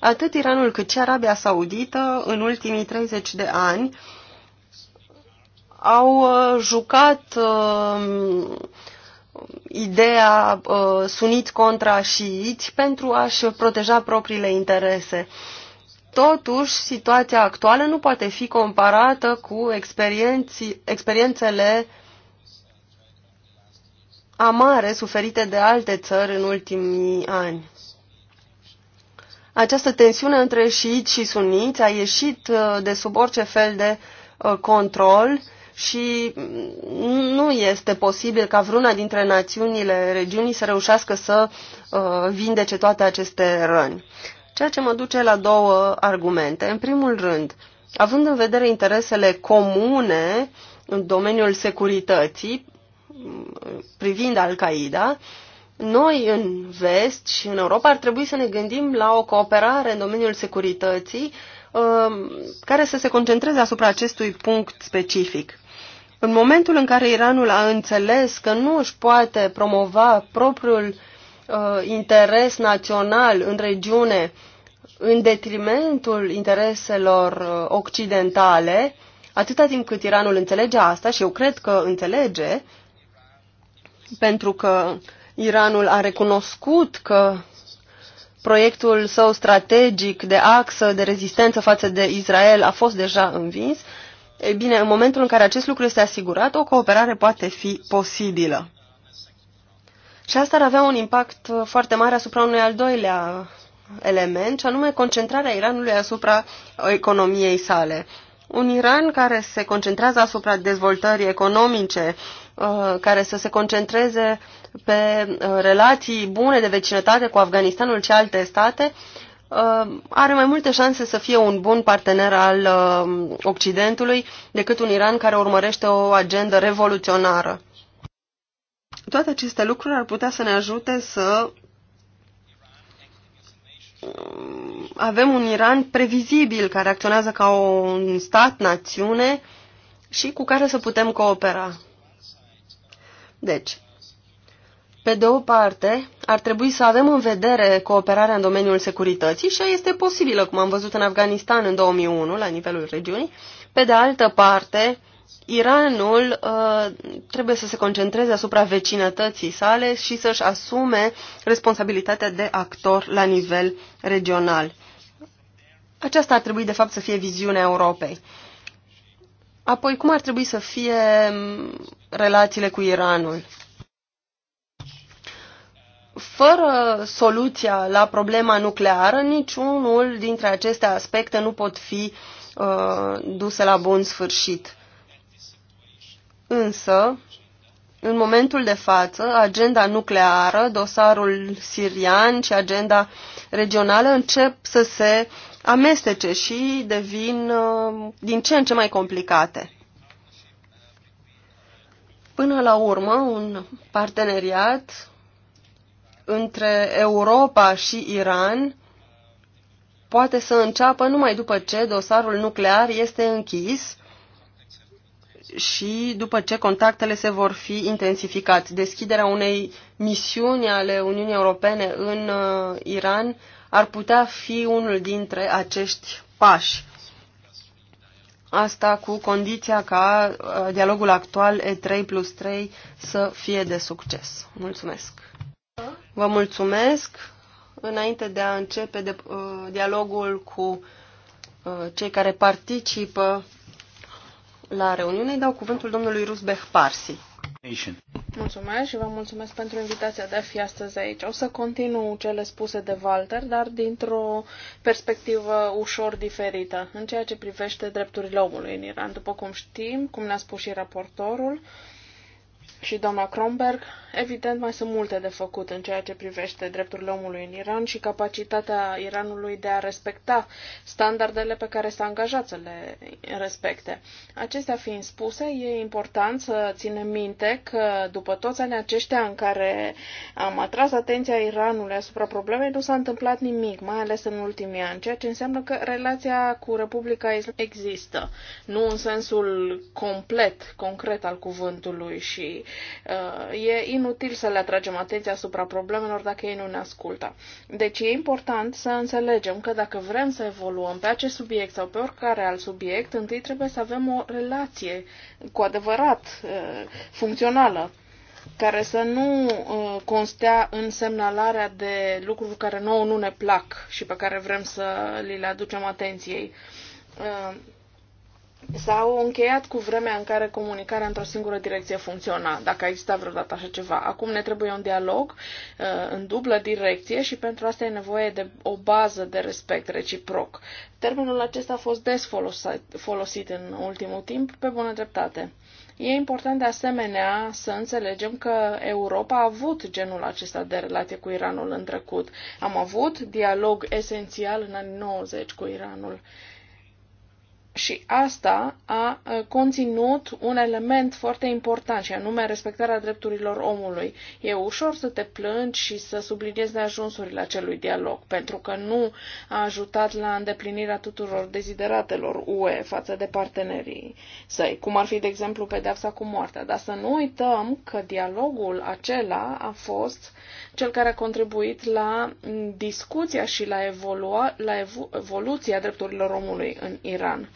Atât Iranul cât și Arabia Saudită în ultimii 30 de ani au uh, jucat uh, ideea uh, sunit contra șiiți pentru a-și proteja propriile interese. Totuși, situația actuală nu poate fi comparată cu experiențele amare suferite de alte țări în ultimii ani. Această tensiune între șiiți și suniți a ieșit uh, de sub orice fel de uh, control și mm, nu este posibil ca vreuna dintre națiunile regiunii să reușească să uh, vindece toate aceste răni. Ceea ce mă duce la două argumente. În primul rând, având în vedere interesele comune în domeniul securității, mm, privind Al-Qaeda, noi în vest și în Europa ar trebui să ne gândim la o cooperare în domeniul securității um, care să se concentreze asupra acestui punct specific. În momentul în care Iranul a înțeles că nu își poate promova propriul uh, interes național în regiune în detrimentul intereselor uh, occidentale, atâta timp cât Iranul înțelege asta, și eu cred că înțelege, pentru că uh, Iranul a recunoscut că proiectul său strategic de axă de rezistență față de Israel a fost deja învins, e bine, în momentul în care acest lucru este asigurat, o cooperare poate fi posibilă. Și asta ar avea un impact foarte mare asupra unui al doilea element, și anume concentrarea Iranului asupra economiei sale. Un Iran care se concentrează asupra dezvoltării economice, Uh, care să se concentreze pe uh, relații bune de vecinătate cu Afganistanul și alte state, uh, are mai multe șanse să fie un bun partener al Occidentului decât un Iran care urmărește o agendă revoluționară. Toate aceste lucruri ar putea să ne ajute să avem un Iran previzibil, care acționează ca un stat-națiune și cu care să putem coopera. Deci, pe de o parte, ar trebui să avem în vedere cooperarea în domeniul securității și este posibilă, cum am văzut în Afganistan în 2001, la nivelul regiunii. Pe de altă parte, Iranul uh, trebuie să se concentreze asupra vecinătății sale și să-și asume responsabilitatea de actor la nivel regional. Aceasta ar trebui, de fapt, să fie viziunea Europei. Apoi, cum ar trebui să fie relațiile cu Iranul. Fără soluția la problema nucleară, niciunul dintre aceste aspecte nu pot fi uh, duse la bun sfârșit. Însă, în momentul de față, agenda nucleară, dosarul sirian și agenda regională încep să se amestece și devin uh, din ce în ce mai complicate. Până la urmă, un parteneriat între Europa și Iran poate să înceapă numai după ce dosarul nuclear este închis și după ce contactele se vor fi intensificat. Deschiderea unei misiuni ale Uniunii Europene în uh, Iran ar putea fi unul dintre acești pași. Asta cu condiția ca uh, dialogul actual E3 plus 3 să fie de succes. Mulțumesc! Vă mulțumesc! Înainte de a începe de, uh, dialogul cu uh, cei care participă la reuniune, îi dau cuvântul domnului Rusbeh Parsi. Mulțumesc și vă mulțumesc pentru invitația de a fi astăzi aici. O să continu cele spuse de Walter, dar dintr-o perspectivă ușor diferită, în ceea ce privește drepturile omului în Iran. După cum știm, cum ne-a spus și raportorul, uh, și doamna Kronberg, evident mai sunt multe de făcut în ceea ce privește drepturile omului în Iran și capacitatea Iranului de a respecta standardele pe care s-a angajat să le respecte. Acestea fiind spuse, e important să ținem minte că după toți ani aceștia în care am atras atenția Iranului asupra problemei, nu s-a întâmplat nimic, mai ales în ultimii ani, ceea ce înseamnă că relația cu Republica Islamică există, nu în sensul complet, concret al cuvântului și și uh, e inutil să le atragem atenția asupra problemelor dacă ei nu ne ascultă. Deci e important să înțelegem că dacă vrem să evoluăm pe acest subiect sau pe oricare alt subiect, întâi trebuie să avem o relație cu adevărat uh, funcțională care să nu uh, constea în semnalarea de lucruri care nouă nu ne plac și pe care vrem să li le aducem atenției. Uh, s-au încheiat cu vremea în care comunicarea într-o singură direcție funcționa, dacă a existat vreodată așa ceva. Acum ne trebuie un dialog uh, în dublă direcție și pentru asta e nevoie de o bază de respect reciproc. Termenul acesta a fost des folosit, folosit în ultimul timp, pe bună dreptate. E important de asemenea să înțelegem că Europa a avut genul acesta de relație cu Iranul în trecut. Am avut dialog esențial în anii 90 cu Iranul și asta a conținut un element foarte important, și anume respectarea drepturilor omului. E ușor să te plângi și să subliniezi neajunsurile acelui dialog, pentru că nu a ajutat la îndeplinirea tuturor dezideratelor UE față de partenerii săi, cum ar fi, de exemplu, pedeapsa cu moartea. Dar să nu uităm că dialogul acela a fost cel care a contribuit la discuția și la, evolua, la evoluția drepturilor omului în Iran.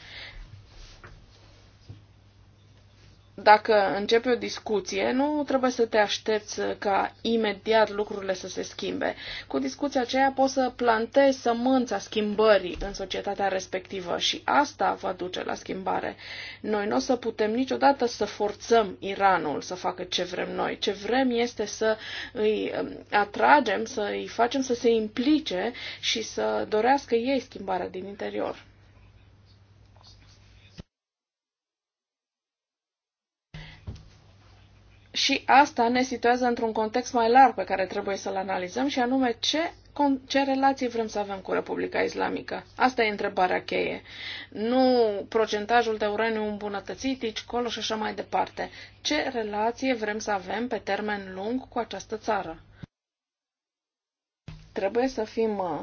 dacă începi o discuție, nu trebuie să te aștepți ca imediat lucrurile să se schimbe. Cu discuția aceea poți să plantezi sămânța schimbării în societatea respectivă și asta va duce la schimbare. Noi nu o să putem niciodată să forțăm Iranul să facă ce vrem noi. Ce vrem este să îi um, atragem, să îi facem să se implice și să dorească ei schimbarea din interior. Și asta ne situează într-un context mai larg pe care trebuie să-l analizăm și anume ce, ce relații vrem să avem cu Republica Islamică. Asta e întrebarea cheie. Nu procentajul de uraniu îmbunătățit, nici colo și așa mai departe. Ce relație vrem să avem pe termen lung cu această țară? Trebuie să fim uh,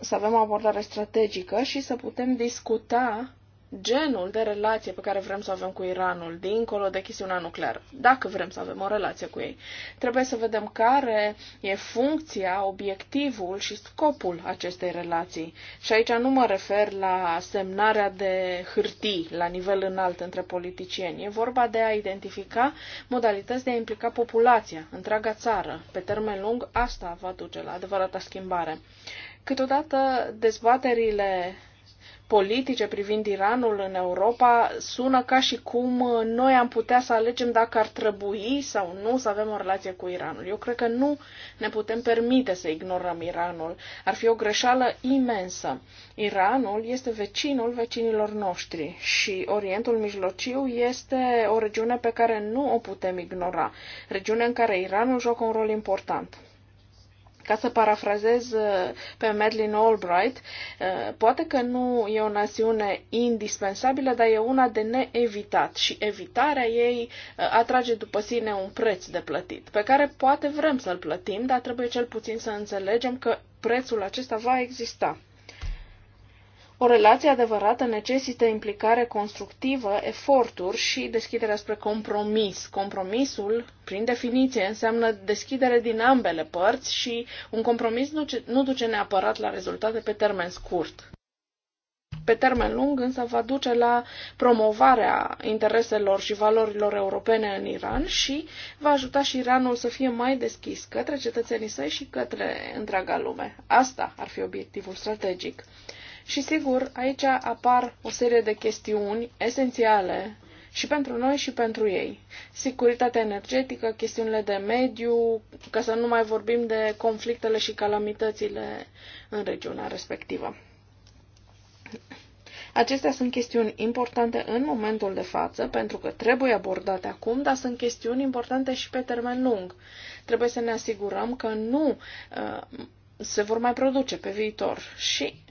să avem o abordare strategică și să putem discuta genul de relație pe care vrem să o avem cu Iranul, dincolo de chestiunea nucleară, dacă vrem să avem o relație cu ei. Trebuie să vedem care e funcția, obiectivul și scopul acestei relații. Și aici nu mă refer la semnarea de hârtii la nivel înalt între politicieni. E vorba de a identifica modalități de a implica populația, întreaga țară. Pe termen lung, asta va duce la adevărata schimbare. Câteodată dezbaterile politice privind Iranul în Europa sună ca și cum noi am putea să alegem dacă ar trebui sau nu să avem o relație cu Iranul. Eu cred că nu ne putem permite să ignorăm Iranul. Ar fi o greșeală imensă. Iranul este vecinul vecinilor noștri și Orientul Mijlociu este o regiune pe care nu o putem ignora, regiune în care Iranul joacă un rol important. Ca să parafrazez uh, pe Madeleine Albright, uh, poate că nu e o națiune indispensabilă, dar e una de neevitat și evitarea ei uh, atrage după sine un preț de plătit, pe care poate vrem să-l plătim, dar trebuie cel puțin să înțelegem că prețul acesta va exista. O relație adevărată necesită implicare constructivă, eforturi și deschiderea spre compromis. Compromisul, prin definiție, înseamnă deschidere din ambele părți și un compromis nu, nu duce neapărat la rezultate pe termen scurt. Pe termen lung, însă, va duce la promovarea intereselor și valorilor europene în Iran și va ajuta și Iranul să fie mai deschis către cetățenii săi și către întreaga lume. Asta ar fi obiectivul strategic. Și sigur, aici apar o serie de chestiuni esențiale și pentru noi și pentru ei. Securitatea energetică, chestiunile de mediu, ca să nu mai vorbim de conflictele și calamitățile în regiunea respectivă. Acestea sunt chestiuni importante în momentul de față, pentru că trebuie abordate acum, dar sunt chestiuni importante și pe termen lung. Trebuie să ne asigurăm că nu uh, se vor mai produce pe viitor și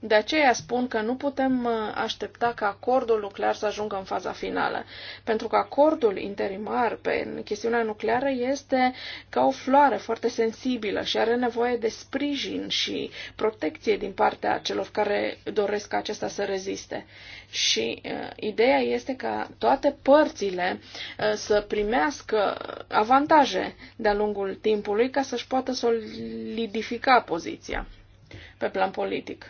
de aceea spun că nu putem uh, aștepta ca acordul nuclear să ajungă în faza finală, pentru că acordul interimar pe chestiunea nucleară este ca o floare foarte sensibilă și are nevoie de sprijin și protecție din partea celor care doresc ca acesta să reziste. Și uh, ideea este ca toate părțile uh, să primească uh, avantaje de-a lungul timpului ca să-și poată solidifica poziția pe plan politic.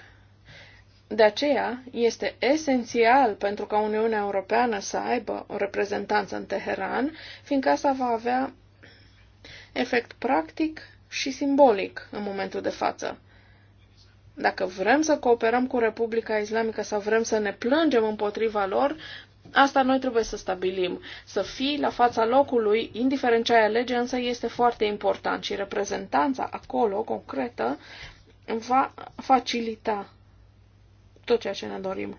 De aceea, este esențial pentru ca Uniunea Europeană să aibă o reprezentanță în Teheran, fiindcă asta va avea efect practic și simbolic în momentul de față. Dacă vrem să cooperăm cu Republica Islamică sau vrem să ne plângem împotriva lor, Asta noi trebuie să stabilim. Să fii la fața locului, indiferent ce ai alege, însă este foarte important și reprezentanța acolo, concretă, va facilita tot ceea ce ne dorim.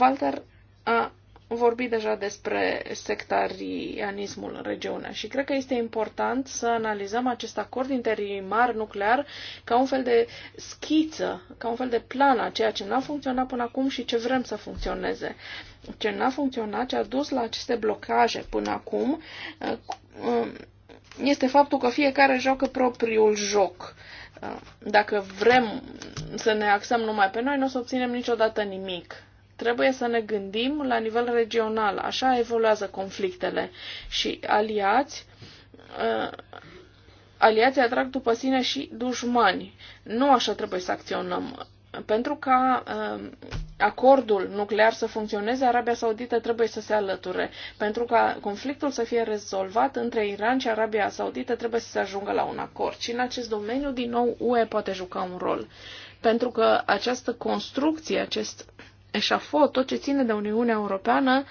Walter a vorbit deja despre sectarianismul în regiune și cred că este important să analizăm acest acord interimar nuclear ca un fel de schiță, ca un fel de plan a ceea ce nu a funcționat până acum și ce vrem să funcționeze. Ce nu a funcționat, ce a dus la aceste blocaje până acum, uh, um, este faptul că fiecare joacă propriul joc Uh, dacă vrem să ne axăm numai pe noi, nu o să obținem niciodată nimic. Trebuie să ne gândim la nivel regional. Așa evoluează conflictele. Și aliați, uh, aliații atrag după sine și dușmani. Nu așa trebuie să acționăm pentru ca um, acordul nuclear să funcționeze, Arabia Saudită trebuie să se alăture. Pentru ca conflictul să fie rezolvat între Iran și Arabia Saudită, trebuie să se ajungă la un acord. Și în acest domeniu, din nou, UE poate juca un rol. Pentru că această construcție, acest eșafot, tot ce ține de Uniunea Europeană,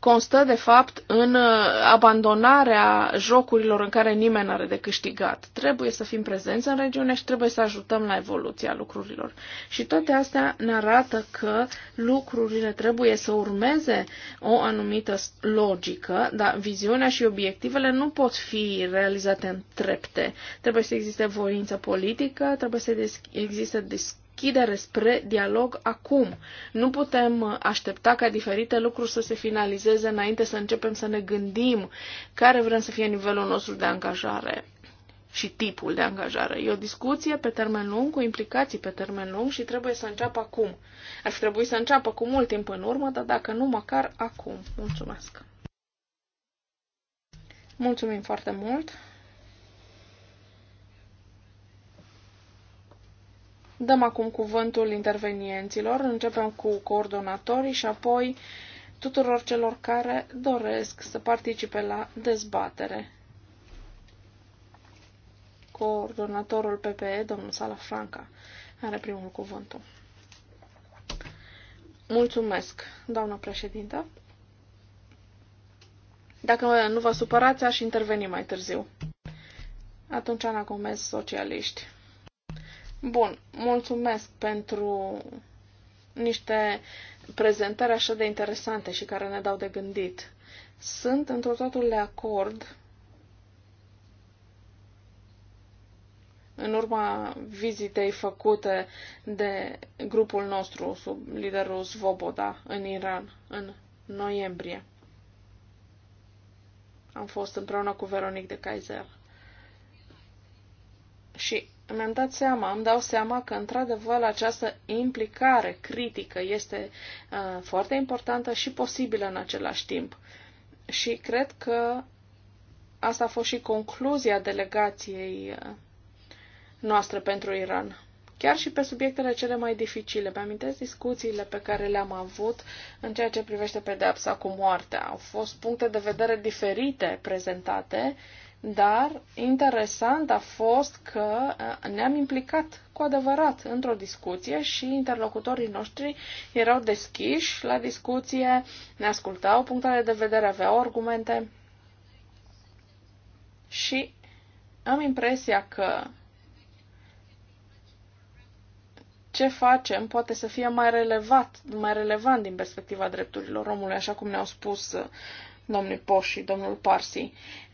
constă de fapt în uh, abandonarea jocurilor în care nimeni n-are de câștigat. Trebuie să fim prezenți în regiune și trebuie să ajutăm la evoluția lucrurilor. Și toate astea ne arată că lucrurile trebuie să urmeze o anumită logică, dar viziunea și obiectivele nu pot fi realizate în trepte. Trebuie să existe voință politică, trebuie să existe dis- deschidere spre dialog acum. Nu putem uh, aștepta ca diferite lucruri să se finalizeze înainte să începem să ne gândim care vrem să fie nivelul nostru de angajare și tipul de angajare. E o discuție pe termen lung, cu implicații pe termen lung și trebuie să înceapă acum. Ar fi trebuit să înceapă cu mult timp în urmă, dar dacă nu, măcar acum. Mulțumesc! Mulțumim foarte mult! Dăm acum cuvântul intervenienților, începem cu coordonatorii și apoi tuturor celor care doresc să participe la dezbatere. Coordonatorul PPE, domnul Sala Franca, are primul cuvântul. Mulțumesc, doamnă președintă. Dacă nu vă supărați, aș interveni mai târziu. Atunci Ana Gomez, socialiști. Bun, mulțumesc pentru niște prezentări așa de interesante și care ne dau de gândit. Sunt într o totul de acord în urma vizitei făcute de grupul nostru sub liderul Svoboda în Iran în noiembrie. Am fost împreună cu Veronic de Kaiser. Și mi-am dat seama, îmi dau seama că, într-adevăr, această implicare critică este uh, foarte importantă și posibilă în același timp. Și cred că asta a fost și concluzia delegației uh, noastre pentru Iran. Chiar și pe subiectele cele mai dificile. Mi-amintesc discuțiile pe care le-am avut în ceea ce privește pedepsa cu moartea. Au fost puncte de vedere diferite prezentate uh, dar interesant a fost că ne-am implicat cu adevărat într-o discuție și interlocutorii noștri erau deschiși la discuție, ne ascultau punctele de vedere, aveau argumente și am impresia că ce facem poate să fie mai relevat, mai relevant din perspectiva drepturilor omului, așa cum ne-au spus uh, domnul Poș și domnul Parsi.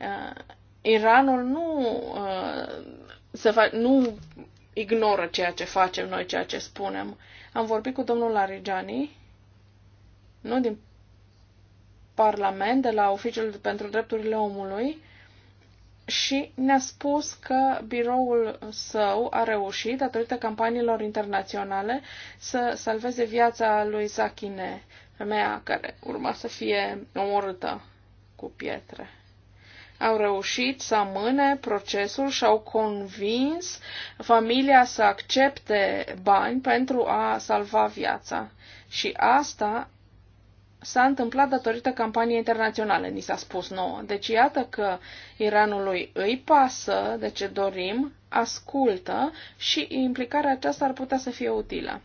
Uh, Iranul nu, uh, se fa- nu ignoră ceea ce facem noi, ceea ce spunem. Am vorbit cu domnul Larijani, nu din Parlament, de la Oficiul pentru Drepturile Omului, și ne-a spus că biroul său a reușit, datorită campaniilor internaționale, să salveze viața lui Zachine, femeia care urma să fie omorâtă cu pietre au reușit să amâne procesul și au convins familia să accepte bani pentru a salva viața. Și asta s-a întâmplat datorită campaniei internaționale, ni s-a spus nouă. Deci iată că Iranului îi pasă de ce dorim, ascultă și implicarea aceasta ar putea să fie utilă.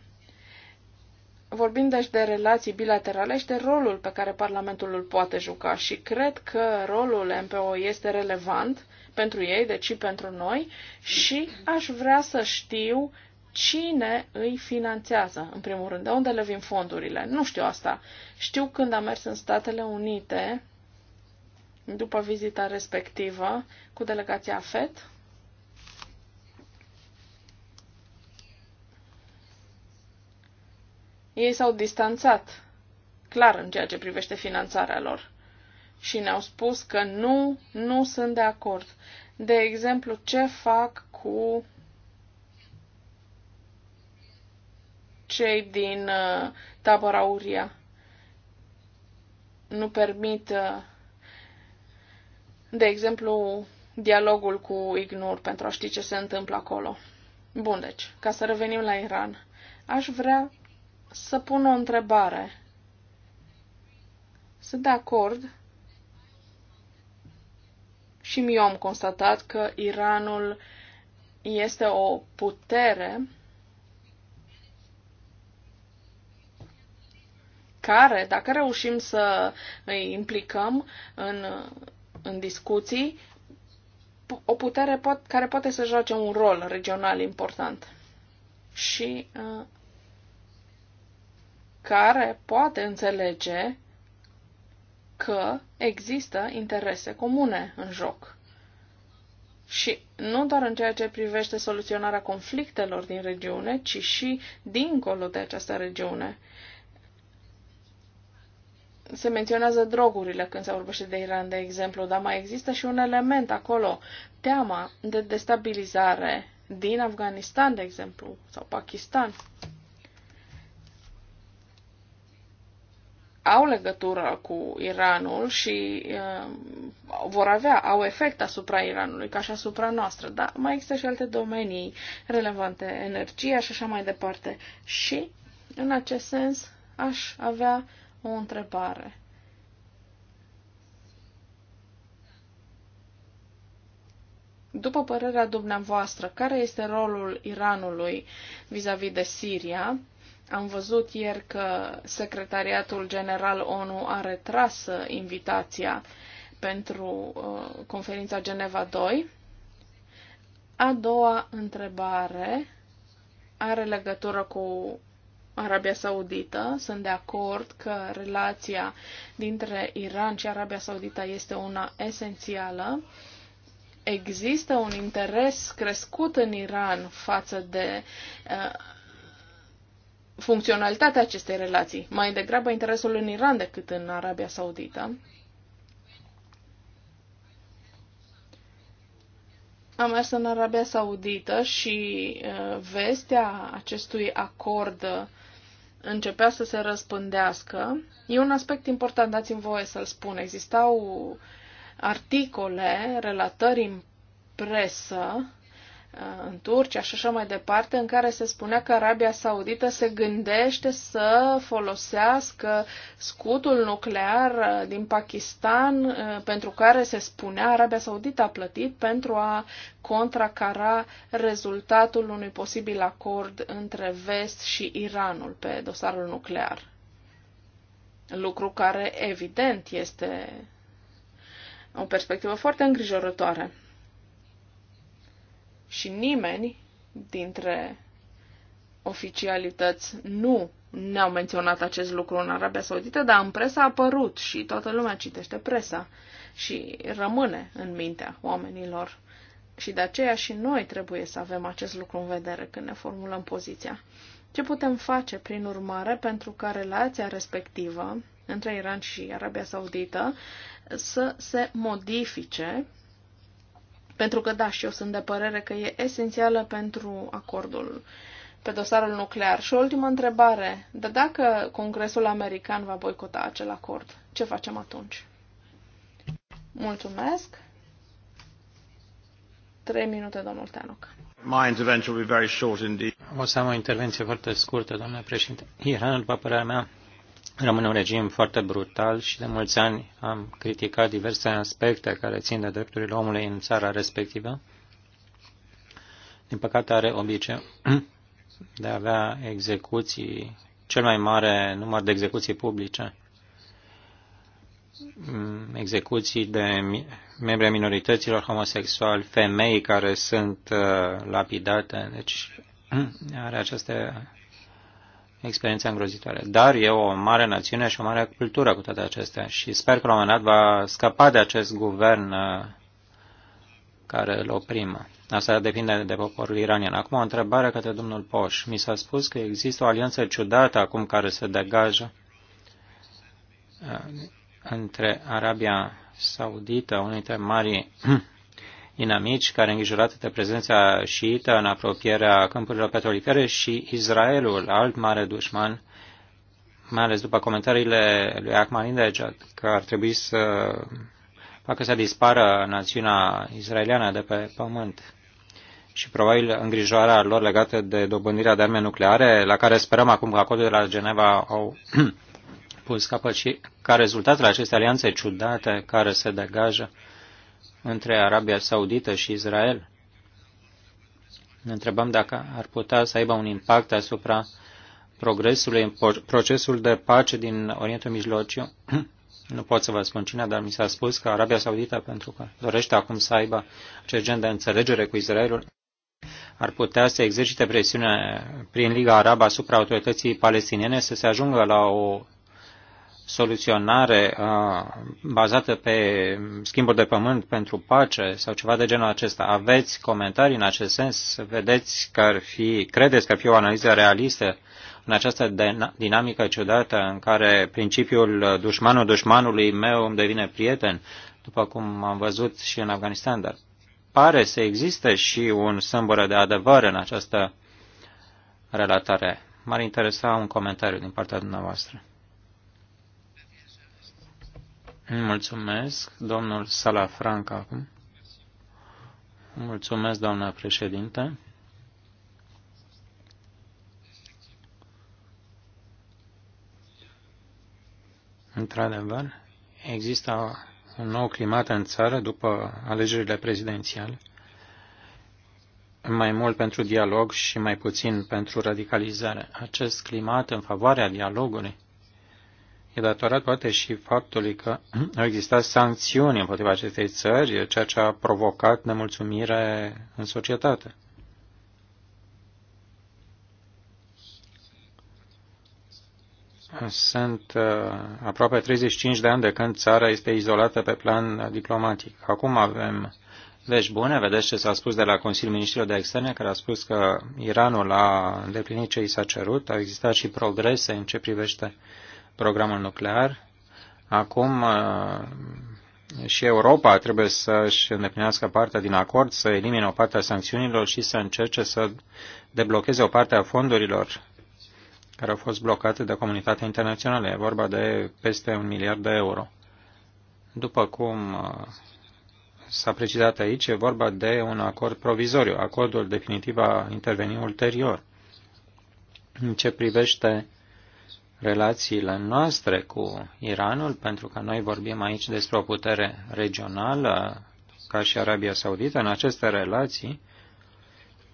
Vorbim deci de relații bilaterale și de rolul pe care Parlamentul îl poate juca și cred că rolul MPO este relevant pentru ei, deci și pentru noi și aș vrea să știu cine îi finanțează, în primul rând, de unde le vin fondurile. Nu știu asta. Știu când am mers în Statele Unite, după vizita respectivă, cu delegația FED, Ei s-au distanțat clar în ceea ce privește finanțarea lor și ne-au spus că nu, nu sunt de acord. De exemplu, ce fac cu cei din uh, tabăra Uria? Nu permit, uh, de exemplu, dialogul cu Ignur pentru a ști ce se întâmplă acolo. Bun, deci, ca să revenim la Iran, aș vrea să pun o întrebare. Sunt de acord și eu am constatat că Iranul este o putere care, dacă reușim să îi implicăm în, în discuții, o putere pot, care poate să joace un rol regional important. Și uh, care poate înțelege că există interese comune în joc. Și nu doar în ceea ce privește soluționarea conflictelor din regiune, ci și dincolo de această regiune. Se menționează drogurile când se vorbește de Iran, de exemplu, dar mai există și un element acolo, teama de destabilizare din Afganistan, de exemplu, sau Pakistan. au legătură cu Iranul și uh, vor avea, au efect asupra Iranului, ca și asupra noastră, dar mai există și alte domenii relevante, energia și așa mai departe. Și, în acest sens, aș avea o întrebare. După părerea dumneavoastră, care este rolul Iranului vis-a-vis -vis de Siria am văzut ieri că Secretariatul General ONU a retras uh, invitația pentru uh, conferința Geneva 2. A doua întrebare are legătură cu Arabia Saudită. Sunt de acord că relația dintre Iran și Arabia Saudită este una esențială. Există un interes crescut în Iran față de uh, funcționalitatea acestei relații, mai degrabă interesul în Iran decât în Arabia Saudită. Am mers în Arabia Saudită și uh, vestea acestui acord uh, începea să se răspândească. E un aspect important, dați-mi voie să-l spun. Existau articole, relatări în presă Uh, în Turcia și așa mai departe, în care se spunea că Arabia Saudită se gândește să folosească scutul nuclear uh, din Pakistan, uh, pentru care se spunea Arabia Saudită a plătit pentru a contracara rezultatul unui posibil acord între Vest și Iranul pe dosarul nuclear. Lucru care, evident, este o perspectivă foarte îngrijorătoare și nimeni dintre oficialități nu ne-au menționat acest lucru în Arabia Saudită, dar în presă a apărut și toată lumea citește presa și rămâne în mintea oamenilor. Și de aceea și noi trebuie să avem acest lucru în vedere când ne formulăm poziția. Ce putem face, prin urmare, pentru ca relația respectivă între Iran și Arabia Saudită să se modifice pentru că, da, și eu sunt de părere că e esențială pentru acordul pe dosarul nuclear. Și o ultimă întrebare. dar dacă Congresul American va boicota acel acord, ce facem atunci? Mulțumesc. Trei minute, domnul Teanoc. My intervention will be very short indeed. O să am o intervenție foarte scurtă, domnule președinte. Iranul, după părerea mea, rămâne un regim foarte brutal și de mulți ani am criticat diverse aspecte care țin de drepturile omului în țara respectivă. Din păcate are obicei de a avea execuții, cel mai mare număr de execuții publice, mm, execuții de membri minorităților homosexuali, femei care sunt uh, lapidate, deci are aceste experiență îngrozitoare. Dar e o mare națiune și o mare cultură cu toate acestea și sper că la un moment dat va scăpa de acest guvern uh, care îl oprimă. Asta depinde de poporul iranian. Acum o întrebare către domnul Poș. Mi s-a spus că există o alianță ciudată acum care se degajă uh, între Arabia Saudită, unul dintre marii inamici care îngrijorat de prezența șiită în apropierea câmpurilor petrolifere și Israelul, alt mare dușman, mai ales după comentariile lui Ahmadinejad, că ar trebui să facă să dispară națiunea israeliană de pe pământ și probabil îngrijorarea lor legată de dobândirea de arme nucleare, la care sperăm acum că acordul de la Geneva au pus capăt și ca rezultat acestei aceste alianțe ciudate care se degajă între Arabia Saudită și Israel. Ne întrebăm dacă ar putea să aibă un impact asupra progresului în procesul de pace din Orientul Mijlociu. Nu pot să vă spun cine, dar mi s-a spus că Arabia Saudită, pentru că dorește acum să aibă acest gen de înțelegere cu Israelul, ar putea să exercite presiune prin Liga Arabă asupra autorității palestiniene să se ajungă la o soluționare bazată pe schimburi de pământ pentru pace sau ceva de genul acesta. Aveți comentarii în acest sens? Vedeți că ar fi, credeți că ar fi o analiză realistă în această dinamică ciudată în care principiul dușmanul dușmanului meu îmi devine prieten, după cum am văzut și în Afganistan, dar pare să existe și un sâmbără de adevăr în această relatare. M-ar interesa un comentariu din partea dumneavoastră. Mulțumesc, domnul Salafranca acum. Mulțumesc, doamna președinte. Într-adevăr, există un nou climat în țară după alegerile prezidențiale, mai mult pentru dialog și mai puțin pentru radicalizare. Acest climat în favoarea dialogului e datorat poate și faptului că au existat sancțiuni împotriva acestei țări, ceea ce a provocat nemulțumire în societate. Sunt uh, aproape 35 de ani de când țara este izolată pe plan diplomatic. Acum avem vești bune, vedeți ce s-a spus de la Consiliul Ministrilor de Externe, care a spus că Iranul a îndeplinit ce i s-a cerut, au existat și progrese în ce privește uh, programul nuclear. Acum uh, și Europa trebuie să-și îndeplinească partea din acord, să elimine o parte a sancțiunilor și să încerce să deblocheze o parte a fondurilor care au fost blocate de comunitatea internațională. E vorba de peste un miliard de euro. După cum uh, s-a precizat aici, e vorba de un acord provizoriu. Acordul definitiv va interveni ulterior. În ce privește relațiile noastre cu Iranul, pentru că noi vorbim aici despre o putere regională, ca și Arabia Saudită. În aceste relații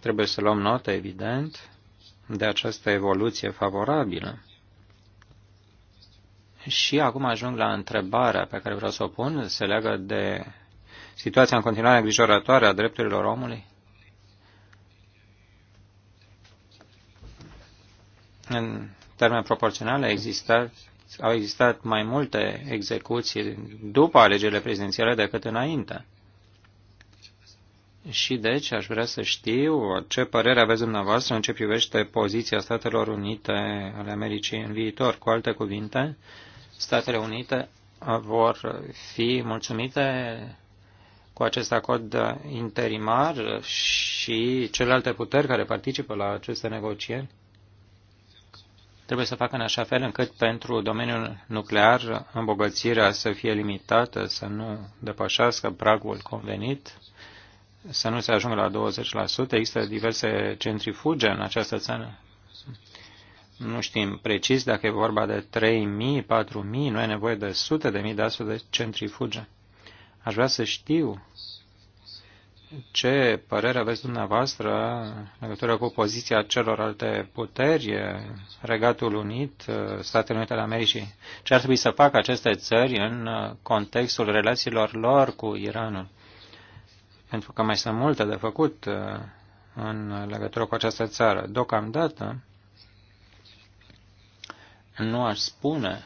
trebuie să luăm notă, evident, de această evoluție favorabilă. Și acum ajung la întrebarea pe care vreau să o pun, se leagă de situația în continuare îngrijorătoare a drepturilor omului. În termen proporțional a existat, au existat mai multe execuții după alegerile prezidențiale decât înainte. Și deci aș vrea să știu ce părere aveți dumneavoastră în ce privește poziția Statelor Unite ale Americii în viitor. Cu alte cuvinte, Statele Unite vor fi mulțumite cu acest acord interimar și celelalte puteri care participă la aceste negocieri? Trebuie să facă în așa fel încât pentru domeniul nuclear îmbogățirea să fie limitată, să nu depășească pragul convenit, să nu se ajungă la 20%. Există diverse centrifuge în această țară. Nu știm precis dacă e vorba de 3.000, 4.000, nu e nevoie de sute de mii de astfel de centrifuge. Aș vrea să știu ce părere aveți dumneavoastră în legătură cu poziția celorlalte puteri, Regatul Unit, Statele Unite ale Americii? Ce ar trebui să facă aceste țări în contextul relațiilor lor cu Iranul? Pentru că mai sunt multe de făcut în legătură cu această țară. Deocamdată, nu aș spune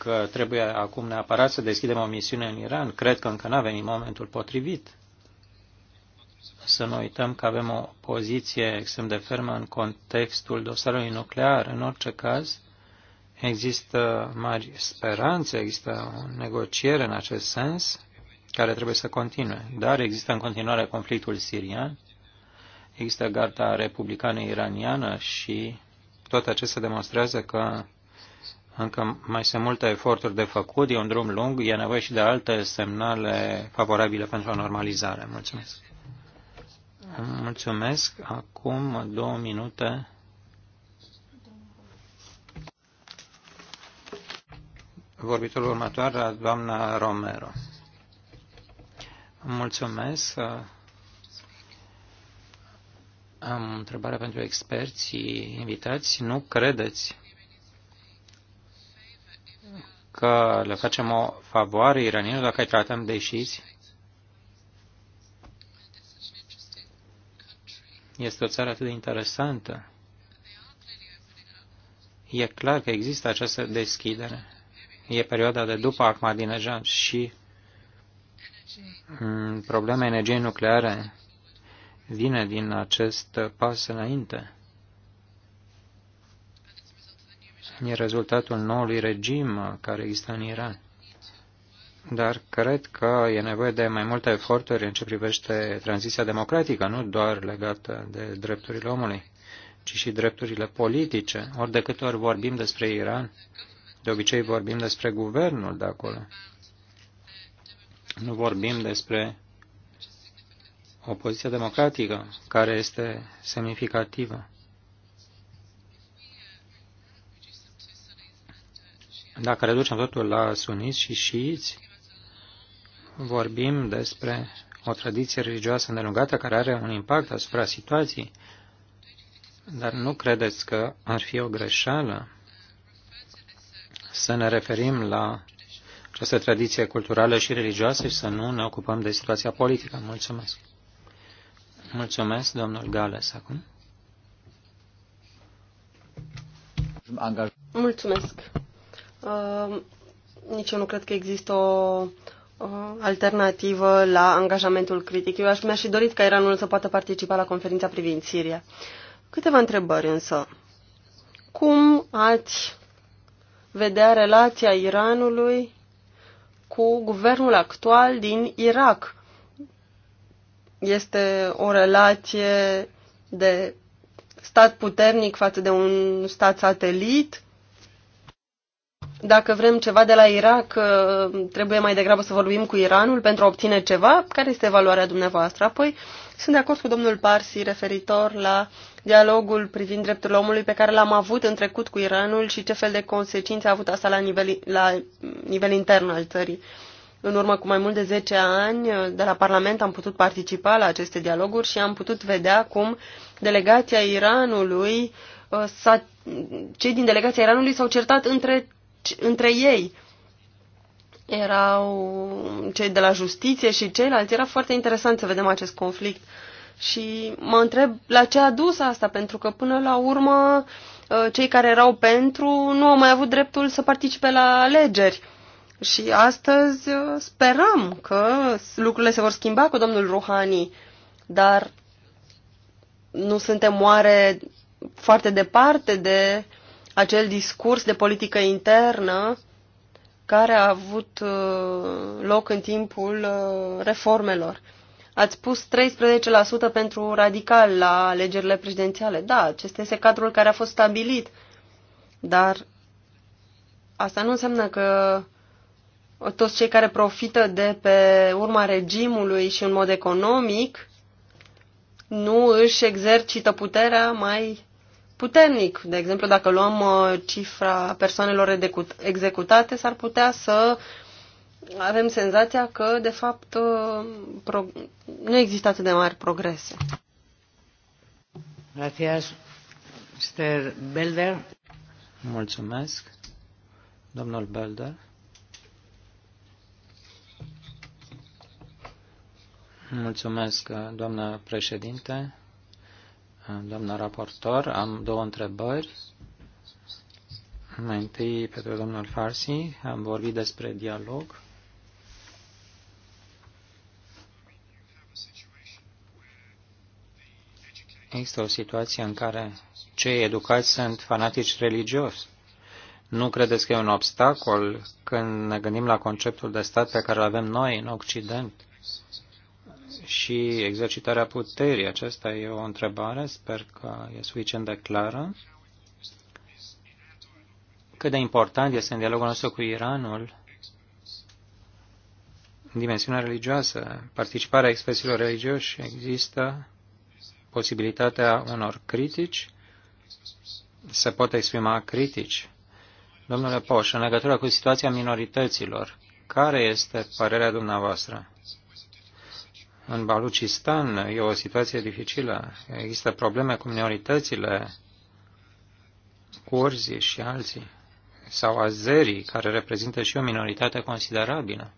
că trebuie acum neapărat să deschidem o misiune în Iran. Cred că încă n-a venit momentul potrivit. Să nu uităm că avem o poziție extrem de fermă în contextul dosarului nuclear. În orice caz, există mari speranțe, există o negociere în acest sens care trebuie să continue. Dar există în continuare conflictul sirian, există garda republicană iraniană și tot se demonstrează că încă mai sunt multe eforturi de făcut, e un drum lung, e nevoie și de alte semnale favorabile pentru o normalizare. Mulțumesc. Mulțumesc. Acum două minute. Vorbitorul următor, doamna Romero. Mulțumesc. Am întrebare pentru experții invitați. Nu credeți că le facem o favoare iranienilor dacă îi tratăm de șiți. Este o țară atât de interesantă. E clar că există această deschidere. E perioada de după Ahmadinejad și mm, problema energiei nucleare vine din acest pas înainte. e rezultatul noului regim care există în Iran. Dar cred că e nevoie de mai multe eforturi în ce privește tranziția democratică, nu doar legată de drepturile omului, ci și drepturile politice. Ori de câte ori vorbim despre Iran, de obicei vorbim despre guvernul de acolo. Nu vorbim despre opoziția democratică, care este semnificativă. Dacă reducem totul la suniți și șiiți, vorbim despre o tradiție religioasă îndelungată care are un impact asupra situației, dar nu credeți că ar fi o greșeală să ne referim la această tradiție culturală și religioasă și să nu ne ocupăm de situația politică. Mulțumesc. Mulțumesc, domnul Gales, acum. Mulțumesc. Uh, nici eu nu cred că există o uh, alternativă la angajamentul critic. Eu aș, mi-aș fi dorit ca Iranul să poată participa la conferința privind Siria. Câteva întrebări însă. Cum ați vedea relația Iranului cu guvernul actual din Irak? Este o relație de stat puternic față de un stat satelit? dacă vrem ceva de la Irak, uh, trebuie mai degrabă să vorbim cu Iranul pentru a obține ceva? Care este valoarea dumneavoastră? Apoi, sunt de acord cu domnul Parsi referitor la dialogul privind drepturile omului pe care l-am avut în trecut cu Iranul și ce fel de consecințe a avut asta la nivel, la nivel intern al țării. În urmă cu mai mult de 10 ani, uh, de la Parlament am putut participa la aceste dialoguri și am putut vedea cum delegația Iranului uh, s-a, cei din delegația Iranului s-au certat între între ei erau cei de la justiție și ceilalți. Era foarte interesant să vedem acest conflict. Și mă întreb la ce a dus asta, pentru că până la urmă uh, cei care erau pentru nu au mai avut dreptul să participe la alegeri. Și astăzi uh, sperăm că lucrurile se vor schimba cu domnul Rouhani, dar nu suntem oare foarte departe de uh, acel discurs de politică internă care a avut uh, loc în timpul uh, reformelor. Ați spus 13% pentru radical la alegerile prezidențiale. Da, acesta este cadrul care a fost stabilit. Dar asta nu înseamnă că toți cei care profită de pe urma regimului și în mod economic nu își exercită puterea mai puternic. De exemplu, dacă luăm uh, cifra persoanelor executate, s-ar putea să avem senzația că, de fapt, uh, nu există atât de mari progrese. Gracias, Mr. Belder. Mulțumesc, domnul Belder. Mulțumesc, doamnă președinte doamna raportor. Am două întrebări. Mai întâi pentru domnul Farsi. Am vorbit despre dialog. Există o situație în care cei educați sunt fanatici religioși. Nu credeți că e un obstacol când ne gândim la conceptul de stat pe care îl avem noi în Occident? și exercitarea puterii? Aceasta e o întrebare, sper că e suficient de clară. Cât de important este în dialogul nostru cu Iranul dimensiunea religioasă, participarea expresiilor religioși, există posibilitatea unor critici, se pot exprima critici. Domnule Poș, în legătură cu situația minorităților, care este părerea dumneavoastră? În Balucistan e o situație dificilă. Există probleme cu minoritățile, curzii și alții, sau azerii, care reprezintă și o minoritate considerabilă.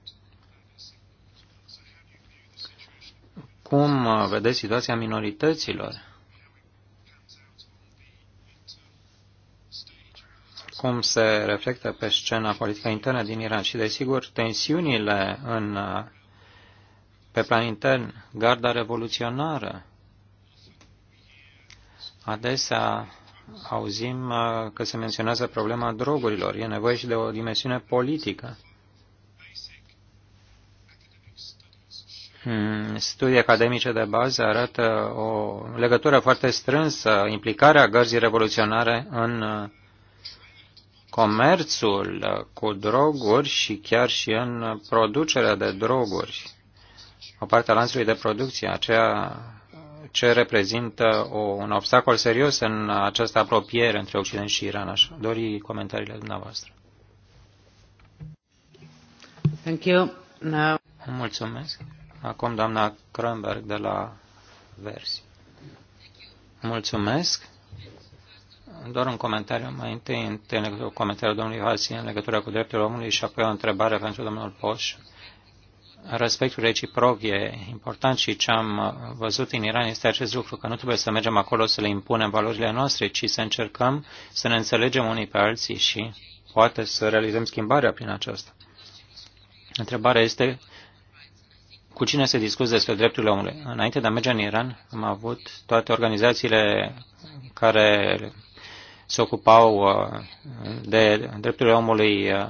Cum vedeți situația minorităților? cum se reflectă pe scena politică internă din Iran și, desigur, tensiunile în pe plan intern, garda revoluționară. Adesea auzim uh, că se menționează problema drogurilor. E nevoie și de o dimensiune politică. Hmm, studii academice de bază arată o legătură foarte strânsă, implicarea gărzii revoluționare în uh, comerțul uh, cu droguri și chiar și în producerea de droguri o parte a lanțului de producție, aceea ce reprezintă o, un obstacol serios în această apropiere între Occident și Iran. Aș dori comentariile dumneavoastră. Thank you. Now... Mulțumesc. Acum doamna Kronberg de la Versi. Mulțumesc. Doar un comentariu mai întâi, întâi în legătură cu comentariul domnului Hasi în legătură cu dreptul omului și apoi o întrebare pentru domnul Poș respectul reciproc e important și ce am văzut în Iran este acest lucru, că nu trebuie să mergem acolo să le impunem valorile noastre, ci să încercăm să ne înțelegem unii pe alții și poate să realizăm schimbarea prin aceasta. Întrebarea este cu cine se discută despre drepturile omului. Înainte de a merge în Iran, am avut toate organizațiile care se ocupau uh, de drepturile omului uh,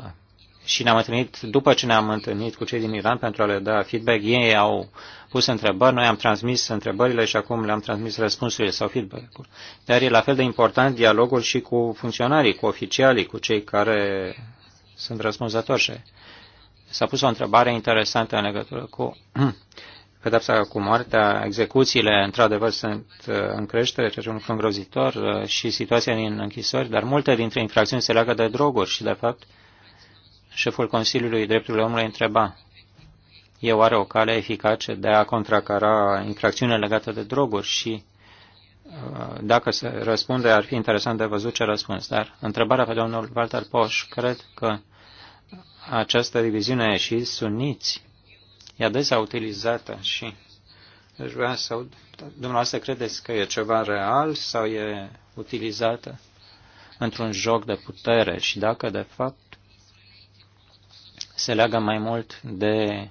și ne-am întâlnit, după ce ne-am întâlnit cu cei din Iran pentru a le da feedback, ei au pus întrebări, noi am transmis întrebările și acum le-am transmis răspunsurile sau feedback-ul. Dar e la fel de important dialogul și cu funcționarii, cu oficialii, cu cei care sunt răspunzători. S-a pus o întrebare interesantă în legătură cu pedepsa cu moartea, execuțiile, într-adevăr, sunt uh, în creștere, ceea ce e un lucru îngrozitor, uh, și situația din închisori, dar multe dintre infracțiuni se leagă de droguri și, de fapt, șeful Consiliului Drepturilor Omului întreba, eu are o cale eficace de a contracara infracțiunile legate de droguri și uh, dacă se răspunde, ar fi interesant de văzut ce răspuns. Dar întrebarea pe domnul Walter Poș, cred că această diviziune și suniți e adesea utilizată și își vrea să aud, dumneavoastră credeți că e ceva real sau e utilizată într-un joc de putere și dacă de fapt se leagă mai mult de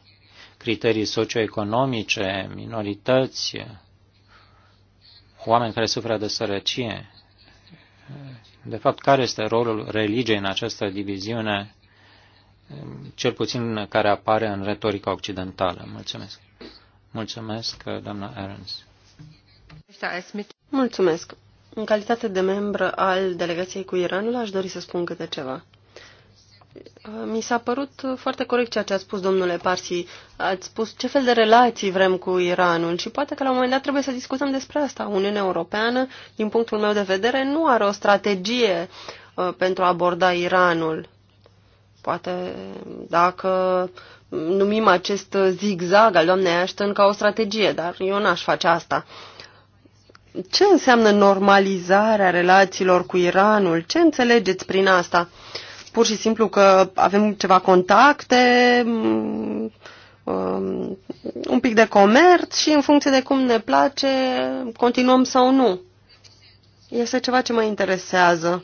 criterii socioeconomice, minorități, oameni care suferă de sărăcie. De fapt, care este rolul religiei în această diviziune, cel puțin care apare în retorica occidentală? Mulțumesc. Mulțumesc, doamna Ahrens. Mulțumesc. În calitate de membru al delegației cu Iranul, aș dori să spun câte ceva. Mi s-a părut foarte corect ceea ce a spus, domnule Parsi. Ați spus ce fel de relații vrem cu Iranul și poate că la un moment dat trebuie să discutăm despre asta. Uniunea Europeană, din punctul meu de vedere, nu are o strategie uh, pentru a aborda Iranul. Poate dacă numim acest zigzag al doamnei Ashton ca o strategie, dar eu n-aș face asta. Ce înseamnă normalizarea relațiilor cu Iranul? Ce înțelegeți prin asta? Uh, pur și simplu că avem ceva contacte, um, un pic de comerț și în funcție de cum ne place, continuăm sau nu. Este ceva ce mă interesează.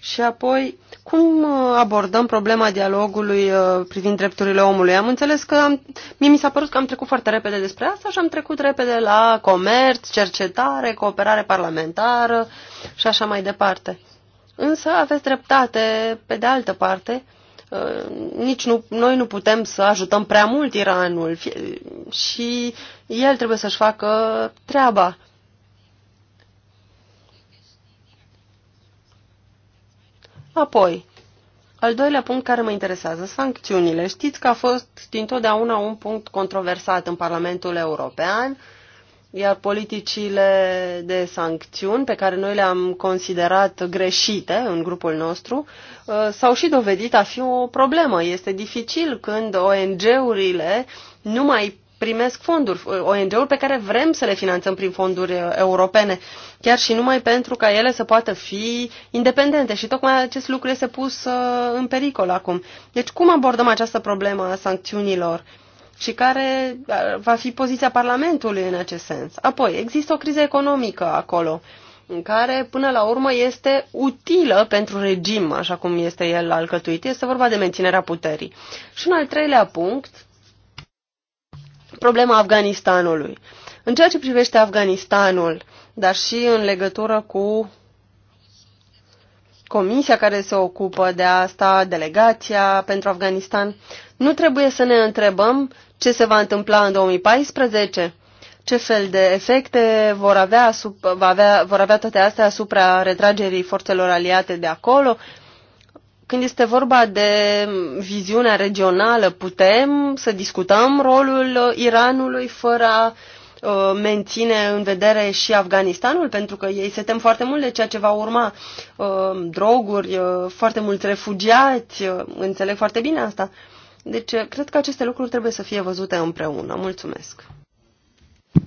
Și apoi, cum abordăm problema dialogului uh, privind drepturile omului? Am înțeles că am, mie mi s-a părut că am trecut foarte repede despre asta și am trecut repede la comerț, cercetare, cooperare parlamentară și așa mai departe. Însă aveți dreptate, pe de altă parte, ă, nici nu, noi nu putem să ajutăm prea mult Iranul și el trebuie să-și facă treaba. Apoi, al doilea punct care mă interesează, sancțiunile. Știți că a fost dintotdeauna un punct controversat în Parlamentul European. Uh, iar politicile de sancțiuni pe care noi le-am considerat greșite în grupul nostru uh, s-au și dovedit a fi o problemă. Este dificil când ONG-urile nu mai primesc fonduri, uh, ONG-uri pe care vrem să le finanțăm prin fonduri uh, europene, chiar și numai pentru ca ele să poată fi independente. Și tocmai acest lucru este pus în pericol acum. Deci cum abordăm această problemă a sancțiunilor? și care va fi poziția Parlamentului în acest sens. Apoi, există o criză economică acolo, în care, până la urmă, este utilă pentru regim, așa cum este el alcătuit. Este vorba de menținerea puterii. Și un al treilea punct, problema Afganistanului. În ceea ce privește Afganistanul, dar și în legătură cu comisia care se ocupă de asta, delegația pentru Afganistan, nu trebuie să ne întrebăm ce se va întâmpla în 2014, ce fel de efecte vor avea, sub, va avea, vor avea toate astea asupra retragerii forțelor aliate de acolo. Când este vorba de viziunea regională, putem să discutăm rolul Iranului fără a ă, menține în vedere și Afganistanul, pentru că ei se tem foarte mult de ceea ce va urma. Ă, droguri, ă, foarte mulți refugiați, înțeleg foarte bine asta. Deci, cred că aceste lucruri trebuie să fie văzute împreună. Mulțumesc!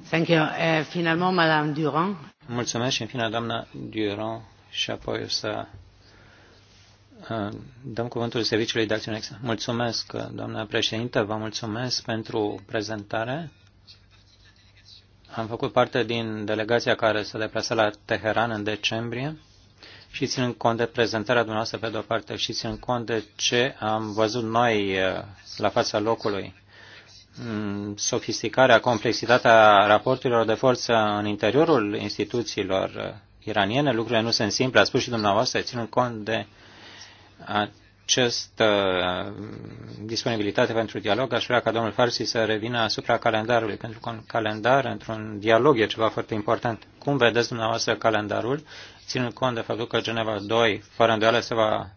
Thank you. Uh, eh, finalement, Madame Durand. Mulțumesc și în final doamna Durand, și apoi o să eh, dăm cuvântul Serviciului de Acțiune Externă. Mulțumesc, doamna președintă, vă mulțumesc pentru prezentare. Am făcut parte din delegația care s-a deplasat la Teheran în decembrie și ținând cont de prezentarea dumneavoastră pe de-o parte și ținând cont de ce am văzut noi uh, la fața locului, mm, sofisticarea, complexitatea raporturilor de forță în interiorul instituțiilor uh, iraniene, lucrurile nu sunt simple, a spus și dumneavoastră, ținând cont de această uh, disponibilitate pentru dialog, aș vrea ca domnul Farsi să revină asupra calendarului, pentru că un calendar într-un dialog e ceva foarte important. Cum vedeți dumneavoastră calendarul? ținând cont de faptul că Geneva 2, fără îndoială, se va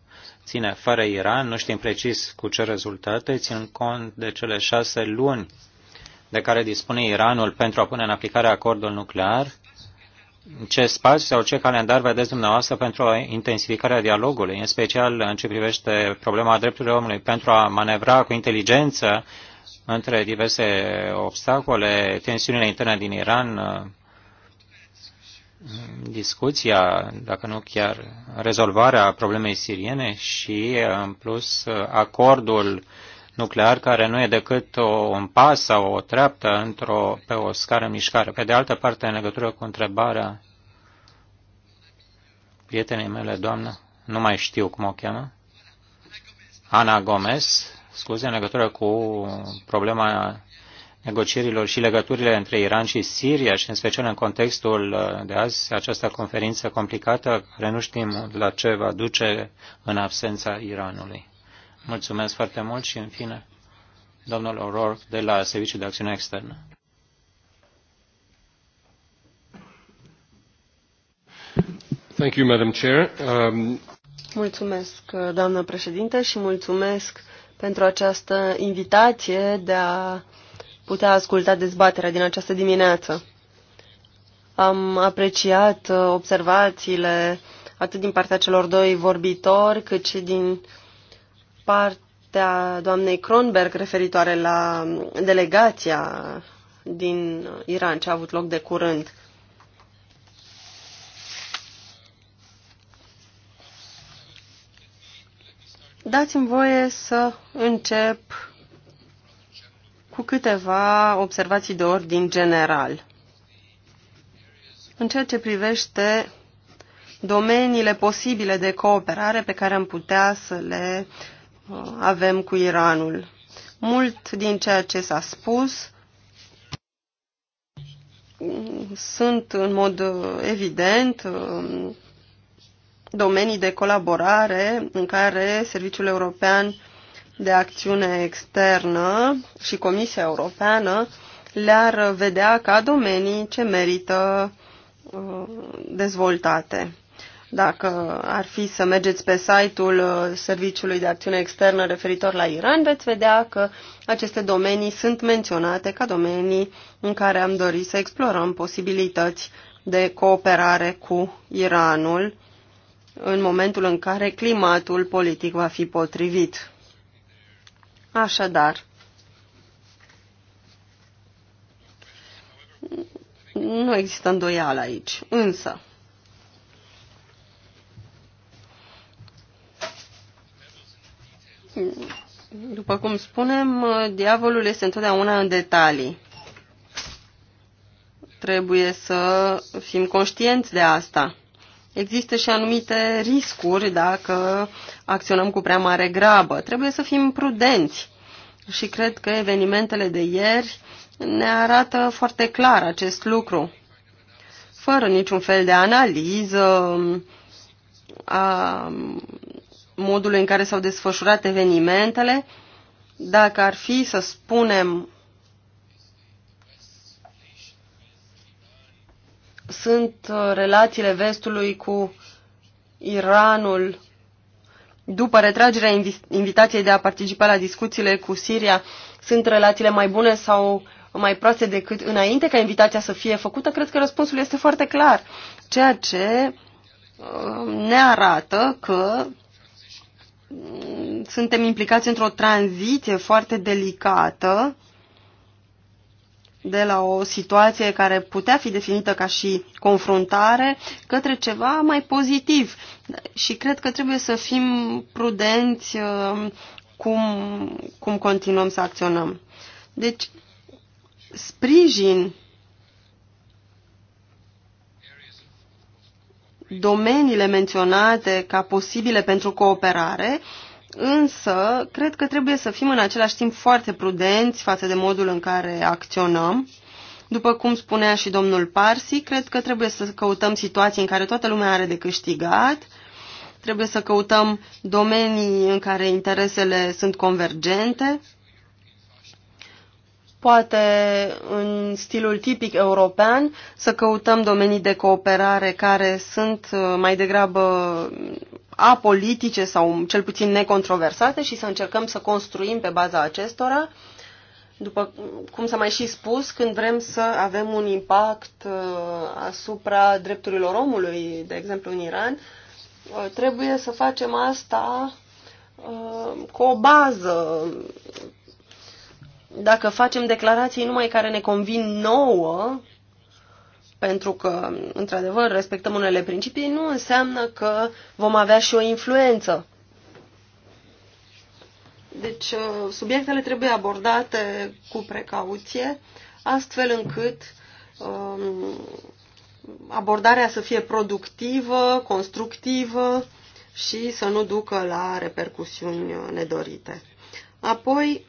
ține fără Iran, nu știm precis cu ce rezultate, ținând cont de cele șase luni de care dispune Iranul pentru a pune în aplicare acordul nuclear, ce spațiu sau ce calendar vedeți dumneavoastră pentru intensificarea dialogului, în special în ce privește problema drepturilor omului, pentru a manevra cu inteligență între diverse obstacole, tensiunile interne din Iran, discuția, dacă nu chiar rezolvarea problemei siriene și, în plus, acordul nuclear, care nu e decât o, un pas sau o treaptă într-o, pe o scară mișcare. Pe de altă parte, în legătură cu întrebarea prietenei mele, doamnă, nu mai știu cum o cheamă, Ana Gomez, scuze, în legătură cu problema negocierilor și legăturile între Iran și Siria și în special în contextul uh, de azi, această conferință complicată, care nu știm la ce va duce în absența Iranului. Mulțumesc foarte mult și, în fine, domnul O'Rourke de la Serviciul de Acțiune Externă. Thank you, Madam Chair. Um... Mulțumesc, doamnă președinte, și mulțumesc pentru această invitație de a putea asculta dezbaterea din această dimineață. Am apreciat uh, observațiile atât din partea celor doi vorbitori, cât și din partea doamnei Kronberg referitoare la delegația din Iran ce a avut loc de curând. Dați-mi voie să încep cu câteva observații de ordin general. În ceea ce privește domeniile posibile de cooperare pe care am putea să le uh, avem cu Iranul. Mult din ceea ce s-a spus mm, sunt în mod uh, evident um, domenii de colaborare în care Serviciul European de acțiune externă și Comisia Europeană le-ar vedea ca domenii ce merită uh, dezvoltate. Dacă ar fi să mergeți pe site-ul uh, Serviciului de Acțiune Externă referitor la Iran, veți vedea că aceste domenii sunt menționate ca domenii în care am dorit să explorăm posibilități de cooperare cu Iranul în momentul în care climatul politic va fi potrivit. Așadar, nu există îndoială aici, însă după cum spunem, diavolul este întotdeauna în detalii. Trebuie să fim conștienți de asta. Există și anumite riscuri dacă acționăm cu prea mare grabă. Trebuie să fim prudenți și cred că evenimentele de ieri ne arată foarte clar acest lucru. Fără niciun fel de analiză a modului în care s-au desfășurat evenimentele, dacă ar fi să spunem sunt uh, relațiile vestului cu Iranul după retragerea invitației de a participa la discuțiile cu Siria, sunt relațiile mai bune sau mai proaste decât înainte ca invitația să fie făcută? Cred că răspunsul este foarte clar, ceea ce uh, ne arată că mm, suntem implicați într-o tranziție foarte delicată de la o situație care putea fi definită ca și confruntare către ceva mai pozitiv. Și cred că trebuie să fim prudenți uh, cum, cum continuăm să acționăm. Deci, sprijin domeniile menționate ca posibile pentru cooperare Însă, cred că trebuie să fim în același timp foarte prudenți față de modul în care acționăm. După cum spunea și domnul Parsi, cred că trebuie să căutăm situații în care toată lumea are de câștigat, trebuie să căutăm domenii în care interesele sunt convergente, poate în stilul tipic european, să căutăm domenii de cooperare care sunt uh, mai degrabă apolitice sau cel puțin necontroversate și să încercăm să construim pe baza acestora, după cum s-a mai și spus, când vrem să avem un impact uh, asupra drepturilor omului, de exemplu în Iran, uh, trebuie să facem asta uh, cu o bază. Dacă facem declarații numai care ne convin nouă, pentru că, într-adevăr, respectăm unele principii, nu înseamnă că vom avea și o influență. Deci, uh, subiectele trebuie abordate cu precauție, astfel încât um, abordarea să fie productivă, constructivă și să nu ducă la repercusiuni nedorite. Apoi,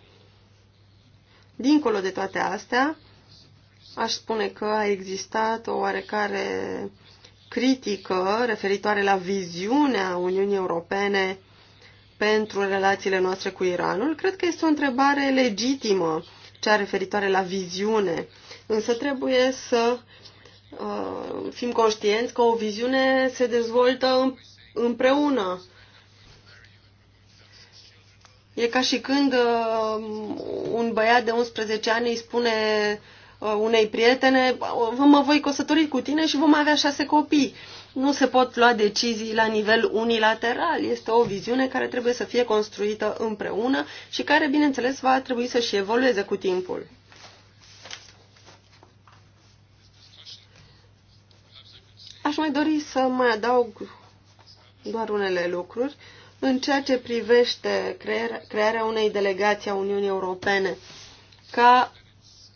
dincolo de toate astea, Aș spune că a existat o oarecare critică referitoare la viziunea Uniunii Europene pentru relațiile noastre cu Iranul. Cred că este o întrebare legitimă, cea referitoare la viziune. Însă trebuie să uh, fim conștienți că o viziune se dezvoltă împreună. E ca și când uh, un băiat de 11 ani îi spune uh, Uh, unei prietene, uh, mă voi căsători cu tine și vom avea șase copii. Nu se pot lua decizii la nivel unilateral. Este o viziune care trebuie să fie construită împreună și care, bineînțeles, va trebui să și evolueze cu timpul. Aș mai dori să mai adaug doar unele lucruri în ceea ce privește crearea unei delegații a Uniunii Europene ca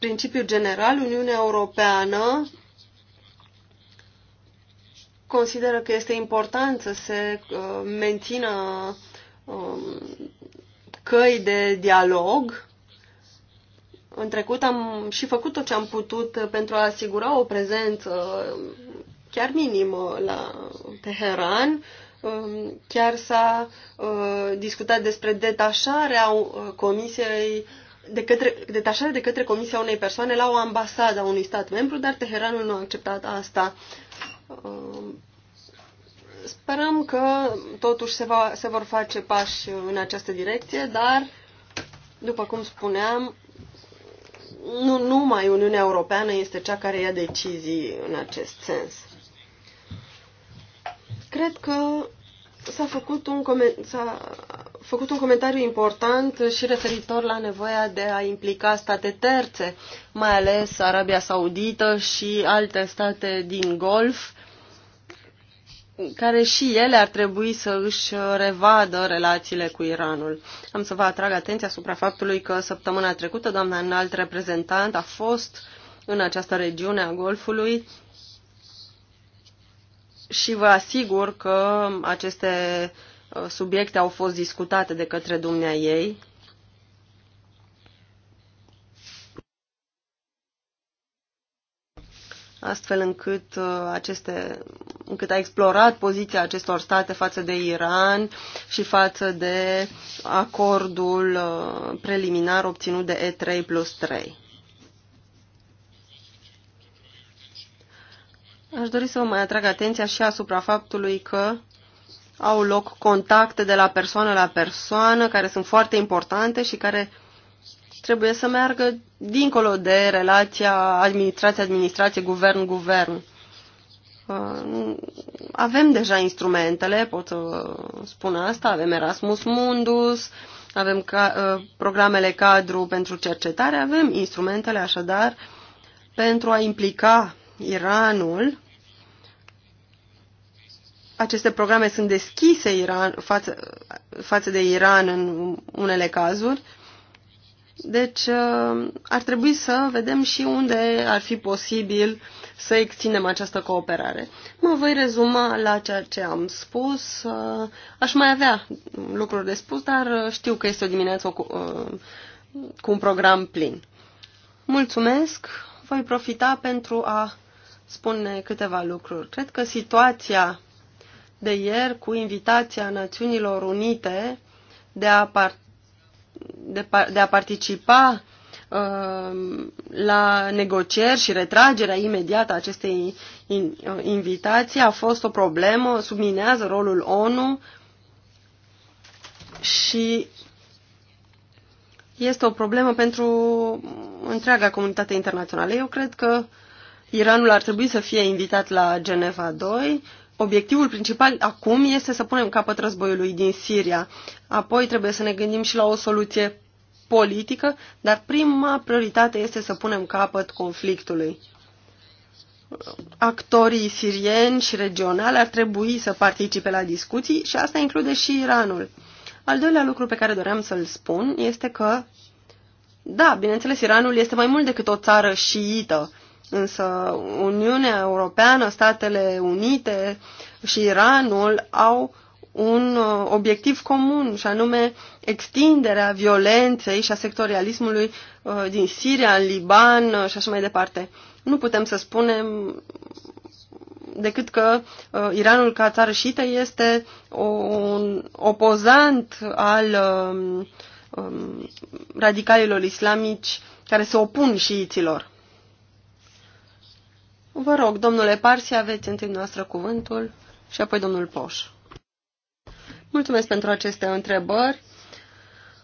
principiu general, Uniunea Europeană consideră că este important să se uh, mențină um, căi de dialog. În trecut am și făcut tot ce am putut pentru a asigura o prezență chiar minimă la Teheran. Um, chiar s-a uh, discutat despre detașarea uh, Comisiei de către, detașare de către comisia unei persoane la o ambasadă a unui stat membru, dar Teheranul nu a acceptat asta. Um, sperăm că totuși se, va, se vor face pași în această direcție, dar, după cum spuneam, nu numai Uniunea Europeană este cea care ia decizii în acest sens. Cred că s-a făcut un coment făcut un comentariu important și referitor la nevoia de a implica state terțe, mai ales Arabia Saudită și alte state din Golf, care și ele ar trebui să își revadă relațiile cu Iranul. Am să vă atrag atenția asupra faptului că săptămâna trecută doamna înalt reprezentant a fost în această regiune a Golfului și vă asigur că aceste uh, Uh, subiecte au fost discutate de către dumnea ei. astfel încât, uh, aceste, încât a explorat poziția acestor state față de Iran și față de acordul uh, preliminar obținut de E3 plus 3. Aș dori să vă mai atrag atenția și asupra faptului că au loc contacte de la persoană la persoană care sunt foarte importante și care trebuie să meargă dincolo de relația administrație-administrație, guvern-guvern. Uh, avem deja instrumentele, pot să spun asta, avem Erasmus Mundus, avem ca, uh, programele cadru pentru cercetare, avem instrumentele așadar pentru a implica Iranul aceste programe sunt deschise Iran, față, față de Iran în unele cazuri. Deci uh, ar trebui să vedem și unde ar fi posibil să extindem această cooperare. Mă voi rezuma la ceea ce am spus. Uh, aș mai avea lucruri de spus, dar uh, știu că este o dimineață cu, cu un program plin. Mulțumesc! Voi profita pentru a spune câteva lucruri. Cred că situația de ieri cu invitația Națiunilor Unite de a, par de, par de a participa uh, la negocieri și retragerea imediată a acestei uh, invitații a fost o problemă, subminează rolul ONU și este o problemă pentru întreaga comunitate internațională. Eu cred că Iranul ar trebui să fie invitat la Geneva 2 Obiectivul principal acum este să punem capăt războiului din Siria. Apoi trebuie să ne gândim și la o soluție politică, dar prima prioritate este să punem capăt conflictului. Actorii sirieni și regionali ar trebui să participe la discuții și asta include și Iranul. Al doilea lucru pe care doream să-l spun este că, da, bineînțeles, Iranul este mai mult decât o țară șiită. Însă Uniunea Europeană, Statele Unite și Iranul au un uh, obiectiv comun și anume extinderea violenței și a sectorialismului uh, din Siria, în Liban uh, și așa mai departe. Nu putem să spunem decât că uh, Iranul ca țară șită este o, un opozant al um, um, radicalilor islamici care se opun șiiților. Vă rog, domnule Parsi, aveți întâi noastră cuvântul și apoi domnul Poș. Mulțumesc pentru aceste întrebări.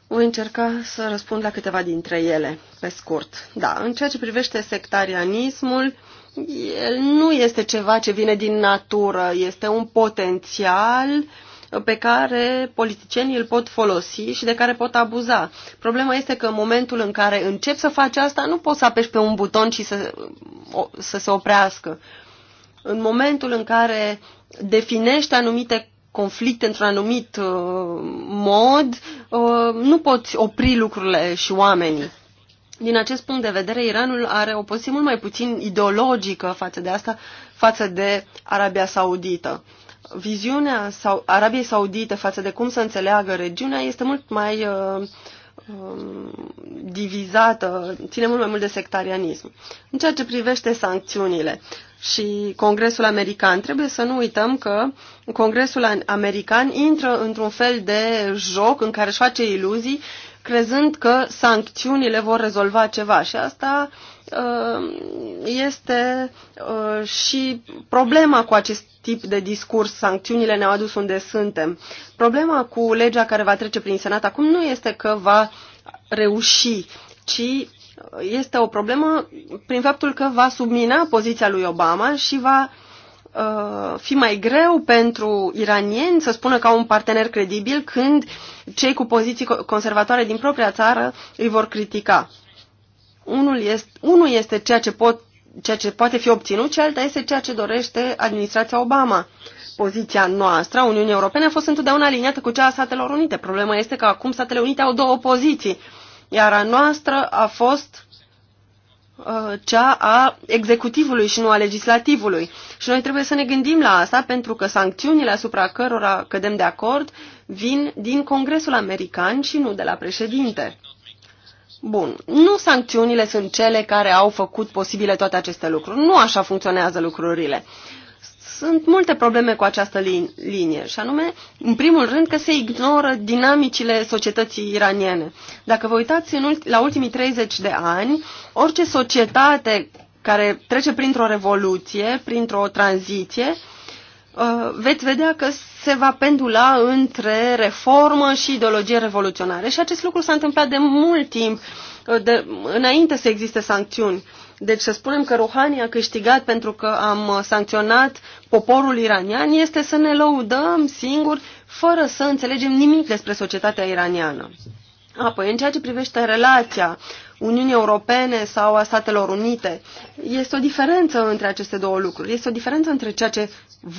Voi încerca să răspund la câteva dintre ele, pe scurt. Da, în ceea ce privește sectarianismul, el nu este ceva ce vine din natură, este un potențial uh, pe care politicienii îl pot folosi și de care pot abuza. Problema este că în momentul în care încep să faci asta, nu poți să apeși pe un buton și să, să se oprească. În momentul în care definești anumite conflicte într-un anumit uh, mod, uh, nu poți opri lucrurile și oamenii. Din acest punct de vedere, Iranul are o poziție mult mai puțin ideologică față de asta, față de Arabia Saudită viziunea sau Arabiei Saudite față de cum să înțeleagă regiunea este mult mai uh, um, divizată, ține mult mai mult de sectarianism. În ceea ce privește sancțiunile și Congresul American, trebuie să nu uităm că Congresul American intră într-un fel de joc în care își face iluzii, crezând că sancțiunile vor rezolva ceva și asta uh, Uh, este uh, și problema cu acest tip de discurs. Sancțiunile ne-au adus unde suntem. Problema cu legea care va trece prin Senat acum nu este că va reuși, ci este o problemă prin faptul că va submina poziția lui Obama și va uh, fi mai greu pentru iranieni să spună că au un partener credibil când cei cu poziții conservatoare din propria țară îi vor critica. Unul este, unul este ceea, ce pot, ceea ce poate fi obținut și alta este ceea ce dorește administrația Obama. Poziția noastră a Uniunii Europene a fost întotdeauna aliniată cu cea a Statelor Unite. Problema este că acum Statele Unite au două poziții, iar a noastră a fost uh, cea a executivului și nu a legislativului. Și noi trebuie să ne gândim la asta pentru că sancțiunile asupra cărora cădem de acord vin din Congresul American și nu de la președinte. Bun. Nu sancțiunile sunt cele care au făcut posibile toate aceste lucruri. Nu așa funcționează lucrurile. Sunt multe probleme cu această lin linie și anume, în primul rând, că se ignoră dinamicile societății iraniene. Dacă vă uitați în ulti, la ultimii 30 de ani, orice societate care trece printr-o revoluție, printr-o tranziție, Uh, veți vedea că se va pendula între reformă și ideologie revoluționare. Și acest lucru s-a întâmplat de mult timp, uh, de, înainte să existe sancțiuni. Deci să spunem că Rouhani a câștigat pentru că am sancționat poporul iranian este să ne lăudăm singuri fără să înțelegem nimic despre societatea iraniană. Apoi, în ceea ce privește relația Uniunii Europene sau a Statelor Unite. Este o diferență între aceste două lucruri. Este o diferență între ceea ce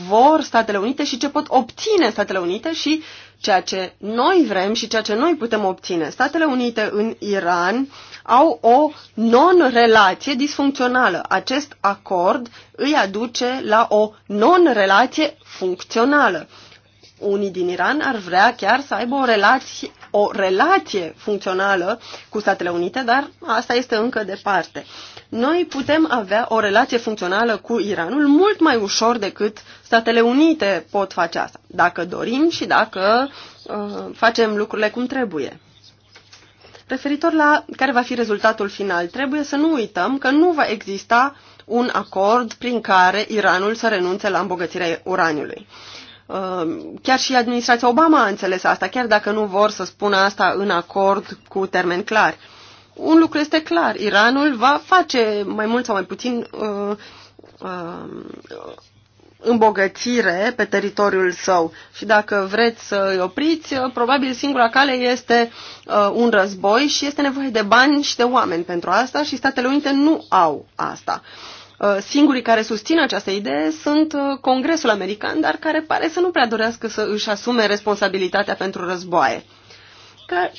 vor Statele Unite și ce pot obține Statele Unite și ceea ce noi vrem și ceea ce noi putem obține. Statele Unite în Iran au o non-relație disfuncțională. Acest acord îi aduce la o non-relație funcțională. Unii din Iran ar vrea chiar să aibă o relație o relație funcțională cu Statele Unite, dar asta este încă departe. Noi putem avea o relație funcțională cu Iranul mult mai ușor decât Statele Unite pot face asta, dacă dorim și dacă uh, facem lucrurile cum trebuie. Referitor la care va fi rezultatul final, trebuie să nu uităm că nu va exista un acord prin care Iranul să renunțe la îmbogățirea uraniului. Uh, Um, chiar și administrația Obama a înțeles asta, chiar dacă nu vor să spună asta în acord cu termen clar. Un lucru este clar, Iranul va face mai mult sau mai puțin uh, uh, îmbogățire pe teritoriul său. Și dacă vreți să îi opriți, uh, probabil singura cale este uh, un război și este nevoie de bani și de oameni pentru asta și Statele Unite nu au asta. Uh, Uh, singurii care susțin această idee sunt uh, Congresul American, dar care pare să nu prea dorească să își asume responsabilitatea pentru războaie.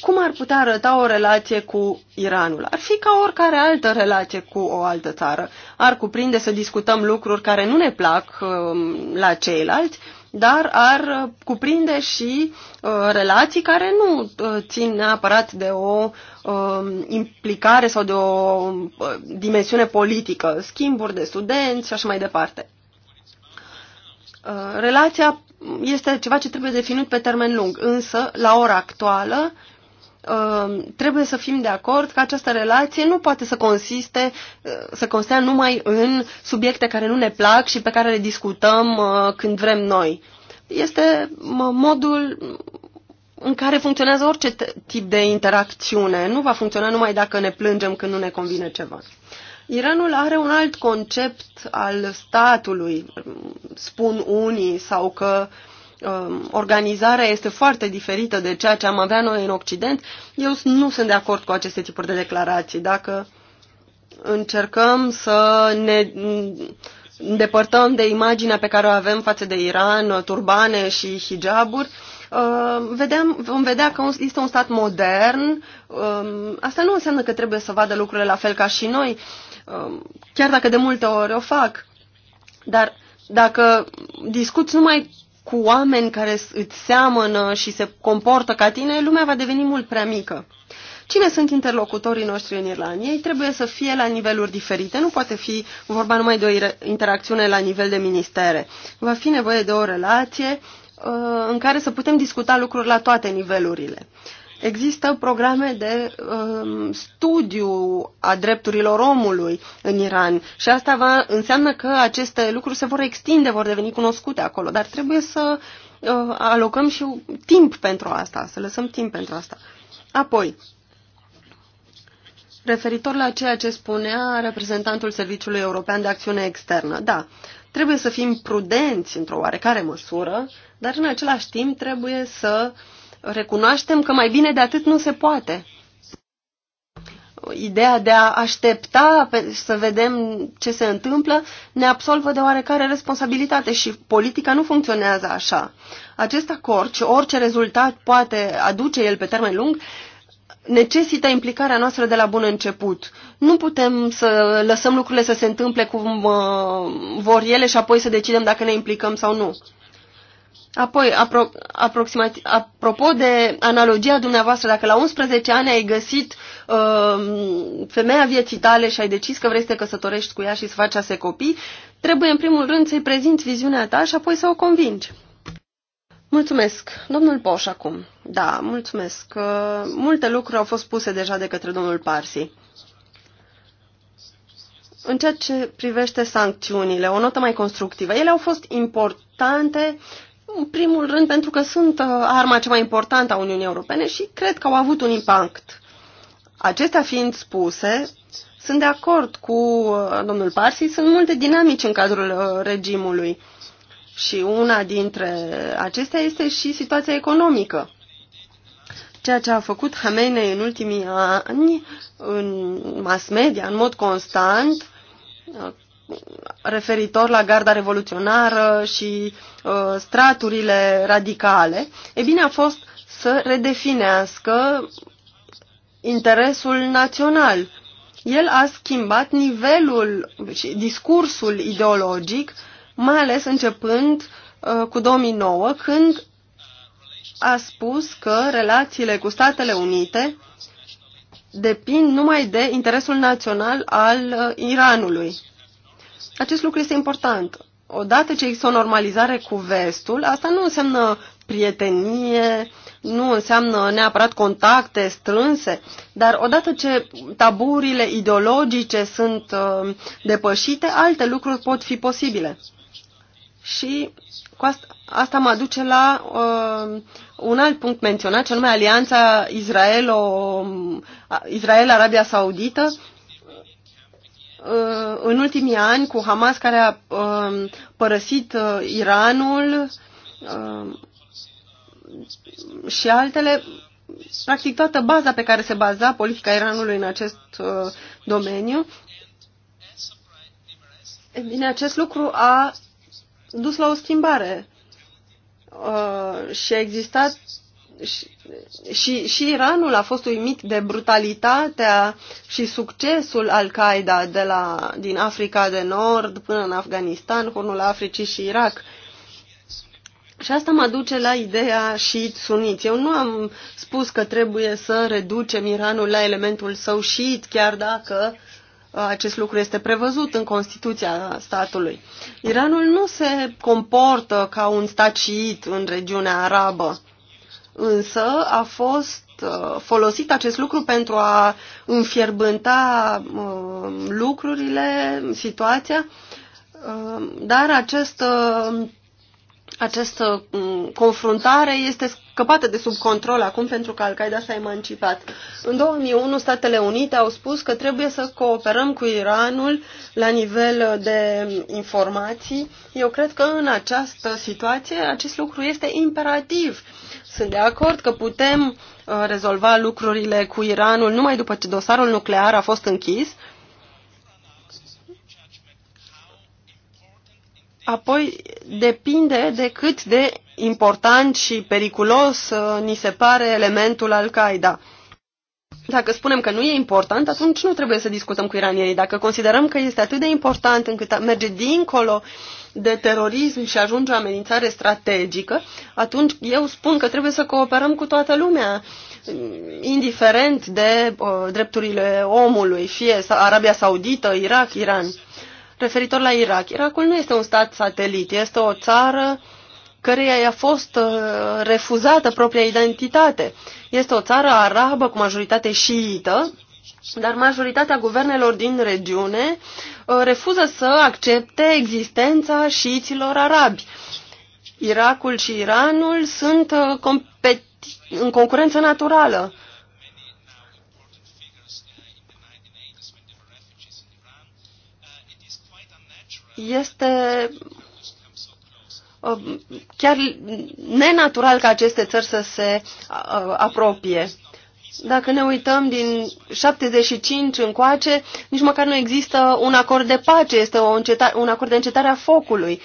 Cum ar putea arăta o relație cu Iranul? Ar fi ca oricare altă relație cu o altă țară. Ar cuprinde să discutăm lucruri care nu ne plac uh, la ceilalți, dar ar uh, cuprinde și uh, relații care nu uh, țin neapărat de o um, implicare sau de o um, dimensiune politică, schimburi de studenți și așa mai departe. relația este ceva ce trebuie definit pe termen lung, însă, la ora actuală, Um, trebuie să fim de acord că această relație nu poate să consiste, uh, să constea numai în subiecte care nu ne plac și pe care le discutăm uh, când vrem noi. Este modul în care funcționează orice tip de interacțiune. Nu va funcționa numai dacă ne plângem când nu ne convine ceva. Iranul are un alt concept al statului, spun unii, sau că uh, Um, organizarea este foarte diferită de ceea ce am avea noi în Occident, eu nu sunt de acord cu aceste tipuri de declarații. Dacă încercăm să ne îndepărtăm de imaginea pe care o avem față de Iran, turbane și hijaburi, um, vedem vom vedea că este un stat modern. Um, asta nu înseamnă că trebuie să vadă lucrurile la fel ca și noi, chiar dacă de multe ori o fac. Dar dacă discuți numai cu oameni care îți seamănă și se comportă ca tine, lumea va deveni mult prea mică. Cine sunt interlocutorii noștri în Irlanda? Ei trebuie să fie la niveluri diferite, nu poate fi vorba numai de o interacțiune la nivel de ministere. Va fi nevoie de o relație uh, în care să putem discuta lucruri la toate nivelurile. Există programe de um, studiu a drepturilor omului în Iran și asta va, înseamnă că aceste lucruri se vor extinde, vor deveni cunoscute acolo, dar trebuie să uh, alocăm și timp pentru asta, să lăsăm timp pentru asta. Apoi, referitor la ceea ce spunea reprezentantul Serviciului European de Acțiune Externă, da, trebuie să fim prudenți într-o oarecare măsură, dar în același timp trebuie să uh, recunoaștem că mai bine de atât nu se poate. Ideea de a aștepta să vedem ce se întâmplă ne absolvă de oarecare responsabilitate și politica nu funcționează așa. Acest acord și orice rezultat poate aduce el pe termen lung necesită implicarea noastră de la bun început. Nu putem să lăsăm lucrurile să se întâmple cum uh, vor ele și apoi să decidem dacă ne implicăm sau nu. Apoi, apro aproximat, apropo de analogia dumneavoastră, dacă la 11 ani ai găsit uh, femeia vieții tale și ai decis că vrei să te căsătorești cu ea și să faci ase copii, trebuie în primul rând să-i prezinți viziunea ta și apoi să o convingi. Mulțumesc. Domnul Poș acum. Da, mulțumesc. Uh, multe lucruri au fost puse deja de către domnul Parsi. În ceea ce privește sancțiunile, o notă mai constructivă, ele au fost importante în primul rând pentru că sunt uh, arma cea mai importantă a Uniunii Europene și cred că au avut un impact. Acestea fiind spuse, sunt de acord cu uh, domnul Parsi, sunt multe dinamici în cadrul uh, regimului și una dintre acestea este și situația economică. Ceea ce a făcut Hamenei în ultimii ani în mass media, în mod constant, referitor la garda revoluționară și uh, straturile radicale, e bine a fost să redefinească interesul național. El a schimbat nivelul și discursul ideologic, mai ales începând uh, cu 2009, când a spus că relațiile cu Statele Unite depind numai de interesul național al uh, Iranului acest lucru este important. Odată ce există o normalizare cu vestul, asta nu înseamnă prietenie, nu înseamnă neapărat contacte strânse, dar odată ce taburile ideologice sunt uh, depășite, alte lucruri pot fi posibile. Și cu asta, asta mă aduce la uh, un alt punct menționat, cel mai alianța um, Israel-Arabia Israel, Saudită, Uh, în ultimii ani cu Hamas care a um, părăsit uh, Iranul um, și altele, practic toată baza pe care se baza politica Iranului în acest uh, domeniu, bine, acest lucru a dus la o schimbare și a existat și, și, și Iranul a fost uimit de brutalitatea și succesul Al-Qaeda din Africa de Nord până în Afganistan, Hornul Africii și Irak. Și asta mă duce la ideea și Sunit. Eu nu am spus că trebuie să reducem Iranul la elementul său șiit, chiar dacă uh, acest lucru este prevăzut în Constituția statului. Iranul nu se comportă ca un stat șiit în regiunea arabă însă a fost uh, folosit acest lucru pentru a înfierbânta uh, lucrurile, situația, uh, dar această, această mm, confruntare este scăpată de sub control acum pentru că Al-Qaeda s-a emancipat. În 2001, Statele Unite au spus că trebuie să cooperăm cu Iranul la nivel de informații. Eu cred că în această situație acest lucru este imperativ sunt de acord că putem uh, rezolva lucrurile cu Iranul numai după ce dosarul nuclear a fost închis. Apoi depinde de cât de important și periculos uh, ni se pare elementul Al-Qaeda. Dacă spunem că nu e important, atunci nu trebuie să discutăm cu iranienii. Dacă considerăm că este atât de important încât merge dincolo uh, de terorism și ajunge o amenințare strategică, atunci eu spun că trebuie să cooperăm cu toată lumea, indiferent de uh, drepturile omului, fie Arabia Saudită, Irak, Iran. Referitor la Irak, Irakul nu este un stat satelit, este o țară căreia i-a fost uh, refuzată propria identitate. Este o țară arabă cu majoritate șiită, dar majoritatea guvernelor din regiune uh, refuză să accepte existența șiților arabi. Irakul și Iranul sunt uh, în concurență naturală. Este uh, chiar nenatural ca aceste țări să se apropie. Dacă ne uităm din 75 încoace, nici măcar nu există un acord de pace, este o înceta, un acord de încetare a focului.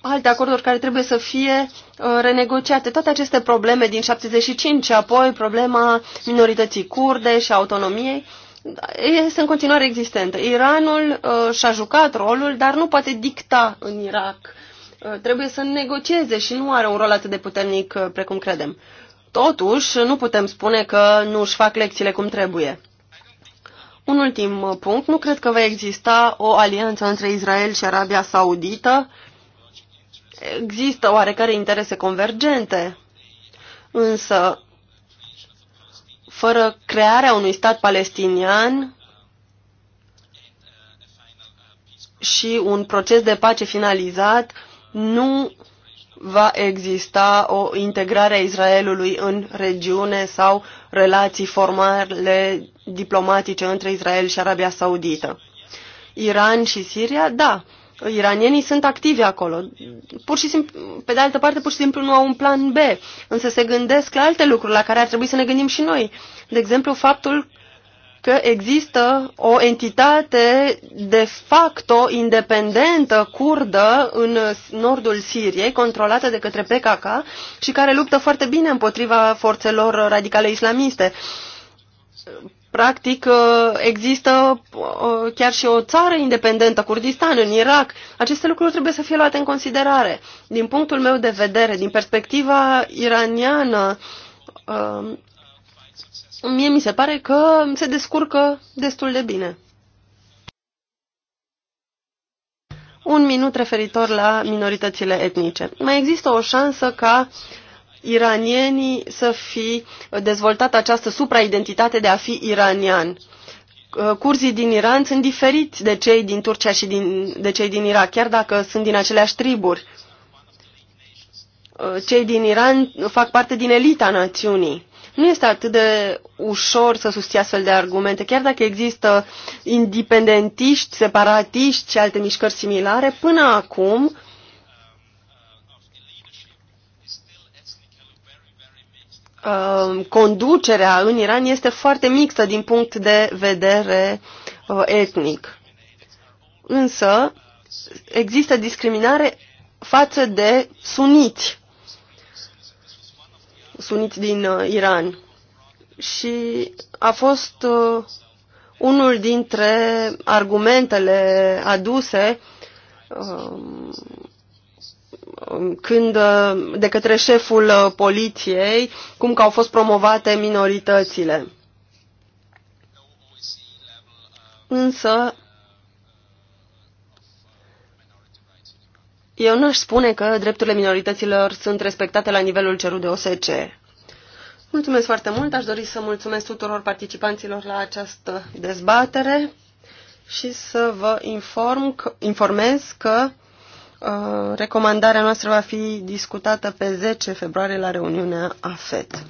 Alte acorduri care trebuie să fie uh, renegociate. Toate aceste probleme din 75 și apoi problema minorității curde și autonomiei este în continuare existentă. Iranul uh, și-a jucat rolul, dar nu poate dicta în Irak Uh, trebuie să negocieze și nu are un rol atât de puternic uh, precum credem. Totuși, nu putem spune că nu își fac lecțiile cum trebuie. Un ultim uh, punct, nu cred că va exista o alianță între Israel și Arabia Saudită. Există oarecare interese convergente, însă fără crearea unui stat palestinian și un proces de pace finalizat, nu va exista o integrare a Israelului în regiune sau relații formale diplomatice între Israel și Arabia Saudită. Iran și Siria, da, iranienii sunt activi acolo. Pur și simplu, pe de altă parte, pur și simplu nu au un plan B, însă se gândesc la alte lucruri la care ar trebui să ne gândim și noi. De exemplu, faptul că există o entitate de facto independentă curdă în nordul Siriei, controlată de către PKK și care luptă foarte bine împotriva forțelor radicale islamiste. Practic, uh, există uh, chiar și o țară independentă, Kurdistan, în Irak. Aceste lucruri trebuie să fie luate în considerare. Din punctul meu de vedere, din perspectiva iraniană, uh, mie mi se pare că se descurcă destul de bine. Un minut referitor la minoritățile etnice. Mai există o șansă ca iranienii să fi dezvoltat această supraidentitate de a fi iranian. Curzii din Iran sunt diferiți de cei din Turcia și din, de cei din Irak, chiar dacă sunt din aceleași triburi. Cei din Iran fac parte din elita națiunii nu este atât de ușor să susții astfel de argumente, chiar dacă există independentiști, separatiști și alte mișcări similare, până acum um, conducerea în Iran este foarte mixtă din punct de vedere uh, etnic. Însă există discriminare față de suniți suniți din uh, Iran. Și a fost uh, unul dintre argumentele aduse um, când, uh, de către șeful poliției, cum că au fost promovate minoritățile. Însă, Eu nu aș spune că drepturile minorităților sunt respectate la nivelul cerut de OSCE. Mulțumesc foarte mult, aș dori să mulțumesc tuturor participanților la această dezbatere și să vă inform, informez că uh, recomandarea noastră va fi discutată pe 10 februarie la reuniunea AFET.